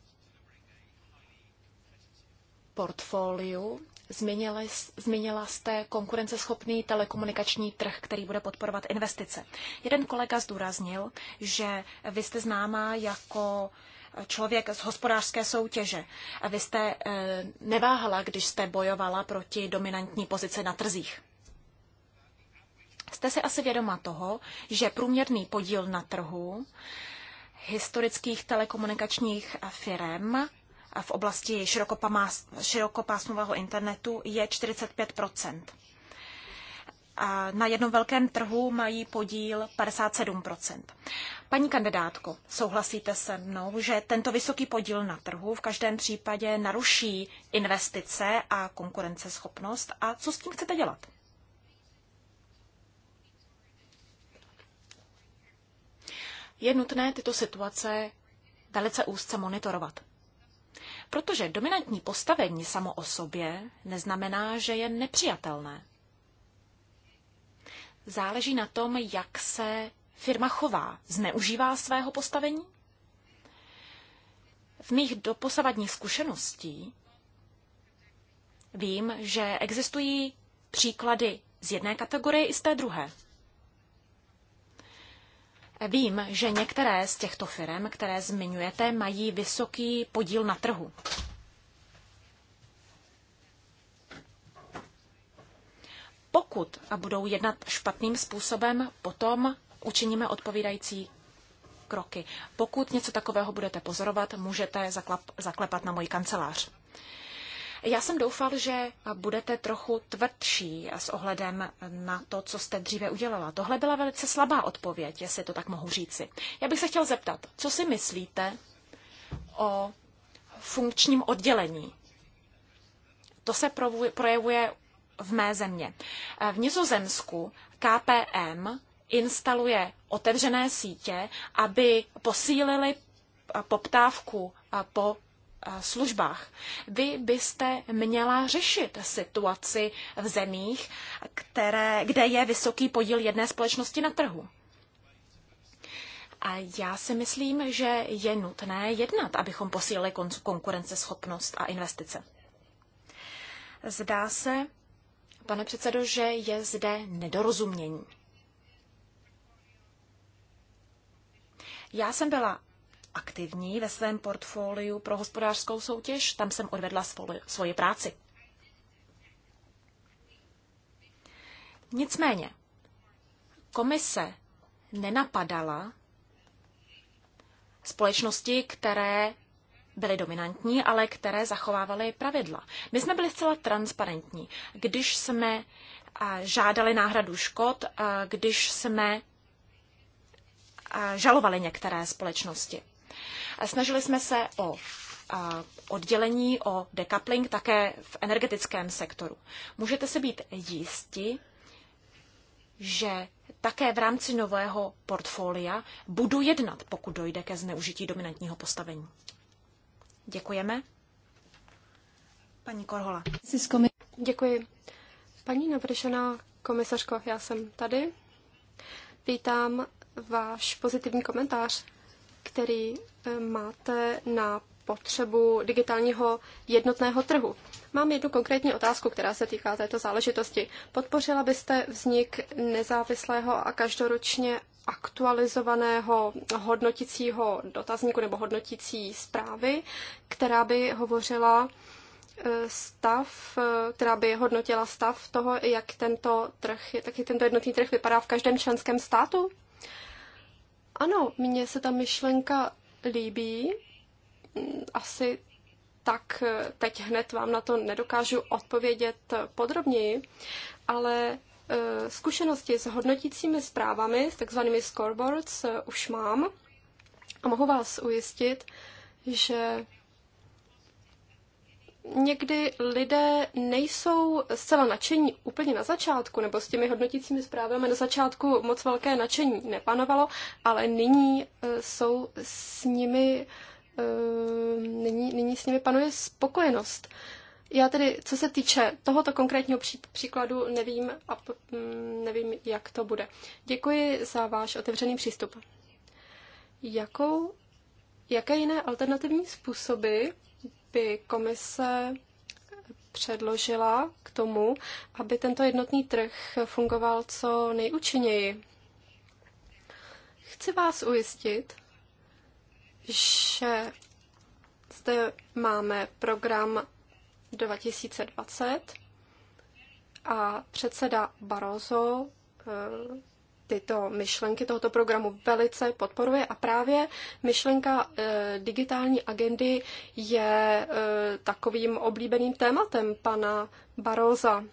portfoliu Zmínila, zmínila jste konkurenceschopný telekomunikační trh, který bude podporovat investice. Jeden kolega zdůraznil, že vy jste známá jako člověk z hospodářské soutěže. Vy jste eh, neváhala, když jste bojovala proti dominantní pozici na trzích. Jste si asi vědoma toho, že průměrný podíl na trhu historických telekomunikačních firm v oblasti širokopásmového internetu je 45 a na jednom velkém trhu mají podíl 57 Paní kandidátko, souhlasíte se mnou, že tento vysoký podíl na trhu v každém případě naruší investice a konkurenceschopnost a co s tím chcete dělat? Je nutné tyto situace velice úzce monitorovat protože dominantní postavení samo o sobě neznamená, že je nepřijatelné. Záleží na tom, jak se firma chová. Zneužívá svého postavení? V mých doposavadních zkušeností vím, že existují příklady z jedné kategorie i z té druhé. Vím, že některé z těchto firm, které zmiňujete, mají vysoký podíl na trhu. Pokud a budou jednat špatným způsobem, potom učiníme odpovídající kroky. Pokud něco takového budete pozorovat, můžete zaklep, zaklepat na můj kancelář. Já jsem doufal, že budete trochu tvrdší s ohledem na to, co jste dříve udělala. Tohle byla velice slabá odpověď, jestli to tak mohu říci. Já bych se chtěl zeptat, co si myslíte o funkčním oddělení? To se projevuje v mé země. V Nizozemsku KPM instaluje otevřené sítě, aby posílili poptávku po službách. Vy byste měla řešit situaci v zemích, které, kde je vysoký podíl jedné společnosti na trhu. A já si myslím, že je nutné jednat, abychom posílili konkurenceschopnost a investice. Zdá se, pane předsedo, že je zde nedorozumění. Já jsem byla aktivní ve svém portfoliu pro hospodářskou soutěž. Tam jsem odvedla svoli, svoji práci. Nicméně, komise nenapadala společnosti, které byly dominantní, ale které zachovávaly pravidla. My jsme byli zcela transparentní. Když jsme žádali náhradu škod, když jsme žalovali některé společnosti. Snažili jsme se o oddělení, o decoupling také v energetickém sektoru. Můžete se být jisti, že také v rámci nového portfolia budu jednat, pokud dojde ke zneužití dominantního postavení. Děkujeme. Paní Korhola. Děkuji. Paní navržená komisařko, já jsem tady. Vítám váš pozitivní komentář, který máte na potřebu digitálního jednotného trhu. Mám jednu konkrétní otázku, která se týká této záležitosti. Podpořila byste vznik nezávislého a každoročně aktualizovaného hodnoticího dotazníku nebo hodnoticí zprávy, která by hovořila eh, stav, eh, která by hodnotila stav toho, jak tento trh, taky tento jednotný trh vypadá v každém členském státu? Ano, mně se ta myšlenka líbí. Asi tak teď hned vám na to nedokážu odpovědět podrobněji, ale e, zkušenosti s hodnotícími zprávami, s takzvanými scoreboards, e, už mám a mohu vás ujistit, že někdy lidé nejsou zcela nadšení úplně na začátku, nebo s těmi hodnotícími zprávami na začátku moc velké nadšení nepanovalo, ale nyní eh, jsou s nimi, eh, nyní, nyní s nimi panuje spokojenost. Já tedy, co se týče tohoto konkrétního pří, příkladu, nevím, a, mm, nevím, jak to bude. Děkuji za váš otevřený přístup. Jakou, jaké jiné alternativní způsoby by komise předložila k tomu, aby tento jednotný trh fungoval co nejúčinněji. Chci vás ujistit, že zde máme program 2020 a předseda Barroso eh, tyto myšlenky tohoto programu velice podporuje a právě myšlenka eh, digitální agendy je eh, takovým oblíbeným tématem pana Baroza.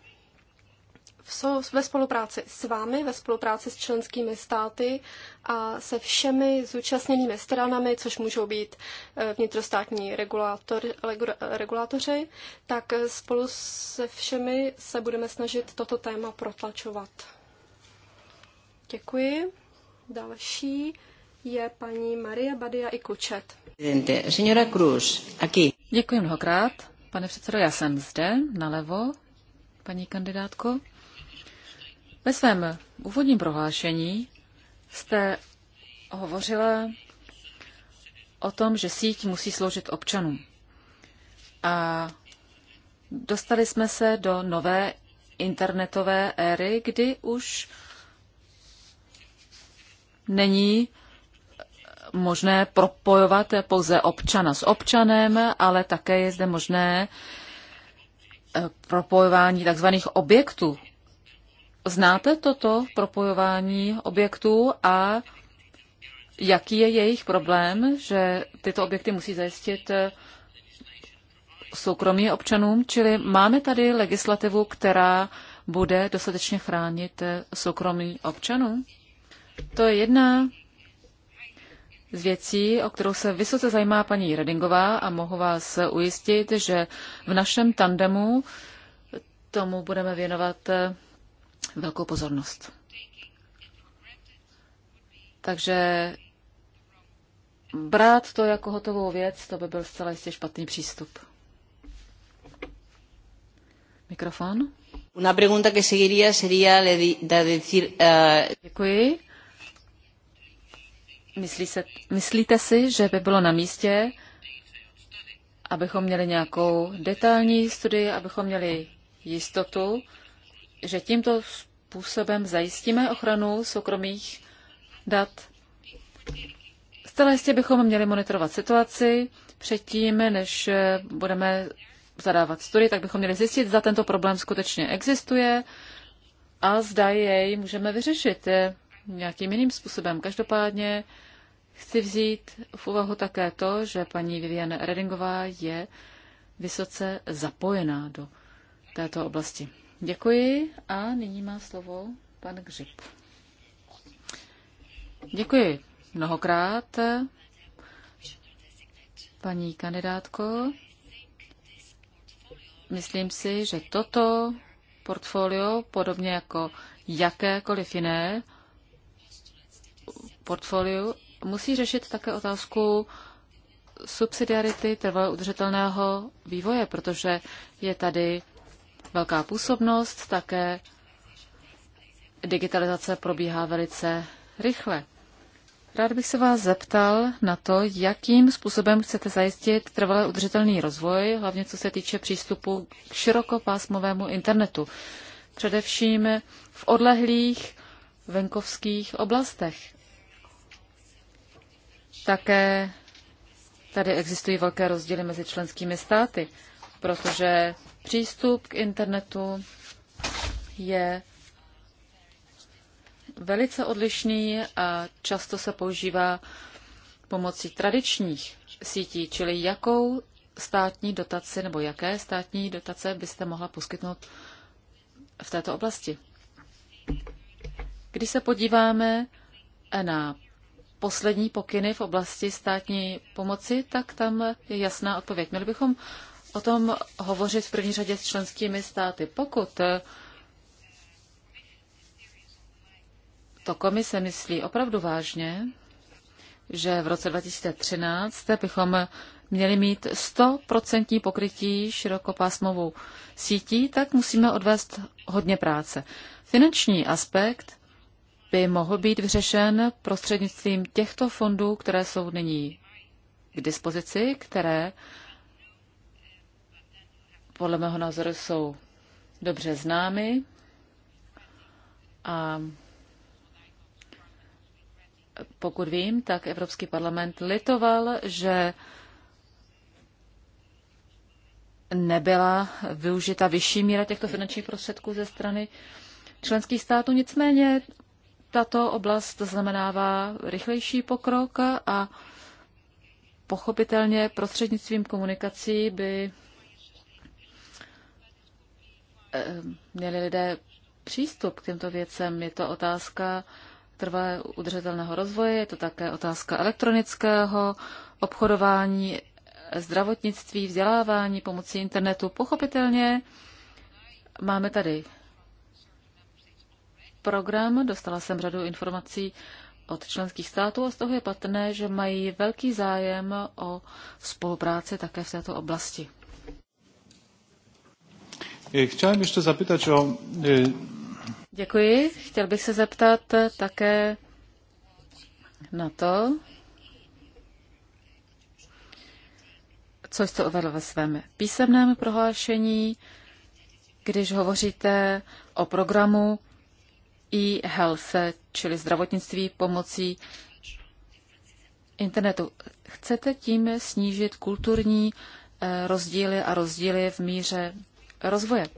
Ve spolupráci s vámi, ve spolupráci s členskými státy a se všemi zúčastněnými stranami, což můžou být eh, vnitrostátní regulátor, regulátoři, tak spolu se všemi se budeme snažit toto téma protlačovat. Děkuji. Další je paní Maria Badia i Kučet. Cruz, aquí. Děkuji mnohokrát. Pane předsedo, já jsem zde, nalevo, paní kandidátko. Ve svém úvodním prohlášení jste hovořila o tom, že síť musí sloužit občanům. A dostali jsme se do nové internetové éry, kdy už není možné propojovat pouze občana s občanem, ale také je zde možné eh, propojování tzv. objektů. Znáte toto propojování objektů a jaký je jejich problém, že tyto objekty musí zajistit eh, soukromí občanům? Čili máme tady legislativu, která bude dostatečně chránit eh, soukromí občanů? To je jedna z věcí, o kterou se vysoce zajímá paní Redingová a mohu vás ujistit, že v našem tandemu tomu budeme věnovat eh, velkou pozornost. Takže brát to jako hotovou věc, to by byl zcela jistě špatný přístup. Mikrofon. Una pregunta que seguiría sería la de decir... Uh... Děkuji. Myslí se, myslíte si, že by bylo na místě, abychom měli nějakou detailní studii, abychom měli jistotu, že tímto způsobem zajistíme ochranu soukromých dat? Zcela jistě bychom měli monitorovat situaci předtím, než budeme zadávat studii, tak bychom měli zjistit, zda tento problém skutečně existuje a zda jej můžeme vyřešit nějakým jiným způsobem. Každopádně chci vzít v úvahu také to, že paní Viviane Redingová je vysoce zapojená do této oblasti. Děkuji a nyní má slovo pan Gřip. Děkuji mnohokrát, paní kandidátko. Myslím si, že toto portfolio, podobně jako jakékoliv jiné, portfoliu musí řešit také otázku subsidiarity trvalo udržitelného vývoje, protože je tady velká působnost, také digitalizace probíhá velice rychle. Rád bych se vás zeptal na to, jakým způsobem chcete zajistit trvalé udržitelný rozvoj, hlavně co se týče přístupu k širokopásmovému internetu, především v odlehlých venkovských oblastech. Také tady existují velké rozdíly mezi členskými státy, protože přístup k internetu je velice odlišný a často se používá pomocí tradičních sítí, čili jakou státní dotaci nebo jaké státní dotace byste mohla poskytnout v této oblasti. Když se podíváme na poslední pokyny v oblasti státní pomoci, tak tam je jasná odpověď. Měli bychom o tom hovořit v první řadě s členskými státy. Pokud to komise myslí opravdu vážně, že v roce 2013 bychom měli mít 100% pokrytí širokopásmovou sítí, tak musíme odvést hodně práce. Finanční aspekt by mohl být vyřešen prostřednictvím těchto fondů, které jsou nyní k dispozici, které podle mého názoru jsou dobře známy a pokud vím, tak Evropský parlament litoval, že nebyla využita vyšší míra těchto finančních prostředků ze strany členských států. Nicméně tato oblast znamenává rychlejší pokrok a pochopitelně prostřednictvím komunikací by eh, měli lidé přístup k těmto věcem. Je to otázka trvalé udržitelného rozvoje, je to také otázka elektronického obchodování, zdravotnictví, vzdělávání pomocí internetu. Pochopitelně máme tady program, dostala jsem řadu informací od členských států a z toho je patrné, že mají velký zájem o spolupráci také v této oblasti. E, chciałem ještě zapytać o... E, Děkuji. Chtěl bych se zeptat také na to, co jste uvedl ve svém písemném prohlášení, když hovoříte o programu e-health, čili zdravotnictví pomocí internetu. Chcete tím snížit kulturní eh, rozdíly a rozdíly v míře rozvoje.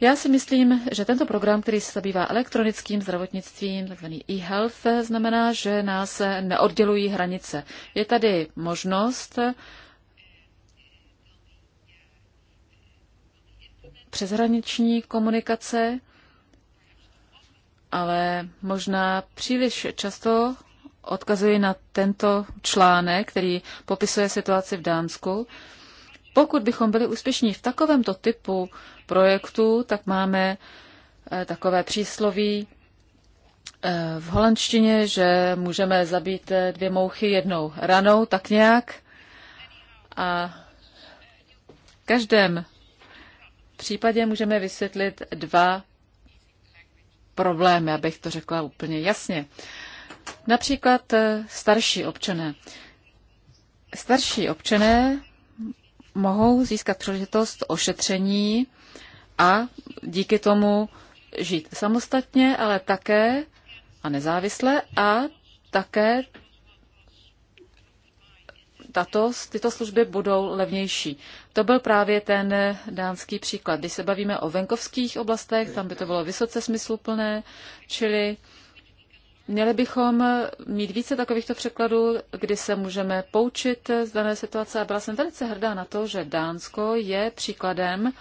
Já si myslím, že tento program, který se zabývá elektronickým zdravotnictvím, takzvaný e-health, znamená, že nás neoddělují hranice. Je tady možnost přeshraniční komunikace ale možná příliš často odkazuji na tento článek, který popisuje situaci v Dánsku. Pokud bychom byli úspěšní v takovémto typu projektu, tak máme eh, takové přísloví eh, v holandštině, že můžeme zabít eh, dvě mouchy jednou ranou, tak nějak. A v každém případě můžeme vysvětlit dva problémy, abych to řekla úplně jasně. Například eh, starší občané. Starší občané mohou získat příležitost ošetření a díky tomu žít samostatně, ale také a nezávisle a také tato, tyto služby budou levnější. To byl právě ten dánský příklad. Když se bavíme o venkovských oblastech, tam by to bylo vysoce smysluplné, čili Měli bychom mít více takovýchto překladů, kdy se můžeme poučit z dané situace. A byla jsem velice hrdá na to, že Dánsko je příkladem,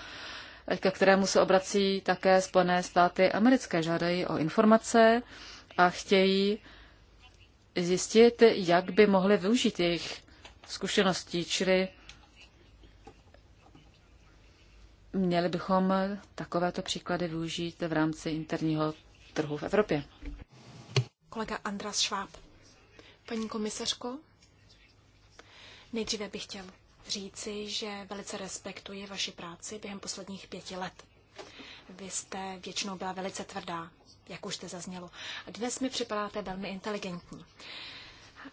ke kterému se obrací také Spojené státy americké. Žádají o informace a chtějí zjistit, jak by mohli využít jejich zkušeností. Čili Měli bychom takovéto příklady využít v rámci interního trhu v Evropě. Kolega Andras Šváb. Paní komisařko, nejdříve bych chtěl říci, že velice respektuji vaši práci během posledních pěti let. Vy jste většinou byla velice tvrdá, jak už jste zaznělo. A dnes mi připadáte velmi inteligentní.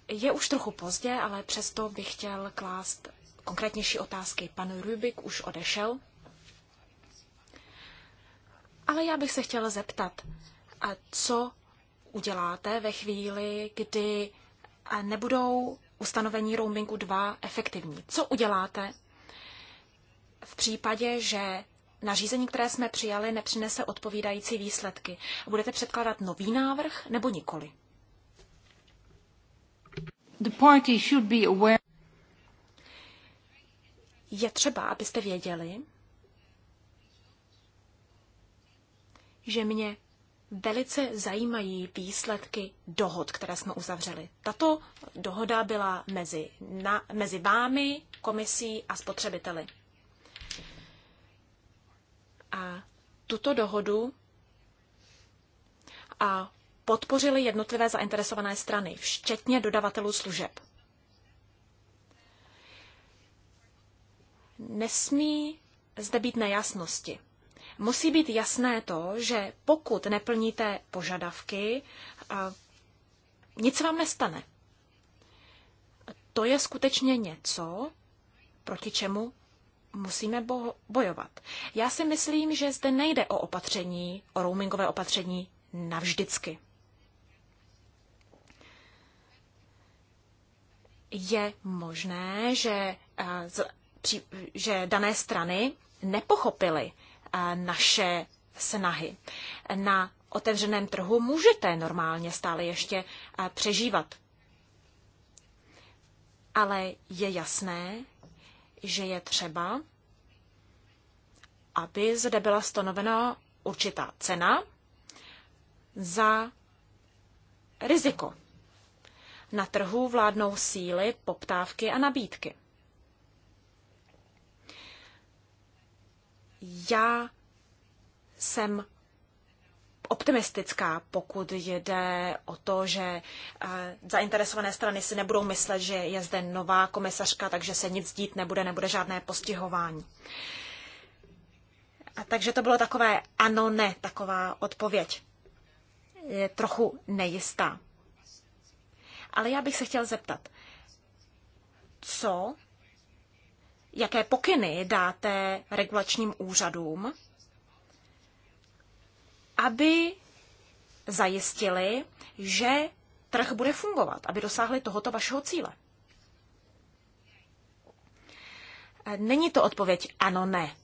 Je už trochu pozdě, ale přesto bych chtěl klást konkrétnější otázky. Pan Rubik už odešel, ale já bych se chtěla zeptat, a co uděláte ve chvíli, kdy nebudou ustanovení roamingu 2 efektivní? Co uděláte v případě, že nařízení, které jsme přijali, nepřinese odpovídající výsledky? Budete předkládat nový návrh nebo nikoli? The party should be aware. Je třeba, abyste věděli, že mě velice zajímají výsledky dohod, které jsme uzavřeli. Tato dohoda byla mezi, na, mezi vámi, komisí a spotřebiteli. A tuto dohodu a podpořili jednotlivé zainteresované strany, včetně dodavatelů služeb. Nesmí zde být nejasnosti. Musí být jasné to, že pokud neplníte požadavky, nic vám nestane. To je skutečně něco, proti čemu musíme bojovat. Já si myslím, že zde nejde o opatření, o roamingové opatření navždycky. Je možné, že, že dané strany nepochopily naše snahy. Na otevřeném trhu můžete normálně stále ještě přežívat. Ale je jasné, že je třeba, aby zde byla stanovena určitá cena za riziko. Na trhu vládnou síly, poptávky a nabídky. Já jsem optimistická, pokud jde o to, že eh, zainteresované strany si nebudou myslet, že je zde nová komisařka, takže se nic dít nebude, nebude žádné postihování. A takže to bylo takové ano, ne, taková odpověď. Je trochu nejistá. Ale já bych se chtěl zeptat, co jaké pokyny dáte regulačním úřadům, aby zajistili, že trh bude fungovat, aby dosáhli tohoto vašeho cíle? Není to odpověď ano, ne.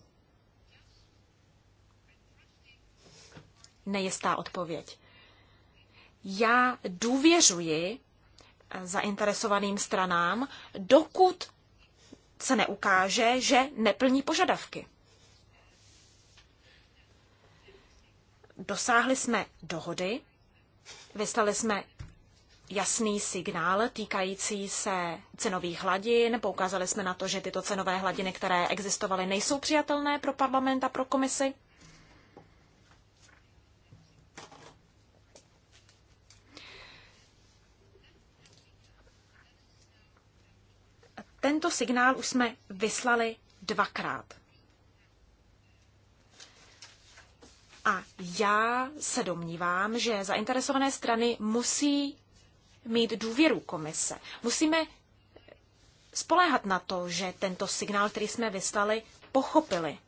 Nejistá odpověď. Já důvěřuji zainteresovaným stranám, dokud se neukáže, že neplní požadavky. Dosáhli jsme dohody, vyslali jsme jasný signál týkající se cenových hladin. Poukázali jsme na to, že tyto cenové hladiny, které existovaly, nejsou přijatelné pro parlament a pro komisi. tento signál už jsme vyslali dvakrát. A já se domnívám, že zainteresované strany musí mít důvěru komise. Musíme spoléhat na to, že tento signál, který jsme vyslali, pochopili.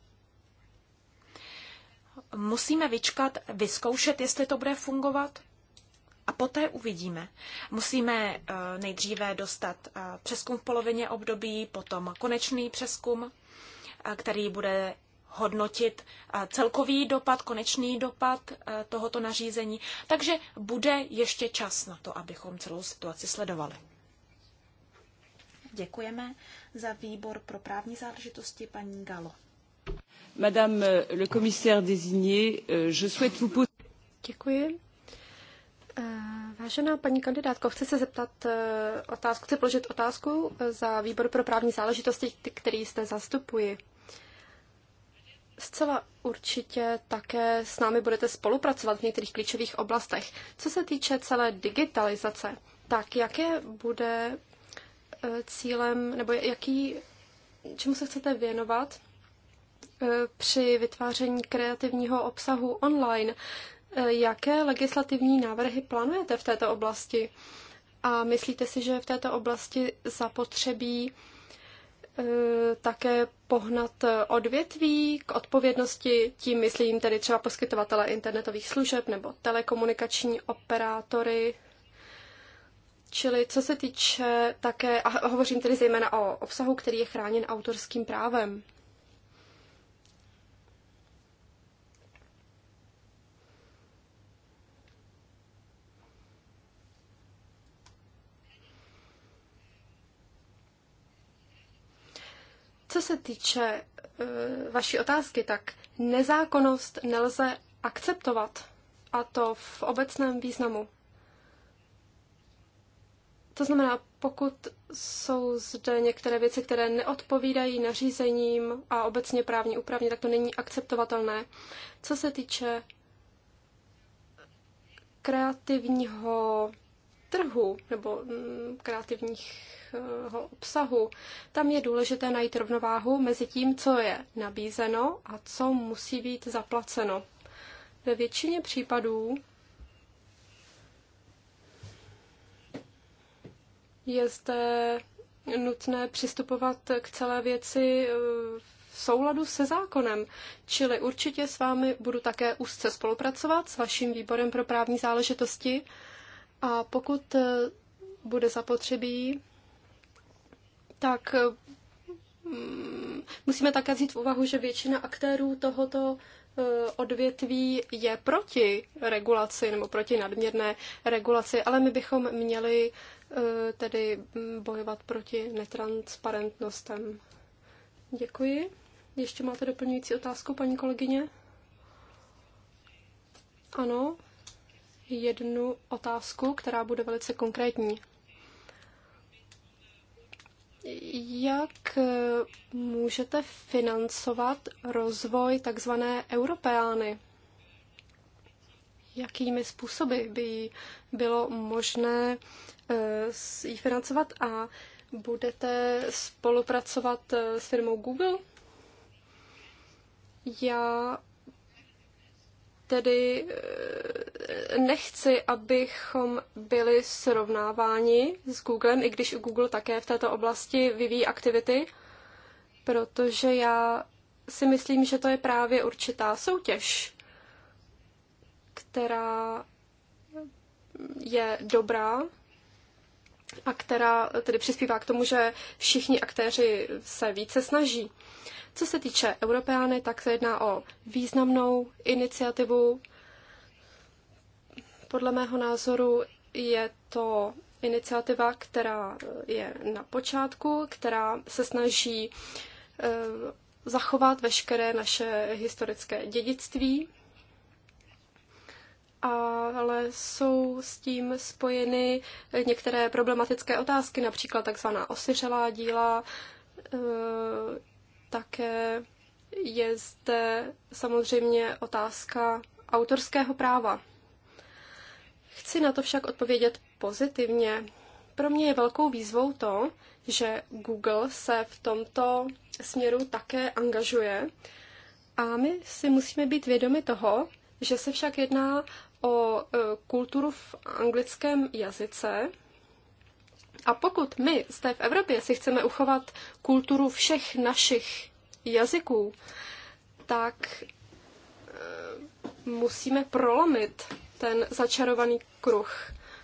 Musíme vyčkat, vyzkoušet, jestli to bude fungovat a poté uvidíme. Musíme eh, nejdříve dostat eh, přeskum v polovině období, potom konečný přeskum, eh, který bude hodnotit celkový dopad, konečný dopad tohoto nařízení. Takže bude ještě čas na to, abychom celou situaci sledovali. Děkujeme za výbor pro právní záležitosti paní Galo. Madame le commissaire désigné, je souhaite vous poser... Děkuji. Eh, vážená paní kandidátko, chci se zeptat eh, otázku, chci položit otázku eh, za výbor pro právní záležitosti, který jste zastupuji. Zcela určitě také s námi budete spolupracovat v některých klíčových oblastech. Co se týče celé digitalizace, tak jaké bude cílem, nebo jaký, čemu se chcete věnovat při vytváření kreativního obsahu online? E, jaké legislativní návrhy plánujete v této oblasti? A myslíte si, že v této oblasti zapotřebí e, také pohnat odvětví k odpovědnosti, tím myslím tedy třeba poskytovatele internetových služeb nebo telekomunikační operátory. Čili co se týče také, a hovořím tedy zejména o obsahu, který je chráněn autorským právem. Co se týče eh, vaší otázky, tak nezákonnost nelze akceptovat, a to v obecném významu. To znamená, pokud jsou zde některé věci, které neodpovídají nařízením a obecně právní úpravně, tak to není akceptovatelné. Co se týče kreativního trhu nebo mm, kreativního obsahu, tam je důležité najít rovnováhu mezi tím, co je nabízeno a co musí být zaplaceno. Ve většině případů je zde nutné přistupovat k celé věci eh, v souladu se zákonem, čili určitě s vámi budu také úzce spolupracovat s vaším výborem pro právní záležitosti a pokud eh, bude zapotřebí, tak mm, musíme také vzít v úvahu, že většina aktérů tohoto eh, odvětví je proti regulaci nebo proti nadměrné regulaci, ale my bychom měli eh, tedy mm, bojovat proti netransparentnostem. Děkuji. Ještě máte doplňující otázku, paní kolegyně? Ano, jednu otázku, která bude velice konkrétní. Jak eh, můžete financovat rozvoj takzvané Europeány? Jakými způsoby by bylo možné eh, ji financovat a budete spolupracovat eh, s firmou Google? Já tedy eh, nechci, abychom byli srovnáváni s Googlem, i když Google také v této oblasti vyvíjí aktivity, protože já si myslím, že to je právě určitá soutěž, která je dobrá a která tedy přispívá k tomu, že všichni aktéři se více snaží. Co se týče Europeány, tak se jedná o významnou iniciativu. Podle mého názoru je to iniciativa, která je na počátku, která se snaží eh, zachovat veškeré naše historické dědictví, ale jsou s tím spojeny některé problematické otázky, například takzvaná osiřelá díla, eh, také je zde samozřejmě otázka autorského práva. Chci na to však odpovědět pozitivně. Pro mě je velkou výzvou to, že Google se v tomto směru také angažuje a my si musíme být vědomi toho, že se však jedná o e, kulturu v anglickém jazyce, a pokud my zde v Evropě si chceme uchovat kulturu všech našich jazyků, tak eh, musíme prolomit ten začarovaný kruh,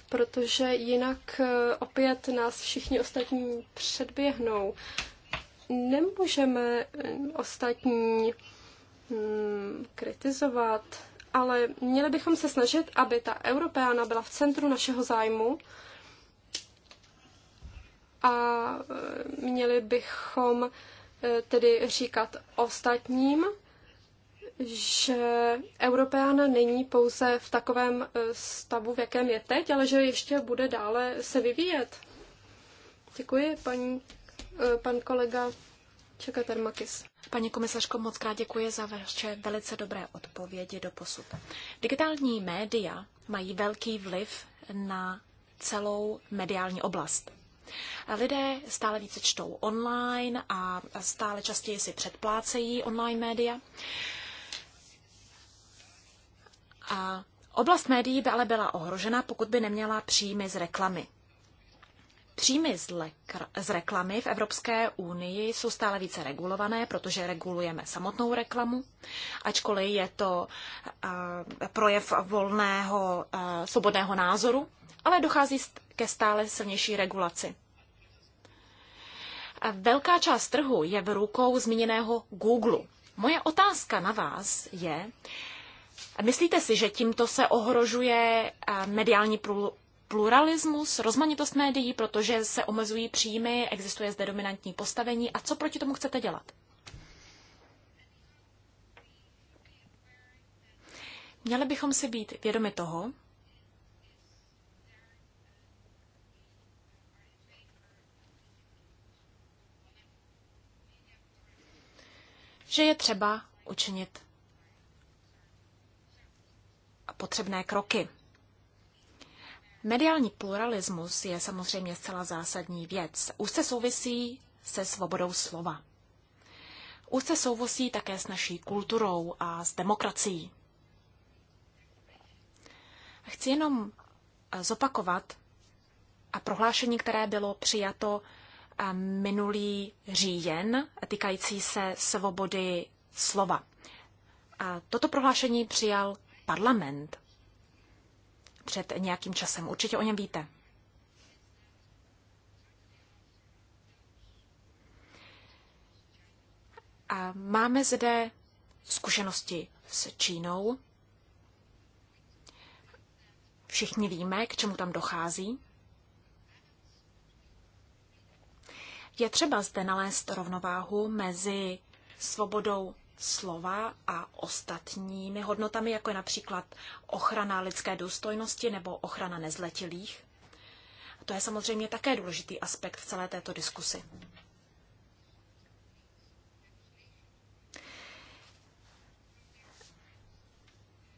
protože jinak eh, opět nás všichni ostatní předběhnou. Nemůžeme eh, ostatní hm, kritizovat, ale měli bychom se snažit, aby ta Europeana byla v centru našeho zájmu a e, měli bychom e, tedy říkat ostatním, že European není pouze v takovém e, stavu, v jakém je teď, ale že ještě bude dále se vyvíjet. Děkuji, paní, pan kolega Čekatermakis. Paní komisařko, moc krát děkuji za vaše velice dobré odpovědi do posud. Digitální média mají velký vliv na celou mediální oblast. Lidé stále více čtou online a stále častěji si předplácejí online média. A oblast médií by ale byla ohrožena, pokud by neměla příjmy z reklamy. Příjmy z, lekr- z reklamy v Evropské unii jsou stále více regulované, protože regulujeme samotnou reklamu, ačkoliv je to uh, projev volného, uh, svobodného názoru ale dochází ke stále silnější regulaci. Velká část trhu je v rukou zmíněného Google. Moje otázka na vás je, myslíte si, že tímto se ohrožuje mediální pluralismus, rozmanitost médií, protože se omezují příjmy, existuje zde dominantní postavení a co proti tomu chcete dělat? Měli bychom si být vědomi toho, že je třeba učinit potřebné kroky. Mediální pluralismus je samozřejmě zcela zásadní věc. Už se souvisí se svobodou slova. Už se souvisí také s naší kulturou a s demokracií. Chci jenom eh, zopakovat a prohlášení, které bylo přijato minulý říjen týkající se svobody slova. A toto prohlášení přijal parlament před nějakým časem. Určitě o něm víte. A máme zde zkušenosti s Čínou. Všichni víme, k čemu tam dochází. Je třeba zde nalézt rovnováhu mezi svobodou slova a ostatními hodnotami, jako je například ochrana lidské důstojnosti nebo ochrana nezletilých. To je samozřejmě také důležitý aspekt v celé této diskusi.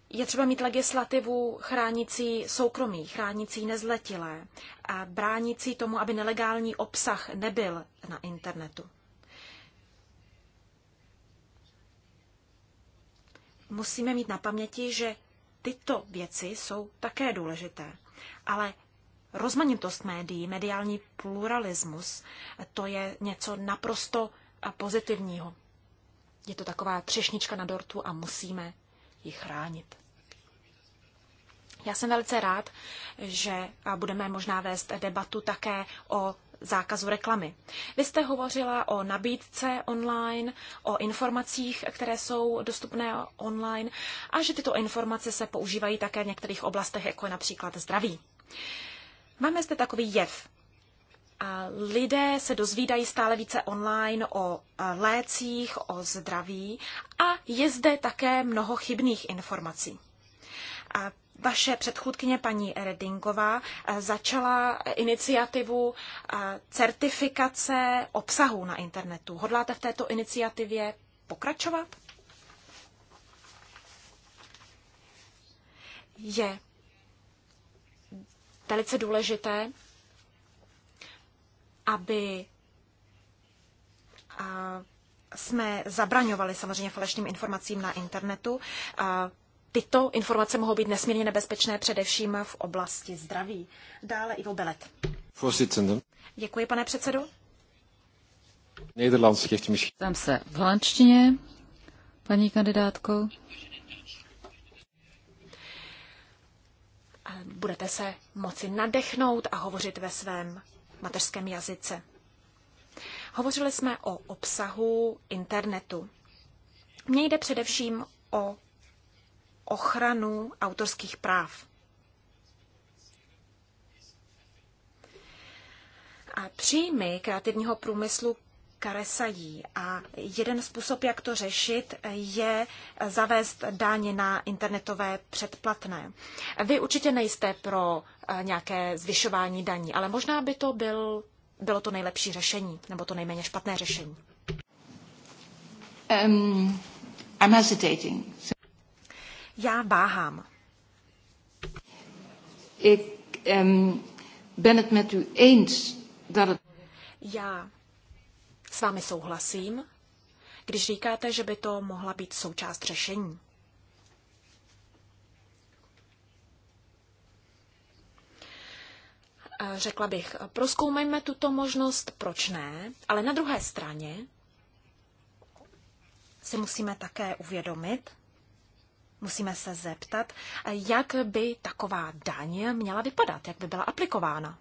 Je třeba mít legislativu chránící soukromí, chránící nezletilé, a bránící tomu, aby nelegální obsah nebyl na internetu. Musíme mít na paměti, že tyto věci jsou také důležité, ale rozmanitost médií, mediální pluralismus, to je něco naprosto pozitivního. Je to taková třešnička na dortu a musíme ji chránit. Já jsem velice rád, že budeme možná vést debatu také o zákazu reklamy. Vy jste hovořila o nabídce online, o informacích, které jsou dostupné online a že tyto informace se používají také v některých oblastech, jako je například zdraví. Máme zde takový jev lidé se dozvídají stále více online o lécích, o zdraví a je zde také mnoho chybných informací. A vaše předchůdkyně paní Redingová e, začala iniciativu e, certifikace obsahu na internetu. Hodláte v této iniciativě pokračovat? Je velice důležité, aby jsme zabraňovali samozřejmě falešným informacím na internetu. Tyto informace mohou být nesmírně nebezpečné především v oblasti zdraví. Dále Ivo Belet. Děkuji, pane předsedu. Nederlands Tam se v holandštině, paní kandidátko. Budete se moci nadechnout a hovořit ve svém mateřském jazyce. Hovořili jsme o obsahu internetu. Mně jde především o ochranu autorských práv. A příjmy kreativního průmyslu karesají. A jeden způsob, jak to řešit, je zavést daň na internetové předplatné. Vy určitě nejste pro eh, nějaké zvyšování daní, ale možná by to byl, bylo to nejlepší řešení, nebo to nejméně špatné řešení. Um, I'm hesitating. Já váhám. Ik um, ben het met u eens dat het... Já s vámi souhlasím, když říkáte, že by to mohla být součást řešení. Řekla bych, proskoumejme tuto možnost, proč ne, ale na druhé straně si musíme také uvědomit, musíme se zeptat, jak by taková daň měla vypadat, jak by byla aplikována.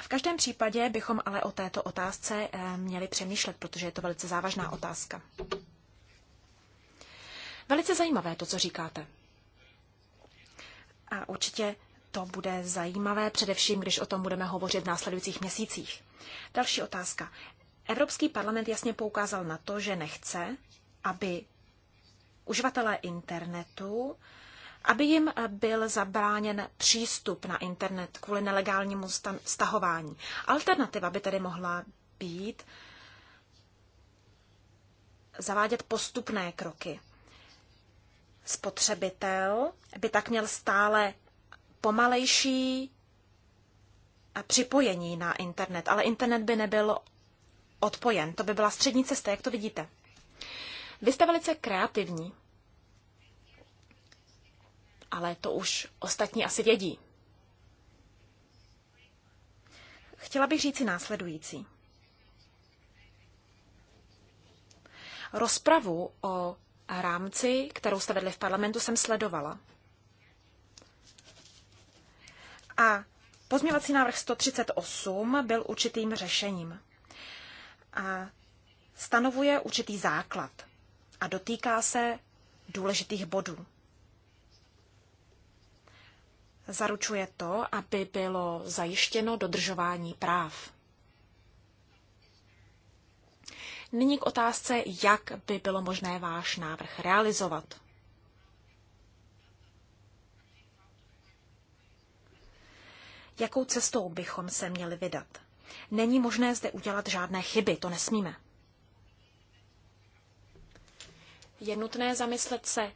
V každém případě bychom ale o této otázce eh, měli přemýšlet, protože je to velice závažná otázka. Velice zajímavé to, co říkáte. A určitě to bude zajímavé, především když o tom budeme hovořit v následujících měsících. Další otázka. Evropský parlament jasně poukázal na to, že nechce, aby uživatelé internetu aby jim byl zabráněn přístup na internet kvůli nelegálnímu stahování. Alternativa by tedy mohla být zavádět postupné kroky. Spotřebitel by tak měl stále pomalejší připojení na internet, ale internet by nebyl odpojen. To by byla střední cesta, jak to vidíte. Vy jste velice kreativní ale to už ostatní asi vědí. Chtěla bych říci následující. Rozpravu o rámci, kterou jste vedli v parlamentu, jsem sledovala. A pozměvací návrh 138 byl určitým řešením. A stanovuje určitý základ a dotýká se důležitých bodů zaručuje to, aby bylo zajištěno dodržování práv. Nyní k otázce, jak by bylo možné váš návrh realizovat. Jakou cestou bychom se měli vydat? Není možné zde udělat žádné chyby, to nesmíme. Je nutné zamyslet se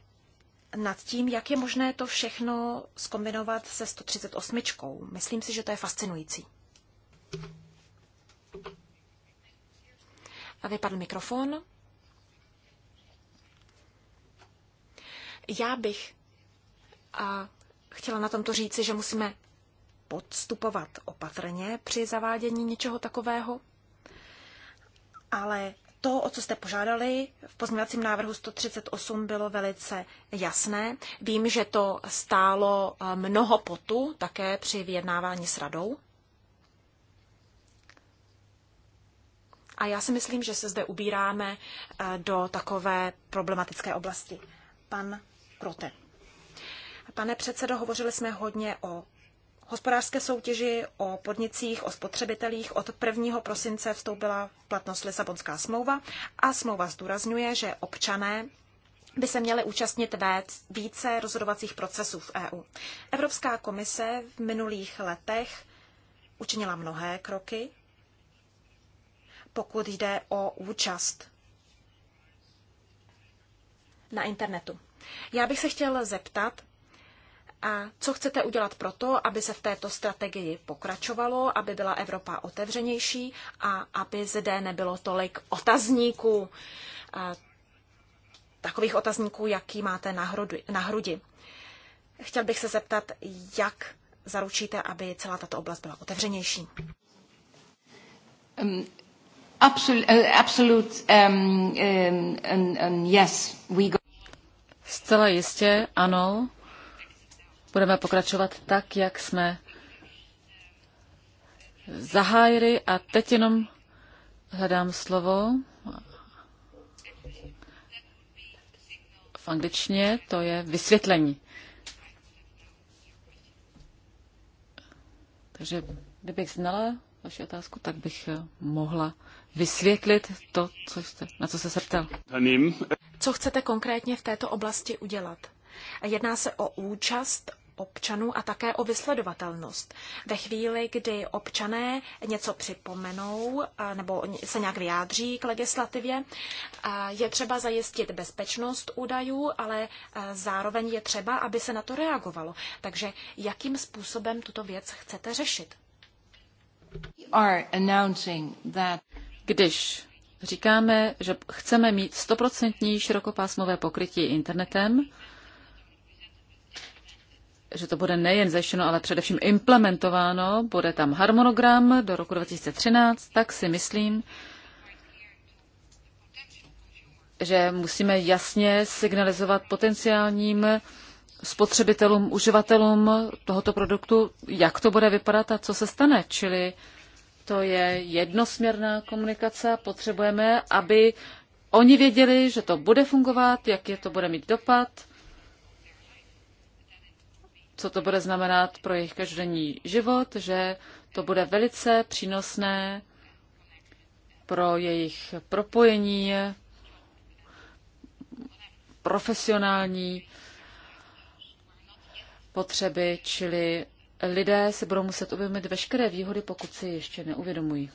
nad tím, jak je možné to všechno skombinovat se 138. Myslím si, že to je fascinující. A vypadl mikrofon. Já bych a chtěla na tomto říci, že musíme podstupovat opatrně při zavádění něčeho takového, ale to, o co jste požádali v pozměňovacím návrhu 138, bylo velice jasné. Vím, že to stálo eh, mnoho potu také při vyjednávání s radou. A já si myslím, že se zde ubíráme eh, do takové problematické oblasti. Pan Krote. Pane předsedo, hovořili jsme hodně o hospodářské soutěži, o podnicích, o spotřebitelích od 1. prosince vstoupila v platnost Lisabonská smlouva a smlouva zdůrazňuje, že občané by se měly účastnit více rozhodovacích procesů v EU. Evropská komise v minulých letech učinila mnohé kroky, pokud jde o účast na internetu. Já bych se chtěla zeptat, a co chcete udělat proto, aby se v této strategii pokračovalo, aby byla Evropa otevřenější a aby zde nebylo tolik otazníků, eh, takových otazníků, jaký máte na, hrudu, na hrudi? Chtěl bych se zeptat, jak zaručíte, aby celá tato oblast byla otevřenější? Um, uh, um, um yes, we Zcela jistě, ano, Budeme pokračovat tak, jak jsme zahájili a teď jenom hledám slovo v angličtině, to je vysvětlení. Takže kdybych znala vaši otázku, tak bych eh, mohla vysvětlit to, co jste, na co jste se ptal. Co chcete konkrétně v této oblasti udělat? Jedná se o účast občanů a také o vysledovatelnost. Ve chvíli, kdy občané něco připomenou nebo se nějak vyjádří k legislativě, je třeba zajistit bezpečnost údajů, ale zároveň je třeba, aby se na to reagovalo. Takže jakým způsobem tuto věc chcete řešit? Když říkáme, že chceme mít stoprocentní širokopásmové pokrytí internetem, že to bude nejen zajištěno, ale především implementováno, bude tam harmonogram do roku 2013, tak si myslím, že musíme jasně signalizovat potenciálním spotřebitelům, uživatelům tohoto produktu, jak to bude vypadat a co se stane. Čili to je jednosměrná komunikace. Potřebujeme, aby oni věděli, že to bude fungovat, jak je to bude mít dopad co to bude znamenat pro jejich každodenní život, že to bude velice přínosné pro jejich propojení profesionální potřeby, čili lidé si budou muset uvědomit veškeré výhody, pokud si ještě neuvědomují.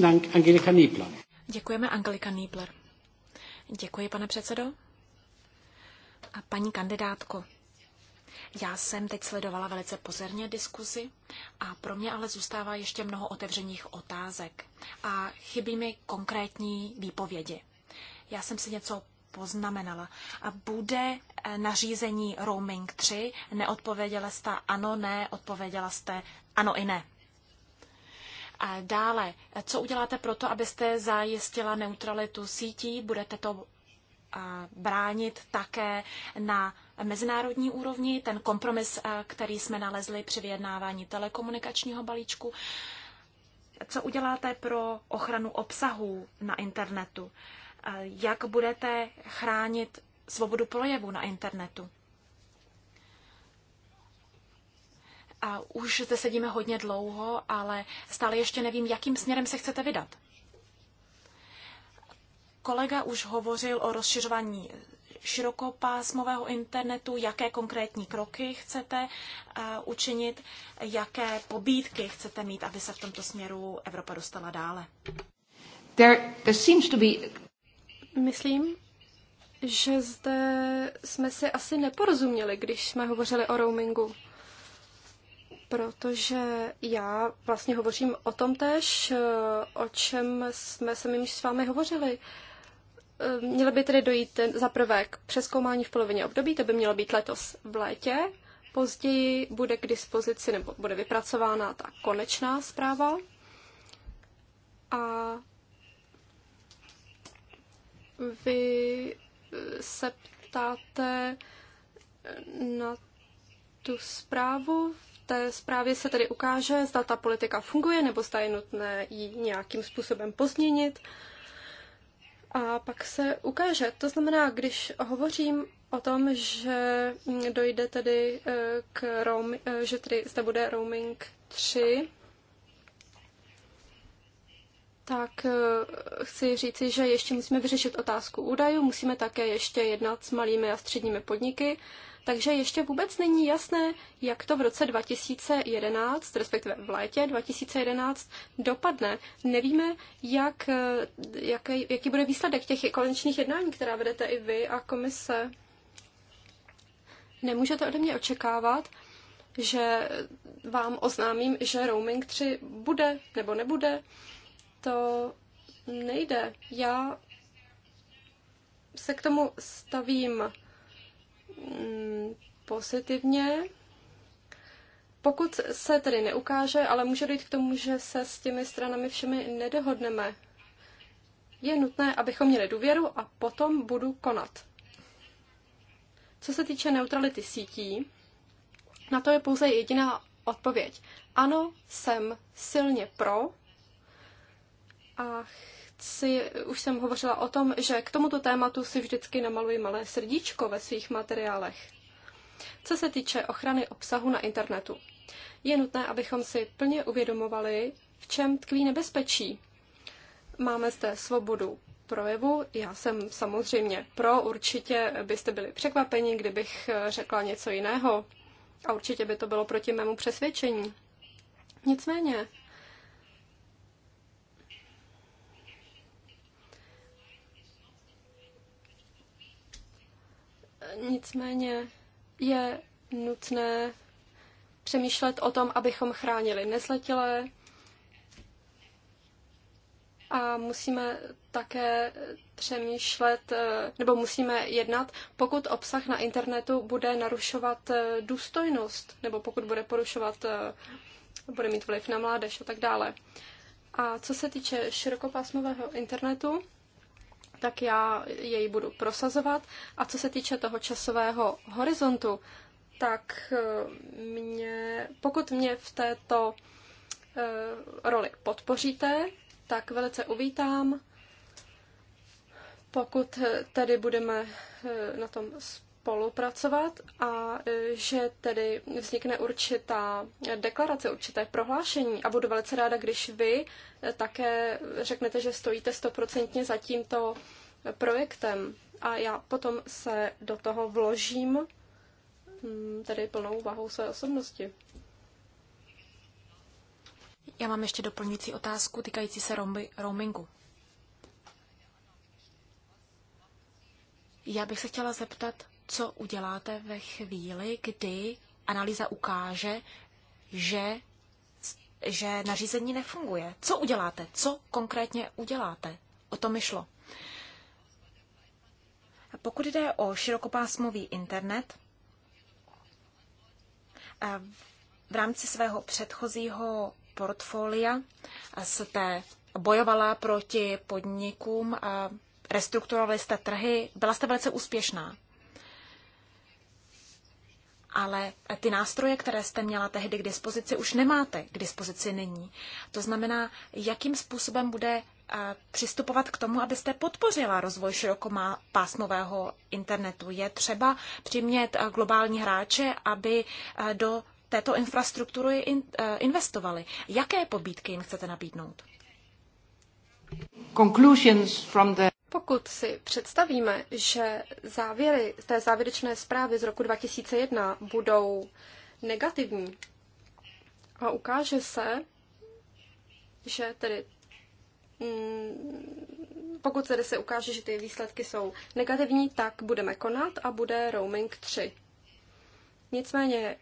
Dank, Angelika Niebler. Děkujeme, Angelika Niebler. Děkuji, pane předsedo. A paní kandidátko, já jsem teď sledovala velice pozorně diskuzi a pro mě ale zůstává ještě mnoho otevřených otázek a chybí mi konkrétní výpovědi. Já jsem si něco poznamenala. A bude eh, nařízení roaming 3? Neodpověděla jste ano, ne, odpověděla jste ano i ne. A dále, co uděláte pro to, abyste zajistila neutralitu sítí? Budete to bránit také na mezinárodní úrovni. Ten kompromis, eh, který jsme nalezli při vyjednávání telekomunikačního balíčku, co uděláte pro ochranu obsahu na internetu? Eh, jak budete chránit svobodu projevu na internetu? A už zde sedíme hodně dlouho, ale stále ještě nevím, jakým směrem se chcete vydat. Kolega už hovořil o rozšiřování širokopásmového internetu, jaké konkrétní kroky chcete eh, učinit, jaké pobídky chcete mít, aby se v tomto směru Evropa dostala dále. There, there seems to be... Myslím, že zde jsme si asi neporozuměli, když jsme hovořili o roamingu. Protože já vlastně hovořím o tom tež, eh, o čem jsme se s vámi hovořili. Uh, Eh, měly by tedy dojít eh, za prvé k přeskoumání v polovině období, to by mělo být letos v létě. Později bude k dispozici nebo bude vypracována ta konečná zpráva. A vy eh, se ptáte na tu zprávu. V té zprávě se tedy ukáže, zda ta politika funguje nebo zda je nutné ji nějakým způsobem pozměnit. Uh, a pak se ukáže. To znamená, když hovořím o tom, že dojde tedy eh, k roam, eh, že tedy zde bude roaming 3, tak eh, chci říci, že ještě musíme vyřešit otázku údajů, musíme také ještě jednat s malými a středními podniky takže ještě vůbec není jasné, jak to v roce 2011, respektive v létě 2011, dopadne. Nevíme, jak, jaký, jaký bude výsledek těch konečných jednání, která vedete i vy a komise. Nemůžete ode mě očekávat, že vám oznámím, že roaming 3 bude nebo nebude. To nejde. Já se k tomu stavím Mm, pozitivně. Pokud se tedy neukáže, ale může dojít k tomu, že se s těmi stranami všemi nedohodneme, je nutné, abychom měli důvěru a potom budu konat. Co se týče neutrality sítí, na to je pouze jediná odpověď. Ano, jsem silně pro a si, už jsem hovořila o tom, že k tomuto tématu si vždycky namaluji malé srdíčko ve svých materiálech. Co se týče ochrany obsahu na internetu, je nutné, abychom si plně uvědomovali, v čem tkví nebezpečí. Máme zde svobodu projevu. Já jsem samozřejmě pro, určitě byste byli překvapeni, kdybych eh, řekla něco jiného. A určitě by to bylo proti mému přesvědčení. Nicméně, Nicméně je nutné přemýšlet o tom, abychom chránili nezletilé a musíme také přemýšlet, eh, nebo musíme jednat, pokud obsah na internetu bude narušovat eh, důstojnost, nebo pokud bude porušovat, eh, bude mít vliv na mládež a tak dále. A co se týče širokopásmového internetu, tak já jej budu prosazovat. A co se týče toho časového horizontu, tak eh, mě, pokud mě v této eh, roli podpoříte, tak velice uvítám, pokud eh, tedy budeme na tom spolu spolupracovat a e, že tedy vznikne určitá deklarace, určité prohlášení a budu velice ráda, když vy e, také řeknete, že stojíte stoprocentně za tímto projektem a já potom se do toho vložím mm, tedy plnou váhou své osobnosti. Já mám ještě doplňující otázku týkající se roamingu. Já bych se chtěla zeptat, co uděláte ve chvíli, kdy analýza ukáže, že, že nařízení nefunguje. Co uděláte? Co konkrétně uděláte? O to mi šlo. Pokud jde o širokopásmový internet, eh, v rámci svého předchozího portfolia eh, jste bojovala proti podnikům, eh, restrukturovali jste trhy, byla jste velice úspěšná ale ty nástroje, které jste měla tehdy k dispozici, už nemáte k dispozici nyní. To znamená, jakým způsobem bude eh, přistupovat k tomu, abyste podpořila rozvoj širokopásmového internetu. Je třeba přimět eh, globální hráče, aby eh, do této infrastruktury investovali. Jaké pobídky jim chcete nabídnout? Conclusions from the pokud si představíme, že závěry té závěrečné zprávy z roku 2001 budou negativní a ukáže se, že tedy mm, pokud tedy se ukáže, že ty výsledky jsou negativní, tak budeme konat a bude roaming 3. Nicméně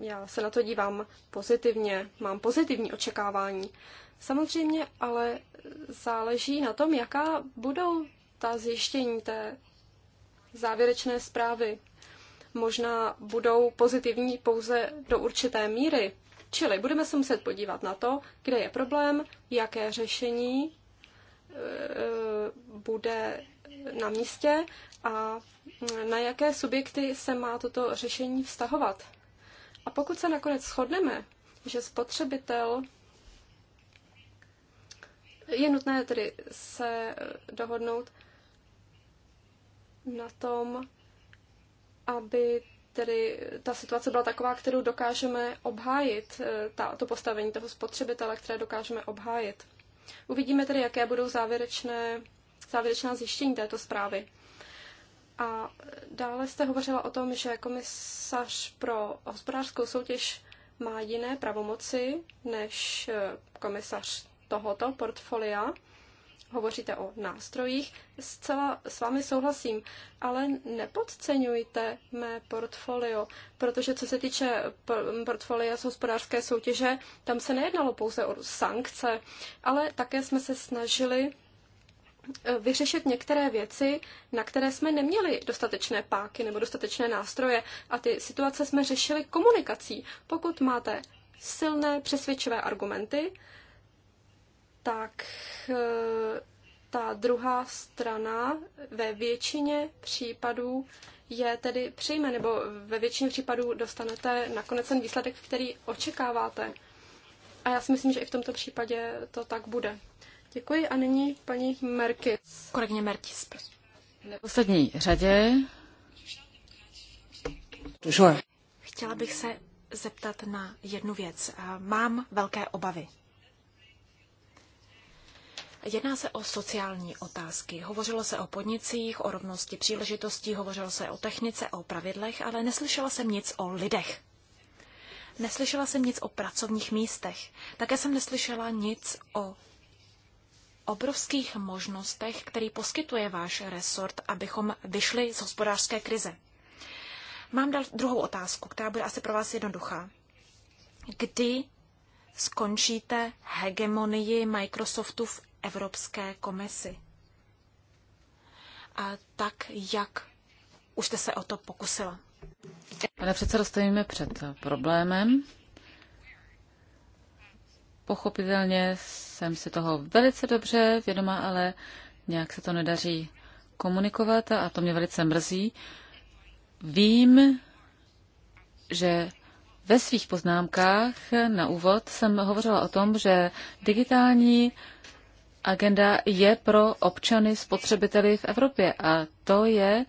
já se na to dívám pozitivně, mám pozitivní očekávání. Samozřejmě ale záleží na tom, jaká budou ta zjištění té závěrečné zprávy. Možná budou pozitivní pouze do určité míry. Čili budeme se muset podívat na to, kde je problém, jaké řešení e, e, bude na místě a na jaké subjekty se má toto řešení vztahovat. A pokud se nakonec shodneme, že spotřebitel je nutné tedy se eh, dohodnout na tom, aby tedy ta situace byla taková, kterou dokážeme obhájit, eh, ta, to postavení toho spotřebitele, které dokážeme obhájit. Uvidíme tedy, jaké budou závěrečné, závěrečná zjištění této zprávy. A dále jste hovořila o tom, že komisař pro hospodářskou soutěž má jiné pravomoci než eh, komisař tohoto portfolia. Hovoříte o nástrojích. Zcela s vámi souhlasím, ale nepodceňujte mé portfolio, protože co se týče portfolia z hospodářské soutěže, tam se nejednalo pouze o sankce, ale také jsme se snažili Eh, vyřešit některé věci, na které jsme neměli dostatečné páky nebo dostatečné nástroje a ty situace jsme řešili komunikací. Pokud máte silné přesvědčivé argumenty, tak eh, ta druhá strana ve většině případů je tedy přijme, nebo ve většině případů dostanete nakonec ten výsledek, který očekáváte. A já si myslím, že i v tomto případě to tak bude. Děkuji a nyní paní Merkis. Korekně Merkis, prosím. V poslední řadě. Chtěla bych se zeptat na jednu věc. Mám velké obavy. Jedná se o sociální otázky. Hovořilo se o podnicích, o rovnosti příležitostí, hovořilo se o technice, o pravidlech, ale neslyšela jsem nic o lidech. Neslyšela jsem nic o pracovních místech. Také jsem neslyšela nic o obrovských možnostech, který poskytuje váš resort, abychom vyšli z hospodářské krize. Mám dal druhou otázku, která bude asi pro vás jednoduchá. Kdy skončíte hegemonii Microsoftu v Evropské komisi? A tak, jak už jste se o to pokusila. Pane předsedo, stojíme před problémem, Pochopitelně jsem si toho velice dobře vědoma, ale nějak se to nedaří komunikovat a to mě velice mrzí. Vím, že ve svých poznámkách na úvod jsem hovořila o tom, že digitální agenda je pro občany, spotřebiteli v Evropě a to je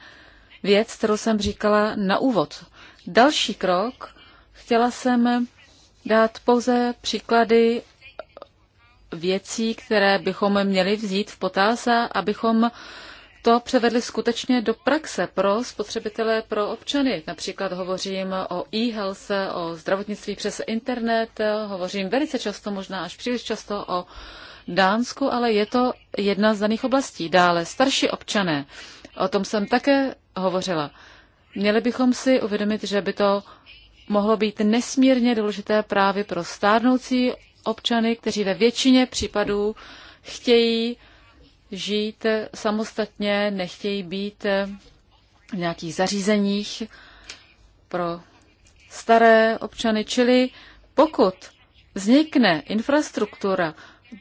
věc, kterou jsem říkala na úvod. Další krok, chtěla jsem dát pouze příklady věcí, které bychom měli vzít v potaz, abychom to převedli skutečně do praxe pro spotřebitele, pro občany. Například hovořím o e-health, o zdravotnictví přes internet, hovořím velice často, možná až příliš často o Dánsku, ale je to jedna z daných oblastí. Dále starší občané, o tom jsem také hovořila. Měli bychom si uvědomit, že by to mohlo být nesmírně důležité právě pro stárnoucí občany, kteří ve většině případů chtějí žít samostatně, nechtějí být v nějakých zařízeních pro staré občany. Čili pokud vznikne infrastruktura,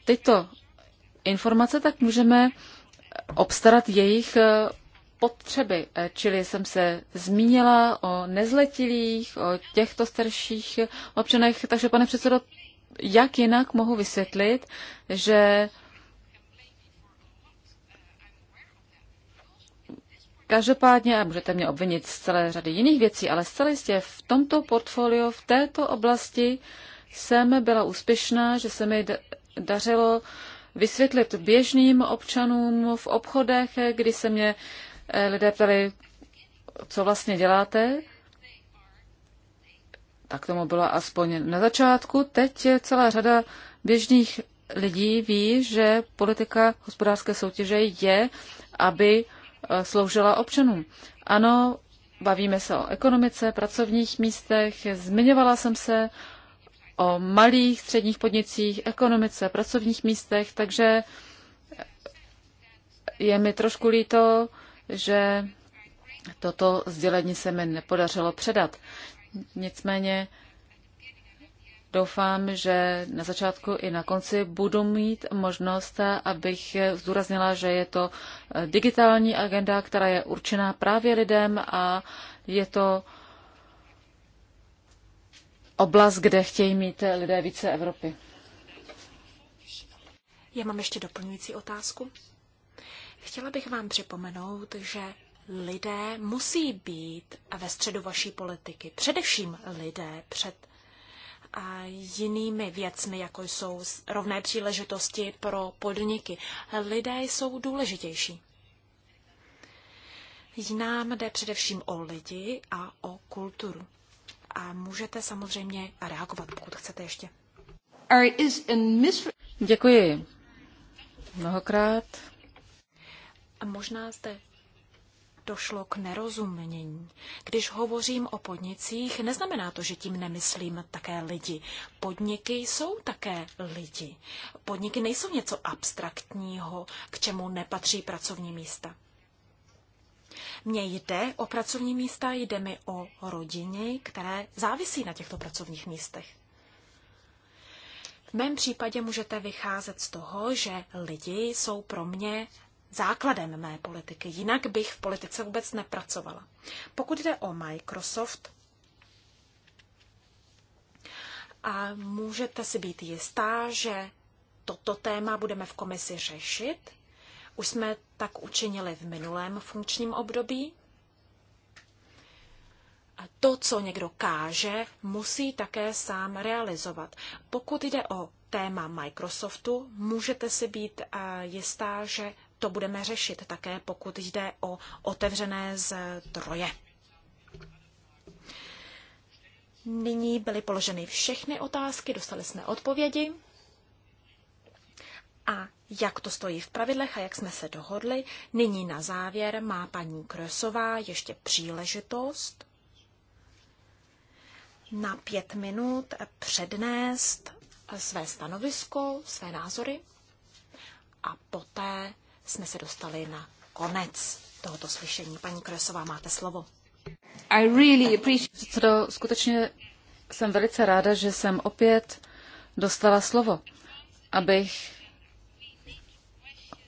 tyto informace, tak můžeme obstarat jejich potřeby. Čili jsem se zmínila o nezletilých, o těchto starších občanech, takže pane předsedo, jak jinak mohu vysvětlit, že Každopádně, a můžete mě obvinit z celé řady jiných věcí, ale zcela jistě v tomto portfoliu, v této oblasti jsem byla úspěšná, že se mi dařilo vysvětlit běžným občanům v obchodech, kdy se mě eh, lidé ptali, co vlastně děláte, tak tomu bylo aspoň na začátku. Teď celá řada běžných lidí ví, že politika hospodářské soutěže je, aby e, sloužila občanům. Ano, bavíme se o ekonomice, pracovních místech, zmiňovala jsem se o malých, středních podnicích, ekonomice, pracovních místech, takže je mi trošku líto, že toto sdělení se mi nepodařilo předat. Nicméně doufám, že na začátku i na konci budu mít možnost, abych zdůraznila, že je to digitální agenda, která je určená právě lidem a je to oblast, kde chtějí mít lidé více Evropy. Já mám ještě doplňující otázku. Chtěla bych vám připomenout, že lidé musí být ve středu vaší politiky. Především lidé před a jinými věcmi, jako jsou rovné příležitosti pro podniky. Lidé jsou důležitější. Nám jde především o lidi a o kulturu. A můžete samozřejmě reagovat, pokud chcete ještě. Děkuji mnohokrát. A možná zde došlo k nerozumění. Když hovořím o podnicích, neznamená to, že tím nemyslím také lidi. Podniky jsou také lidi. Podniky nejsou něco abstraktního, k čemu nepatří pracovní místa. Mně jde o pracovní místa, jde mi o rodiny, které závisí na těchto pracovních místech. V mém případě můžete vycházet z toho, že lidi jsou pro mě základem mé politiky, jinak bych v politice vůbec nepracovala. Pokud jde o Microsoft, a můžete si být jistá, že toto téma budeme v komisi řešit. Už jsme tak učinili v minulém funkčním období. A to, co někdo káže, musí také sám realizovat. Pokud jde o téma Microsoftu, můžete si být eh, jistá, že to budeme řešit také, pokud jde o otevřené zdroje. Nyní byly položeny všechny otázky, dostali jsme odpovědi. A jak to stojí v pravidlech a jak jsme se dohodli, nyní na závěr má paní Krösová ještě příležitost na pět minut přednést své stanovisko, své názory a poté jsme se dostali na konec tohoto slyšení. Paní Kresová, máte slovo. I really appreciate... Předo, skutečně jsem velice ráda, že jsem opět dostala slovo, abych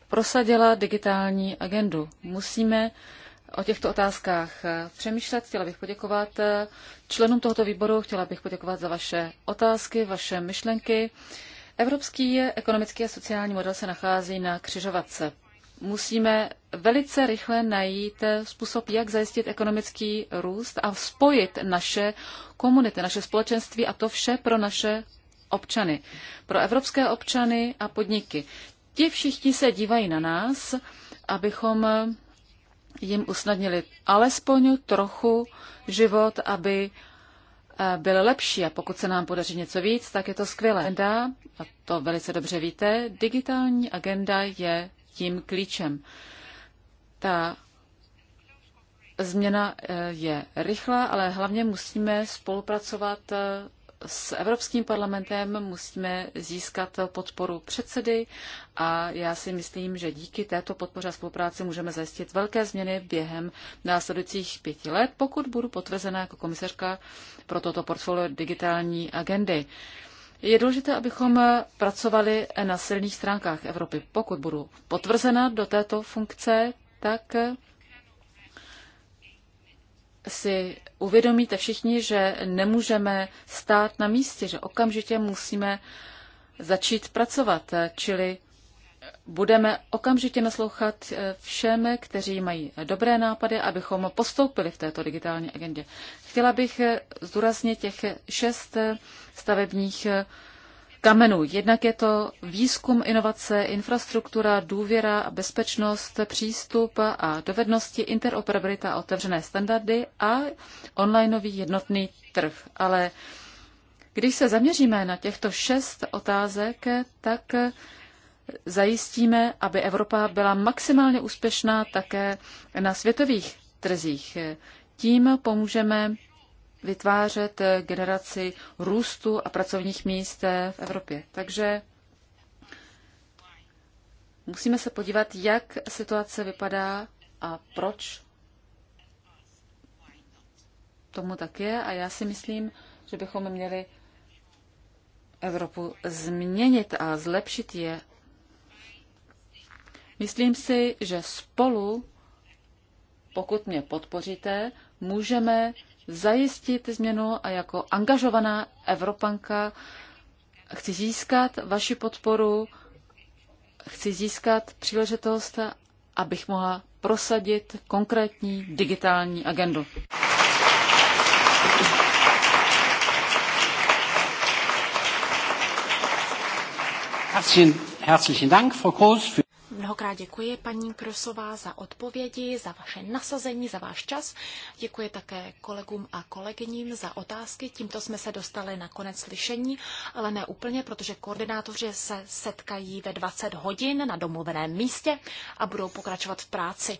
prosadila digitální agendu. Musíme o těchto otázkách eh, přemýšlet. Chtěla bych poděkovat eh, členům tohoto výboru, chtěla bych poděkovat za vaše otázky, vaše myšlenky. Evropský ekonomický a sociální model se nachází na křižovatce musíme velice rychle najít způsob, jak zajistit ekonomický růst a spojit naše komunity, naše společenství a to vše pro naše občany, pro evropské občany a podniky. Ti všichni se dívají na nás, abychom jim usnadnili alespoň trochu život, aby eh, byl lepší a pokud se nám podaří něco víc, tak je to skvělé. Agenda, a to velice dobře víte, digitální agenda je tím klíčem. Ta změna eh, je rychlá, ale hlavně musíme spolupracovat eh, s Evropským parlamentem, musíme získat podporu předsedy a já si myslím, že díky této podpoře a spolupráci můžeme zajistit velké změny během následujících pěti let, pokud budu potvrzena jako komisařka pro toto portfolio digitální agendy. Je důležité, abychom eh, pracovali eh, na silných stránkách Evropy. Pokud budu potvrzena do této funkce, tak eh, si uvědomíte všichni, že nemůžeme stát na místě, že okamžitě musíme začít pracovat, čili budeme okamžitě naslouchat eh, všem, kteří mají dobré nápady, abychom postoupili v této digitální agendě. Chtěla bych eh, zdůraznit těch šest eh, stavebních kamenů. Jednak je to výzkum, inovace, infrastruktura, důvěra, bezpečnost, přístup a dovednosti, interoperabilita, otevřené standardy a onlineový jednotný trh. Ale když se zaměříme na těchto šest otázek, tak zajistíme, aby Evropa byla maximálně úspěšná také na světových trzích. Tím pomůžeme vytvářet generaci růstu a pracovních míst v Evropě. Takže musíme se podívat, jak situace vypadá a proč tomu tak je. A já si myslím, že bychom měli Evropu změnit a zlepšit je Myslím si, že spolu, pokud mě podpoříte, můžeme zajistit změnu a jako angažovaná Evropanka chci získat vaši podporu, chci získat příležitost, abych mohla prosadit konkrétní digitální agendu. Herzlichen, herzlichen Dank, Frau Kroos. Mnohokrát děkuji paní Krosová za odpovědi, za vaše nasazení, za váš čas. Děkuji také kolegům a kolegyním za otázky. Tímto jsme se dostali na konec slyšení, ale ne úplně, protože koordinátoři se setkají ve 20 hodin na domluveném místě a budou pokračovat v práci.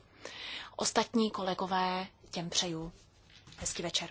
Ostatní kolegové těm přeju hezký večer.